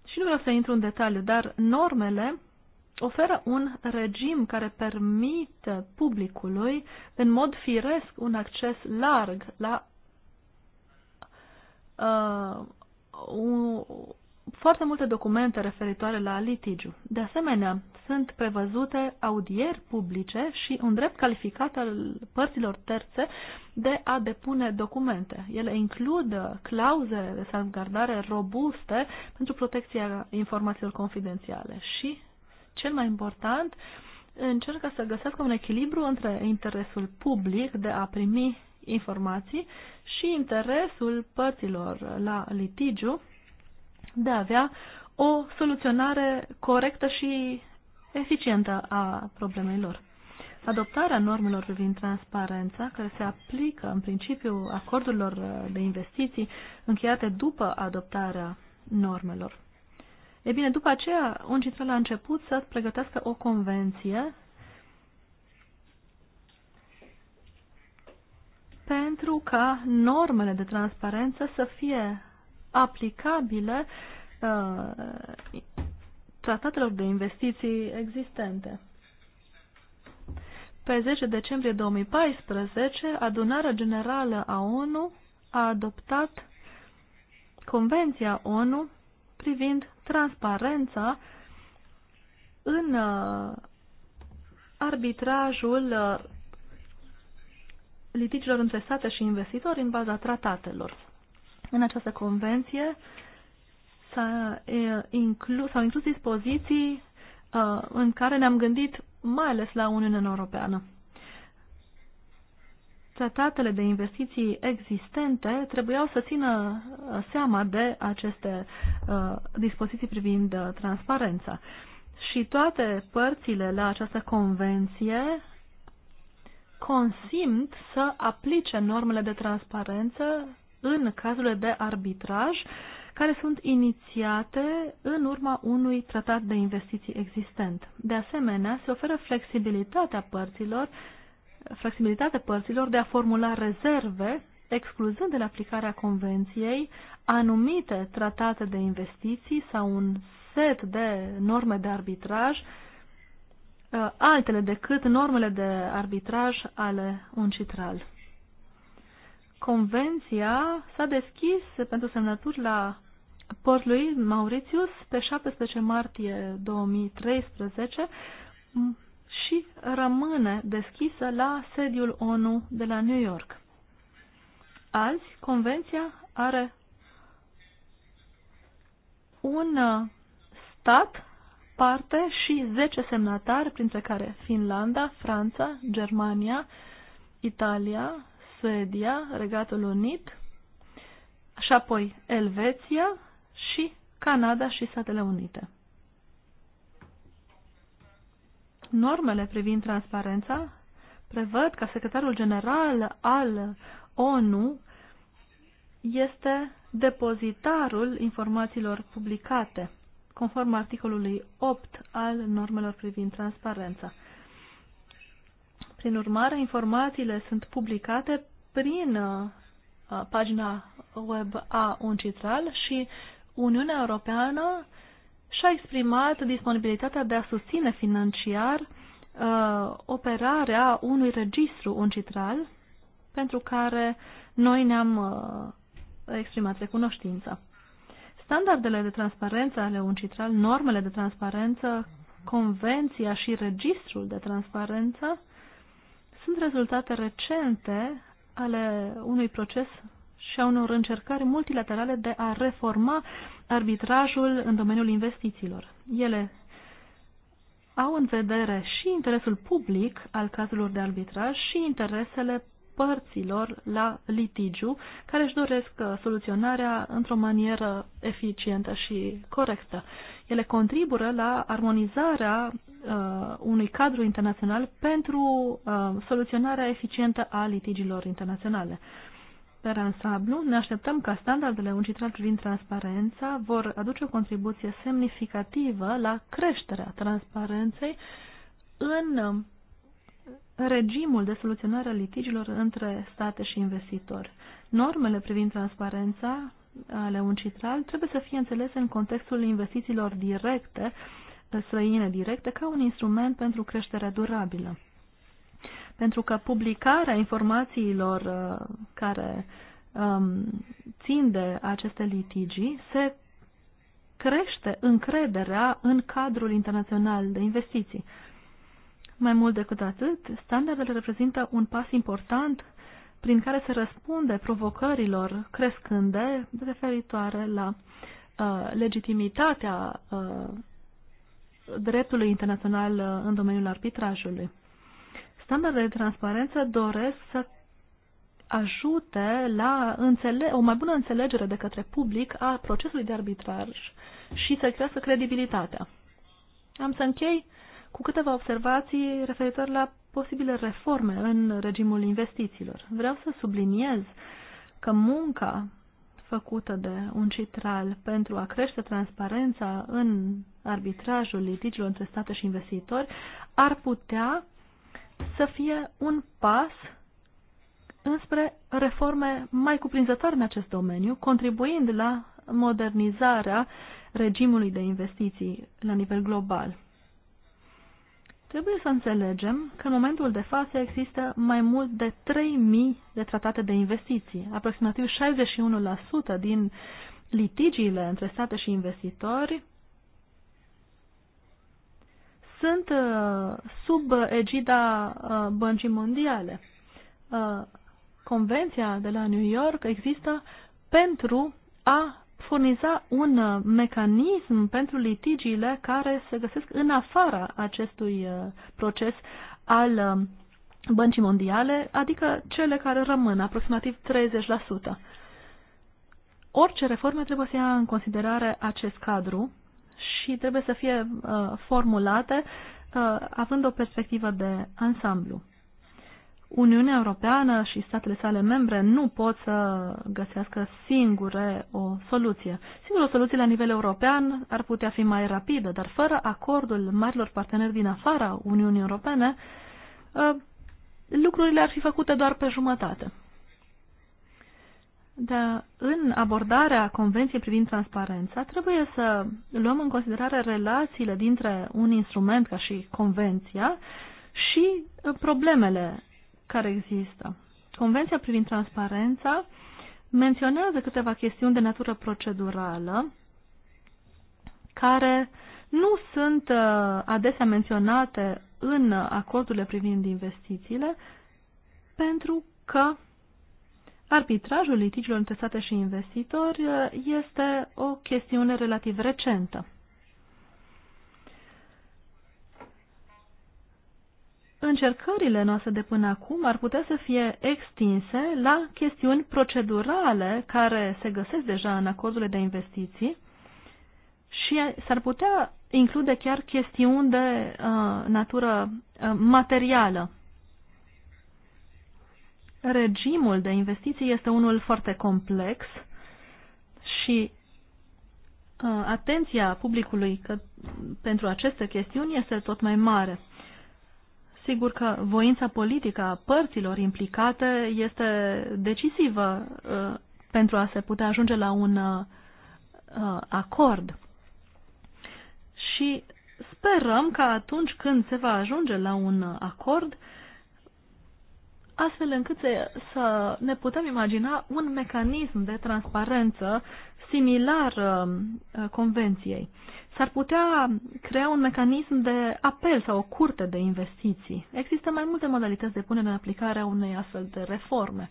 Și nu vreau să intru în detaliu, dar normele oferă un regim care permite publicului, în mod firesc, un acces larg la uh, un, foarte multe documente referitoare la litigiu. De asemenea, sunt prevăzute audieri publice și un drept calificat al părților terțe de a depune documente. Ele includ clauze de salvgardare robuste pentru protecția informațiilor confidențiale și cel mai important, încearcă să găsească un echilibru între interesul public de a primi informații și interesul părților la litigiu de a avea o soluționare corectă și eficientă a problemei lor. Adoptarea normelor privind transparența, care se aplică în principiu acordurilor de investiții încheiate după adoptarea normelor. E bine, după aceea, UNCITRAL a început să pregătească o convenție pentru ca normele de transparență să fie aplicabile uh, tratatelor de investiții existente. Pe 10 decembrie 2014, adunarea generală a ONU a adoptat Convenția ONU privind transparența în uh, arbitrajul uh, litigilor între state și investitori în baza tratatelor. În această convenție s-au inclus, inclus dispoziții uh, în care ne-am gândit mai ales la Uniunea Europeană tratatele de investiții existente trebuiau să țină uh, seama de aceste uh, dispoziții privind uh, transparența. Și toate părțile la această convenție consimt să aplice normele de transparență în cazurile de arbitraj care sunt inițiate în urma unui tratat de investiții existent. De asemenea, se oferă flexibilitatea părților flexibilitatea părților de a formula rezerve, excluzând de la aplicarea convenției anumite tratate de investiții sau un set de norme de arbitraj, uh, altele decât normele de arbitraj ale uncitral. Convenția s-a deschis pentru semnături la Port lui Mauritius pe 17 martie 2013 și rămâne deschisă la sediul ONU de la New York. Azi, convenția are un uh, stat parte și 10 semnatari, printre care Finlanda, Franța, Germania, Italia, Suedia, Regatul Unit, și apoi Elveția și Canada și Statele Unite. Normele privind transparența prevăd că secretarul general al ONU este depozitarul informațiilor publicate, conform articolului 8 al normelor privind transparența. Prin urmare, informațiile sunt publicate prin uh, pagina web a Uncitral și Uniunea Europeană și-a exprimat disponibilitatea de a susține financiar uh, operarea unui registru uncitral pentru care noi ne-am uh, exprimat recunoștința. Standardele de transparență ale uncitral, normele de transparență, convenția și registrul de transparență sunt rezultate recente ale unui proces și a unor încercări multilaterale de a reforma arbitrajul în domeniul investițiilor. Ele au în vedere și interesul public al cazurilor de arbitraj și interesele părților la litigiu care își doresc uh, soluționarea într-o manieră eficientă și corectă. Ele contribuie la armonizarea uh, unui cadru internațional pentru uh, soluționarea eficientă a litigiilor internaționale. Uh, Per ansamblu, ne așteptăm ca standardele UNCITRAL privind transparența vor aduce o contribuție semnificativă la creșterea transparenței în um, regimul de soluționare a litigilor între state și investitori. Normele privind transparența uh, ale UNCITRAL trebuie să fie înțelese în contextul investițiilor directe, uh, străine directe, ca un instrument pentru creșterea durabilă pentru că publicarea informațiilor uh, care um, țin de aceste litigii se crește încrederea în cadrul internațional de investiții. Mai mult decât atât, standardele reprezintă un pas important prin care se răspunde provocărilor crescânde referitoare la uh, legitimitatea uh, dreptului internațional uh, în domeniul arbitrajului. Standardele de transparență doresc să ajute la înțele- o mai bună înțelegere de către public a procesului de arbitraj și să crească credibilitatea. Am să închei cu câteva observații referitor la posibile reforme în regimul investițiilor. Vreau să subliniez că munca făcută de un citral pentru a crește transparența în arbitrajul litigilor între state și investitori ar putea să fie un pas înspre reforme mai cuprinzătoare în acest domeniu, contribuind la modernizarea regimului de investiții la nivel global. Trebuie să înțelegem că în momentul de față există mai mult de 3.000 de tratate de investiții. Aproximativ 61% din litigiile între state și investitori sunt uh, sub uh, egida uh, Băncii Mondiale. Convenția de la New York există pentru a furniza un mecanism pentru litigiile care se găsesc în afara acestui proces al băncii mondiale, adică cele care rămân, aproximativ 30%. Orice reformă trebuie să ia în considerare acest cadru și trebuie să fie uh, formulate uh, având o perspectivă de ansamblu. Uniunea Europeană și statele sale membre nu pot să găsească singure o soluție. Singura o soluție la nivel european ar putea fi mai rapidă, dar fără acordul marilor parteneri din afara Uniunii Europene, uh, lucrurile ar fi făcute doar pe jumătate. Dar în abordarea Convenției privind transparența trebuie să luăm în considerare relațiile dintre un instrument ca și Convenția și uh, problemele care există. Convenția privind transparența menționează câteva chestiuni de natură procedurală care nu sunt uh, adesea menționate în acordurile privind investițiile pentru că Arbitrajul litigilor între state și investitori uh, este o chestiune relativ recentă. Încercările noastre de până acum ar putea să fie extinse la chestiuni procedurale care se găsesc deja în acordurile de investiții și s-ar putea include chiar chestiuni de uh, natură uh, materială regimul de investiții este unul foarte complex și uh, atenția publicului că, pentru aceste chestiuni este tot mai mare. Sigur că voința politică a părților implicate este decisivă uh, pentru a se putea ajunge la un uh, acord. Și sperăm că atunci când se va ajunge la un acord, uh, astfel încât să ne putem imagina un mecanism de transparență similar um, convenției. S-ar putea crea un mecanism de apel sau o curte de investiții. Există mai multe modalități de punere în aplicare a unei astfel de reforme.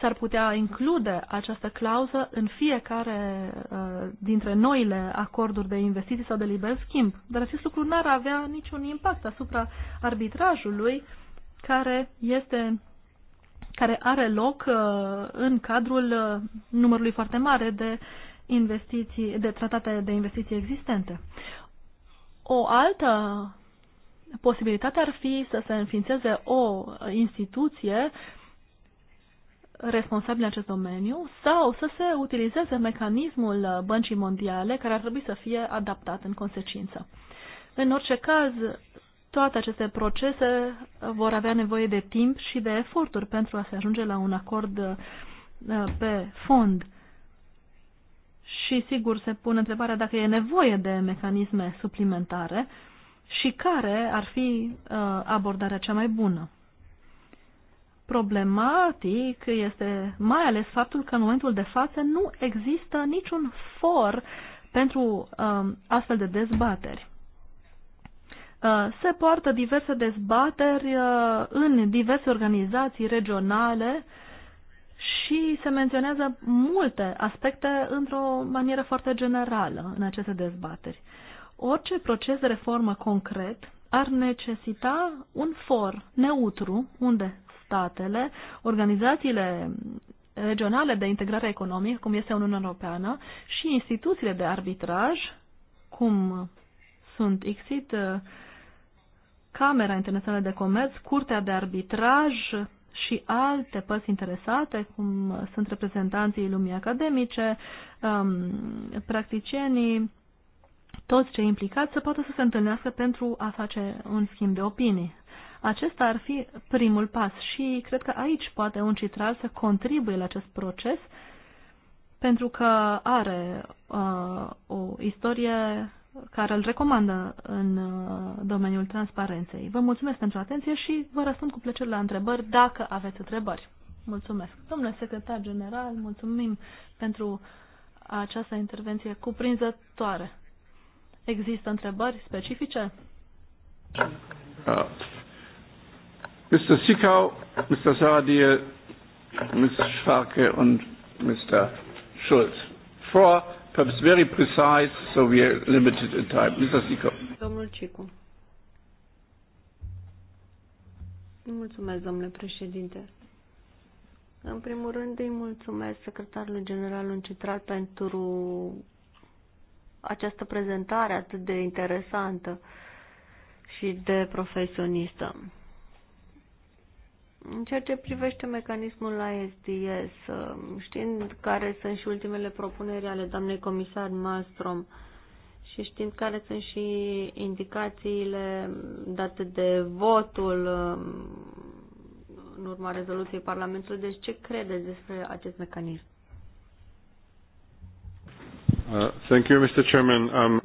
S-ar putea include această clauză în fiecare uh, dintre noile acorduri de investiții sau de liber schimb, dar acest lucru n-ar avea niciun impact asupra arbitrajului uh, care este care are loc uh, în cadrul uh, numărului foarte mare de investiții, de tratate de investiții existente. O altă posibilitate ar fi să se înființeze o instituție responsabilă în acest domeniu sau să se utilizeze mecanismul băncii mondiale care ar trebui să fie adaptat în consecință. În orice caz, toate aceste procese uh, vor avea nevoie de timp și de eforturi pentru a se ajunge la un acord uh, pe fond. Și sigur se pune întrebarea dacă e nevoie de mecanisme suplimentare și care ar fi uh, abordarea cea mai bună. Problematic este mai ales faptul că în momentul de față nu există niciun for pentru astfel de dezbateri. Uh, se poartă diverse dezbateri uh, în diverse organizații regionale și se menționează multe aspecte într-o manieră foarte generală în aceste dezbateri. Orice proces de reformă concret ar necesita un for neutru unde statele, organizațiile regionale de integrare economică, cum este Uniunea Europeană, și instituțiile de arbitraj, cum sunt exit, uh, Camera Internațională de Comerț, Curtea de Arbitraj și alte părți interesate, cum sunt reprezentanții lumii academice, um, practicienii, toți cei implicați să poată să se întâlnească pentru a face un schimb de opinii. Acesta ar fi primul pas și cred că aici poate un citral să contribuie la acest proces pentru că are uh, o istorie care îl recomandă în uh, domeniul transparenței. Vă mulțumesc pentru atenție și vă răspund cu plăcere la întrebări dacă aveți întrebări. Mulțumesc. Domnule secretar general, mulțumim pentru această intervenție cuprinzătoare. Există întrebări specifice? Uh, Mr. Sikau, Mr. Saradie, Mr. Schwarke und Mr. Schulz. Vor perhaps very precise, so we are limited in time. Mr. Sico. Domnul Cicu. Mulțumesc, domnule președinte. În primul rând îi mulțumesc secretarului general central pentru această prezentare atât de interesantă și de profesionistă. În ceea ce privește mecanismul la SDS, um, știind care sunt și ultimele propuneri ale doamnei comisar Malmström și știind care sunt și indicațiile date de votul um, în urma rezoluției Parlamentului, deci ce credeți despre acest mecanism? Uh, thank you, Mr. Chairman. Um...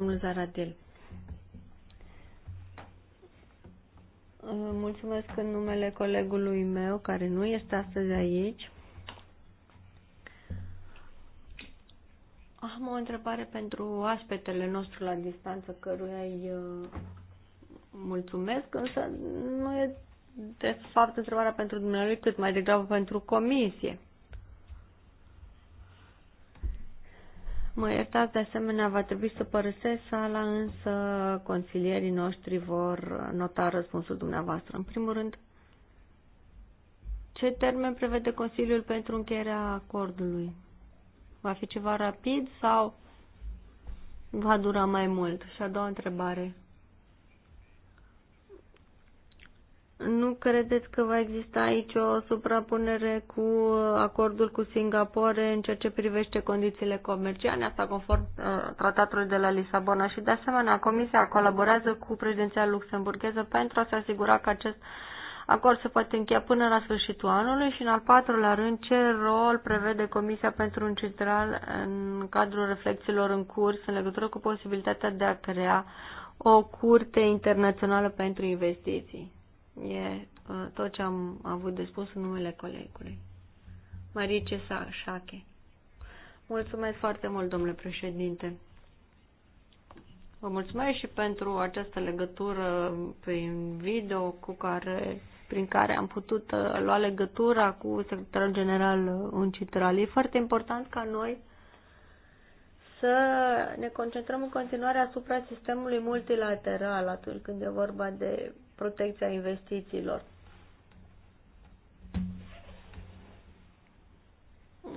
Mulțumesc în numele colegului meu, care nu este astăzi aici. Am o întrebare pentru aspetele nostru la distanță, căruia îi uh, mulțumesc, însă nu e de fapt întrebarea pentru dumneavoastră, cât mai degrabă pentru comisie. Mă iertați, de asemenea, va trebui să părăsesc sala, însă consilierii noștri vor nota răspunsul dumneavoastră. În primul rând, ce termen prevede Consiliul pentru încheierea acordului? Va fi ceva rapid sau va dura mai mult? Și a doua întrebare. nu credeți că va exista aici o suprapunere cu acordul cu Singapore în ceea ce privește condițiile comerciale, asta conform uh, tratatului de la Lisabona și de asemenea Comisia colaborează cu președinția luxemburgheză pentru a se asigura că acest acord se poate încheia până la sfârșitul anului și în al patrulea rând ce rol prevede Comisia pentru un central în cadrul reflexiilor în curs în legătură cu posibilitatea de a crea o curte internațională pentru investiții. E uh, tot ce am avut de spus în numele colegului. Marice Sașache. Mulțumesc foarte mult, domnule președinte. Vă mulțumesc și pentru această legătură prin video cu care, prin care am putut uh, lua legătura cu secretarul general Uncitral. Uh, e foarte important ca noi să ne concentrăm în continuare asupra sistemului multilateral atunci când e vorba de protecția investițiilor.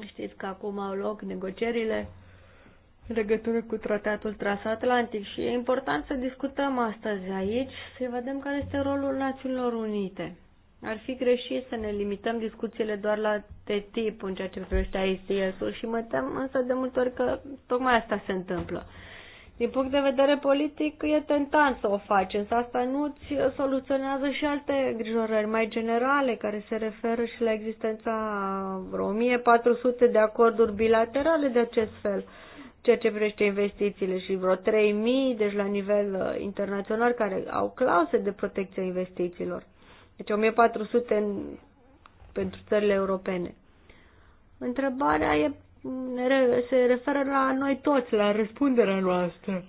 Știți că acum au loc negocierile în legătură cu tratatul transatlantic și e important să discutăm astăzi aici, să vedem care este rolul Națiunilor Unite. Ar fi greșit să ne limităm discuțiile doar la TTIP în ceea ce privește ICS-ul și mă tem însă de multe ori că tocmai asta se întâmplă. Din punct de vedere politic e tentant să o faci, însă asta nu ți soluționează și alte îngrijorări mai generale care se referă și la existența 1400 de acorduri bilaterale de acest fel, ceea ce privește investițiile și vreo 3000, deci la nivel uh, internațional, care au clause de protecție a investițiilor. Deci 1400 în, pentru țările europene. Întrebarea e se referă la noi toți, la răspunderea noastră.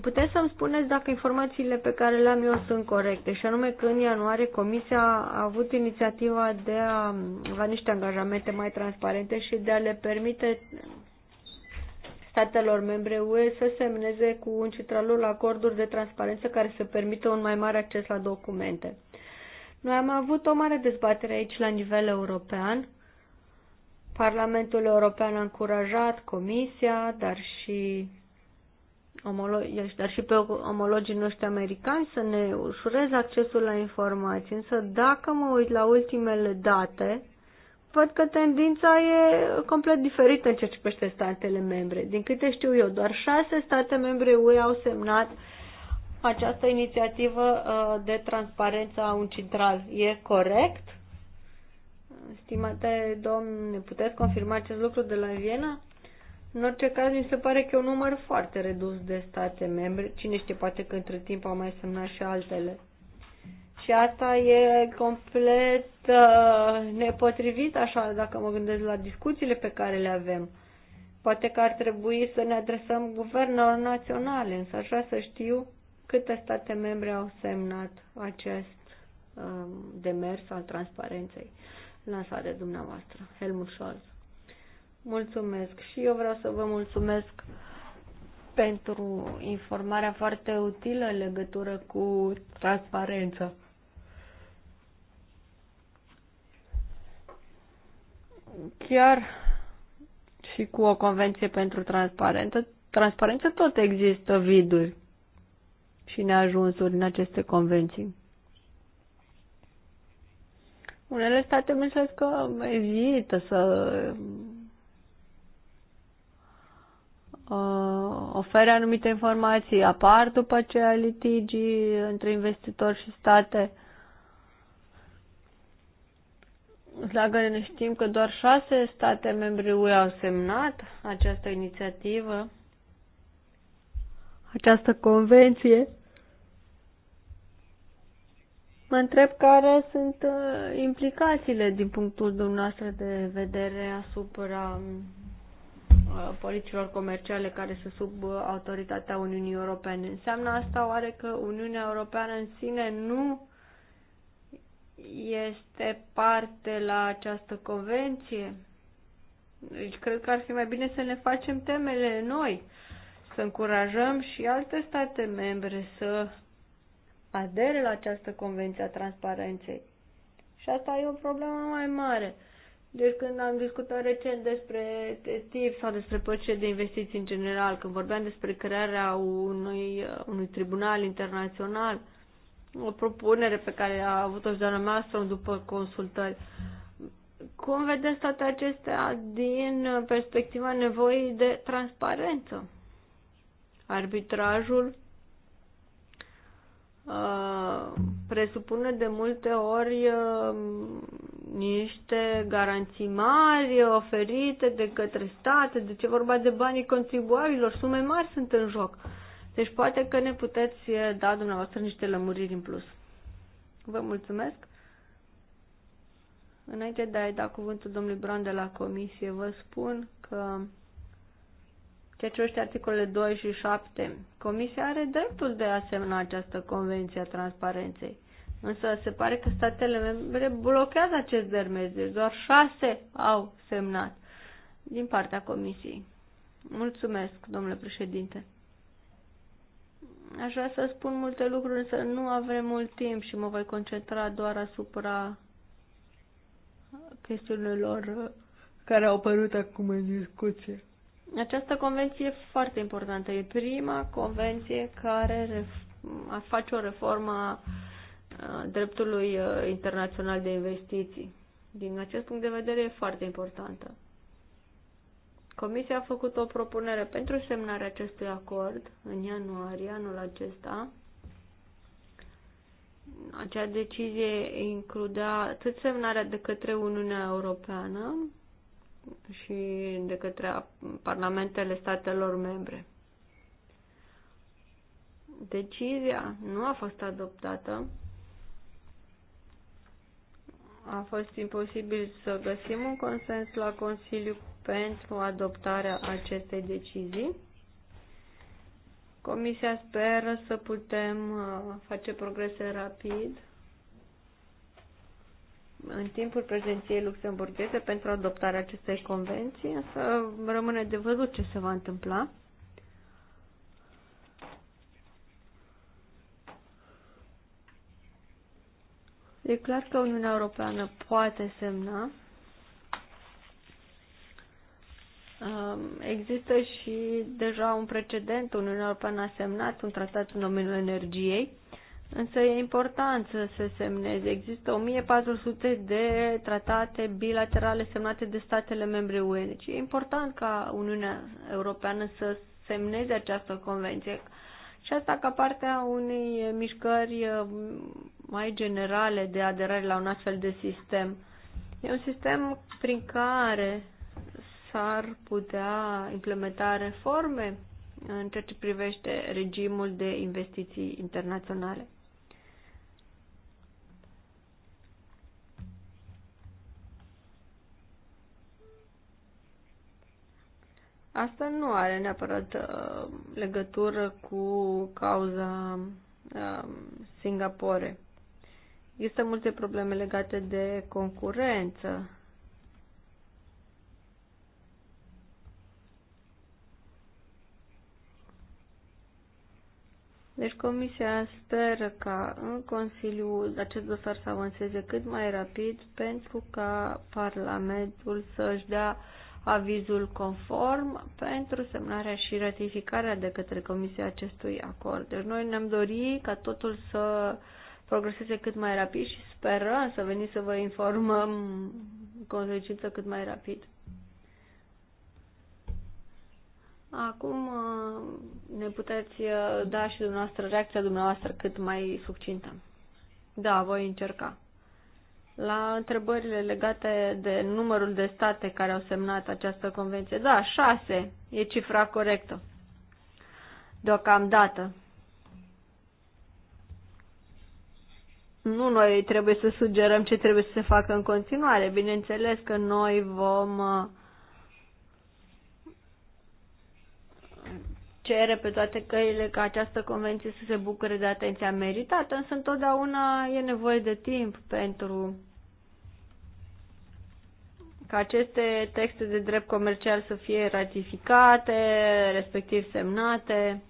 Puteți să-mi spuneți dacă informațiile pe care le-am eu sunt corecte, și anume că în ianuarie Comisia a avut inițiativa de a avea niște angajamente mai transparente și de a le permite statelor membre UE să semneze cu un citralul acorduri de transparență care să permită un mai mare acces la documente. Noi am avut o mare dezbatere aici la nivel european Parlamentul European a încurajat Comisia, dar și, omolo- dar și pe omologii noștri americani să ne ușureze accesul la informații. Însă dacă mă uit la ultimele date, văd că tendința e complet diferită în ceea ce privește statele membre. Din câte știu eu, doar șase state membre UE au semnat această inițiativă uh, de transparență a central. E corect? Stimate domn, puteți confirma acest lucru de la Viena? În orice caz, mi se pare că e un număr foarte redus de state membre. Cine știe, poate că între timp au mai semnat și altele. Și asta e complet uh, nepotrivit, așa, dacă mă gândesc la discuțiile pe care le avem. Poate că ar trebui să ne adresăm guvernelor naționale, însă aș vrea să știu câte state membre au semnat acest um, demers al transparenței lansare dumneavoastră, Helmut Scholz. Mulțumesc și eu vreau să vă mulțumesc pentru informarea foarte utilă în legătură cu transparență. Chiar și cu o convenție pentru transparență, transparență tot există viduri și neajunsuri în aceste convenții. Unele state însă că evită să uh, ofere anumite informații, apar după aceea litigii între investitori și state. Dacă ne știm că doar șase state membre UE au semnat această inițiativă, această convenție, mă întreb care sunt uh, implicațiile din punctul dumneavoastră de vedere asupra uh, politicilor comerciale care sunt sub uh, autoritatea Uniunii Europene. Înseamnă asta oare că Uniunea Europeană în sine nu este parte la această convenție? Deci cred că ar fi mai bine să ne facem temele noi, să încurajăm și alte state membre să adere la această convenție a transparenței. Și asta e o problemă mai mare. Deci când am discutat recent despre TIP sau despre procese de investiții în general, când vorbeam despre crearea unui, uh, unui tribunal internațional, o propunere pe care a avut-o și doamna Mastron după consultări, cum vedeți toate acestea din perspectiva nevoii de transparență? Arbitrajul Uh, presupune de multe ori uh, niște garanții mari oferite de către state, de ce vorba de banii contribuabililor, sume mari sunt în joc. Deci poate că ne puteți uh, da dumneavoastră niște lămuriri în plus. Vă mulțumesc. Înainte de a-i da cuvântul domnului Brand de la comisie, vă spun că ce privește articolele 2 și 7, Comisia are dreptul de a semna această convenție a transparenței. Însă se pare că statele membre blochează acest dermez, deci doar șase au semnat din partea Comisiei. Mulțumesc, domnule președinte. Aș vrea să spun multe lucruri, însă nu avem mult timp și mă voi concentra doar asupra chestiunilor care au apărut acum în discuție. Această convenție e foarte importantă. E prima convenție care face o reformă a uh, dreptului uh, internațional de investiții. Din acest punct de vedere e foarte importantă. Comisia a făcut o propunere pentru semnarea acestui acord în ianuarie anul acesta. Acea decizie includea atât semnarea de către Uniunea Europeană, și de către parlamentele statelor membre. Decizia nu a fost adoptată. A fost imposibil să găsim un consens la Consiliu pentru adoptarea acestei decizii. Comisia speră să putem uh, face progrese rapid în timpul prezenției luxemburgheze pentru adoptarea acestei convenții, însă rămâne de văzut ce se va întâmpla. E clar că Uniunea Europeană poate semna. Um, există și deja un precedent. Uniunea Europeană a semnat un tratat în domeniul energiei Însă e important să se semneze. Există 1400 de tratate bilaterale semnate de statele membre UE. Deci e important ca Uniunea Europeană să semneze această convenție. Și asta ca parte a unei mișcări uh, mai generale de aderare la un astfel de sistem. E un sistem prin care s-ar putea implementa reforme în ceea ce privește regimul de investiții internaționale. Asta nu are neapărat uh, legătură cu cauza uh, Singapore. Există multe probleme legate de concurență. Deci Comisia speră ca în Consiliu acest dosar să avanseze cât mai rapid pentru ca Parlamentul să-și dea uh, avizul conform pentru semnarea și ratificarea de către Comisia acestui acord. Deci noi ne-am dorit ca totul să progreseze cât mai rapid și sperăm să veni să vă informăm consecință cât mai rapid. Acum uh, ne puteți uh, da și dumneavoastră reacția dumneavoastră cât mai succintă. Da, voi încerca la întrebările legate de numărul de state care au semnat această convenție. Da, șase e cifra corectă. Deocamdată. Nu noi trebuie să sugerăm ce trebuie să se facă în continuare. Bineînțeles că noi vom uh, cere pe toate căile ca această convenție să se bucure de atenția meritată, însă întotdeauna e nevoie de timp pentru ca aceste texte de drept comercial să fie ratificate, respectiv semnate.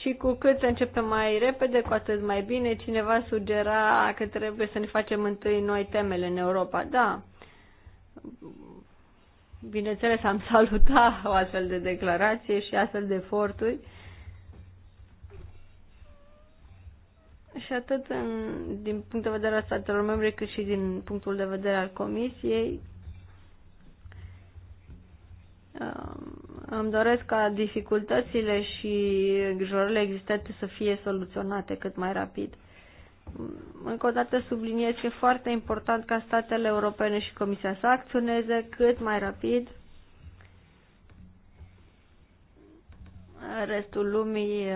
Și cu cât se începe mai repede, cu atât mai bine. Cineva sugera că trebuie să ne facem întâi noi temele în Europa. Da, Bineînțeles, am salutat o astfel de declarație și astfel de eforturi. Și atât în, din punct de vedere al statelor membre, cât și din punctul de vedere al Comisiei, um, îmi doresc ca dificultățile și grijorile existente să fie soluționate cât mai rapid încă o dată subliniez că e foarte important ca statele europene și Comisia să acționeze cât mai rapid. Restul lumii,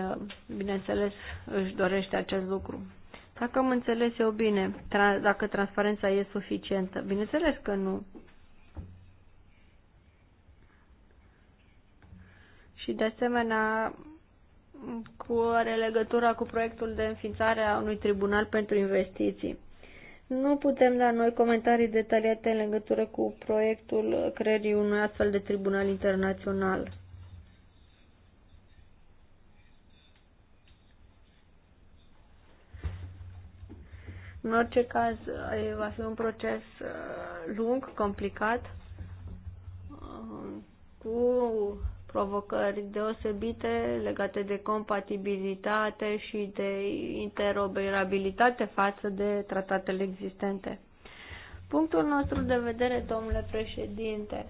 bineînțeles, își dorește acest lucru. Dacă am înțeles eu bine, tra- dacă transparența e suficientă, bineînțeles că nu. Și de asemenea, cu are legătura cu proiectul de înființare a unui tribunal pentru investiții. Nu putem da noi comentarii detaliate în legătură cu proiectul creării unui astfel de tribunal internațional. În orice caz, va fi un proces uh, lung, complicat, uh, cu provocări deosebite legate de compatibilitate și de interoperabilitate față de tratatele existente. Punctul nostru de vedere, domnule președinte,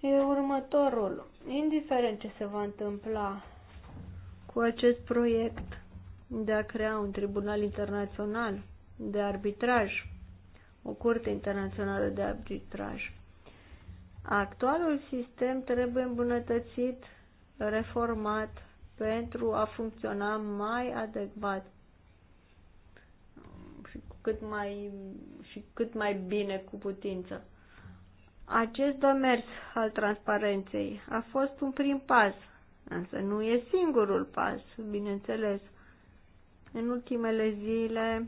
e următorul. Indiferent ce se va întâmpla cu acest proiect de a crea un tribunal internațional de arbitraj, o curte internațională de arbitraj, Actualul sistem trebuie îmbunătățit, reformat pentru a funcționa mai adecvat și cât mai, și cât mai bine cu putință. Acest demers al transparenței a fost un prim pas, însă nu e singurul pas, bineînțeles. În ultimele zile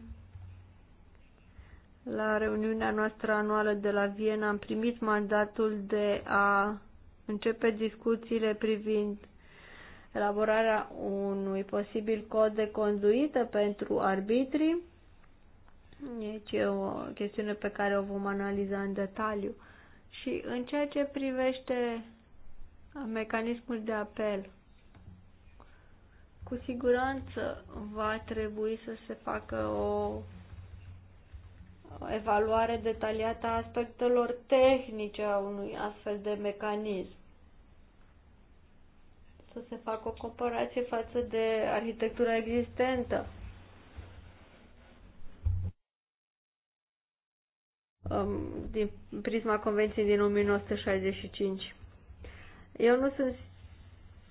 la reuniunea noastră anuală de la Viena am primit mandatul de a începe discuțiile privind elaborarea unui posibil cod de conduită pentru arbitrii. Deci e o chestiune pe care o vom analiza în detaliu. Și în ceea ce privește mecanismul de apel, cu siguranță va trebui să se facă o evaluare detaliată a aspectelor tehnice a unui astfel de mecanism. Să se facă o comparație față de arhitectura existentă. Um, din prisma Convenției din 1965. Eu nu sunt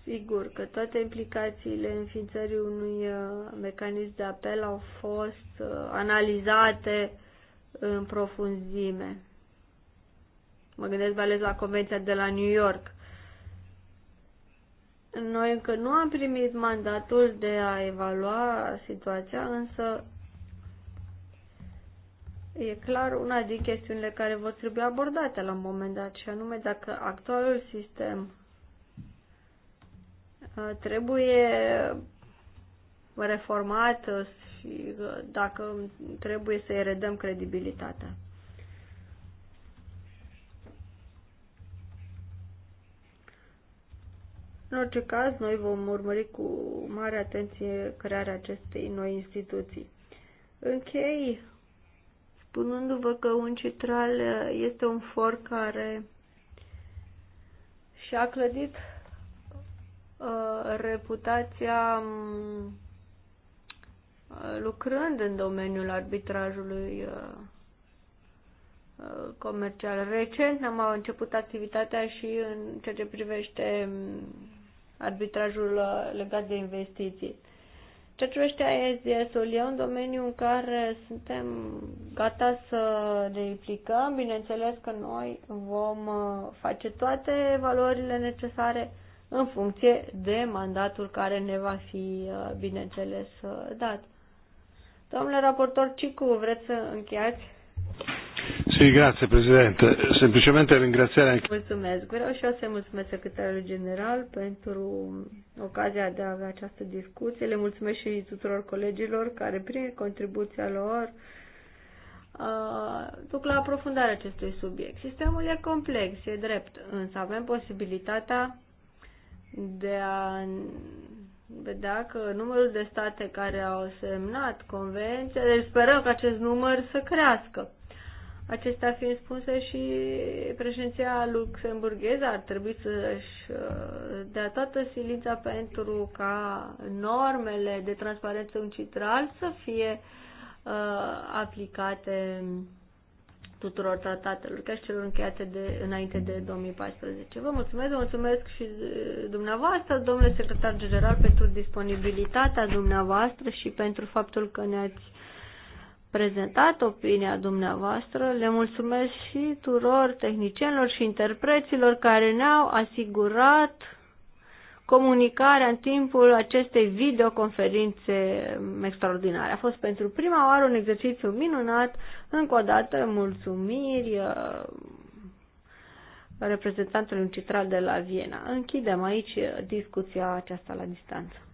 sigur că toate implicațiile înființării unui uh, mecanism de apel au fost uh, analizate în profunzime. Mă gândesc mai ales la Convenția de la New York. Noi încă nu am primit mandatul de a evalua situația, însă e clar una din chestiunile care vor trebui abordate la un moment dat, și anume dacă actualul sistem uh, trebuie reformat uh, și uh, dacă trebuie să-i redăm credibilitatea. În orice caz, noi vom urmări cu mare atenție crearea acestei noi instituții. Închei spunându-vă că un citral uh, este un for care și-a clădit uh, reputația um, lucrând în domeniul arbitrajului uh, uh, comercial. Recent am început activitatea și în ceea ce privește mm, arbitrajul uh, legat de investiții. Ceea ce privește ISDS-ul, e un domeniu în care suntem gata să ne implicăm. Bineînțeles că noi vom face toate valorile necesare în funcție de mandatul care ne va fi, bineînțeles, dat. Domnule raportor Cicu, vreți să încheiați? Sì, grazie Presidente. Semplicemente ringraziare anche... Mulțumesc. Vreau și eu să mulțumesc secretarului general pentru ocazia de a avea această discuție. Le mulțumesc și tuturor colegilor care, prin contribuția lor, uh, duc la aprofundarea acestui subiect. Sistemul e complex, e drept, însă avem posibilitatea de a vedea că numărul de state care au semnat convenția, deci sperăm că acest număr să crească. Acestea fiind spuse și președinția luxemburgheză ar trebui să își uh, dea toată silința pentru ca normele de transparență în citral să fie uh, aplicate tuturor tratatelor, chiar și celor încheiate de, înainte de 2014. Vă mulțumesc, vă mulțumesc și uh, dumneavoastră, domnule secretar general, pentru disponibilitatea dumneavoastră și pentru faptul că ne-ați prezentat opinia dumneavoastră. Le mulțumesc și tuturor tehnicienilor și interpreților care ne-au asigurat comunicarea în timpul acestei videoconferințe extraordinare. A fost pentru prima oară un exercițiu minunat, încă o dată mulțumiri uh, reprezentantului citral de la Viena. Închidem aici discuția aceasta la distanță.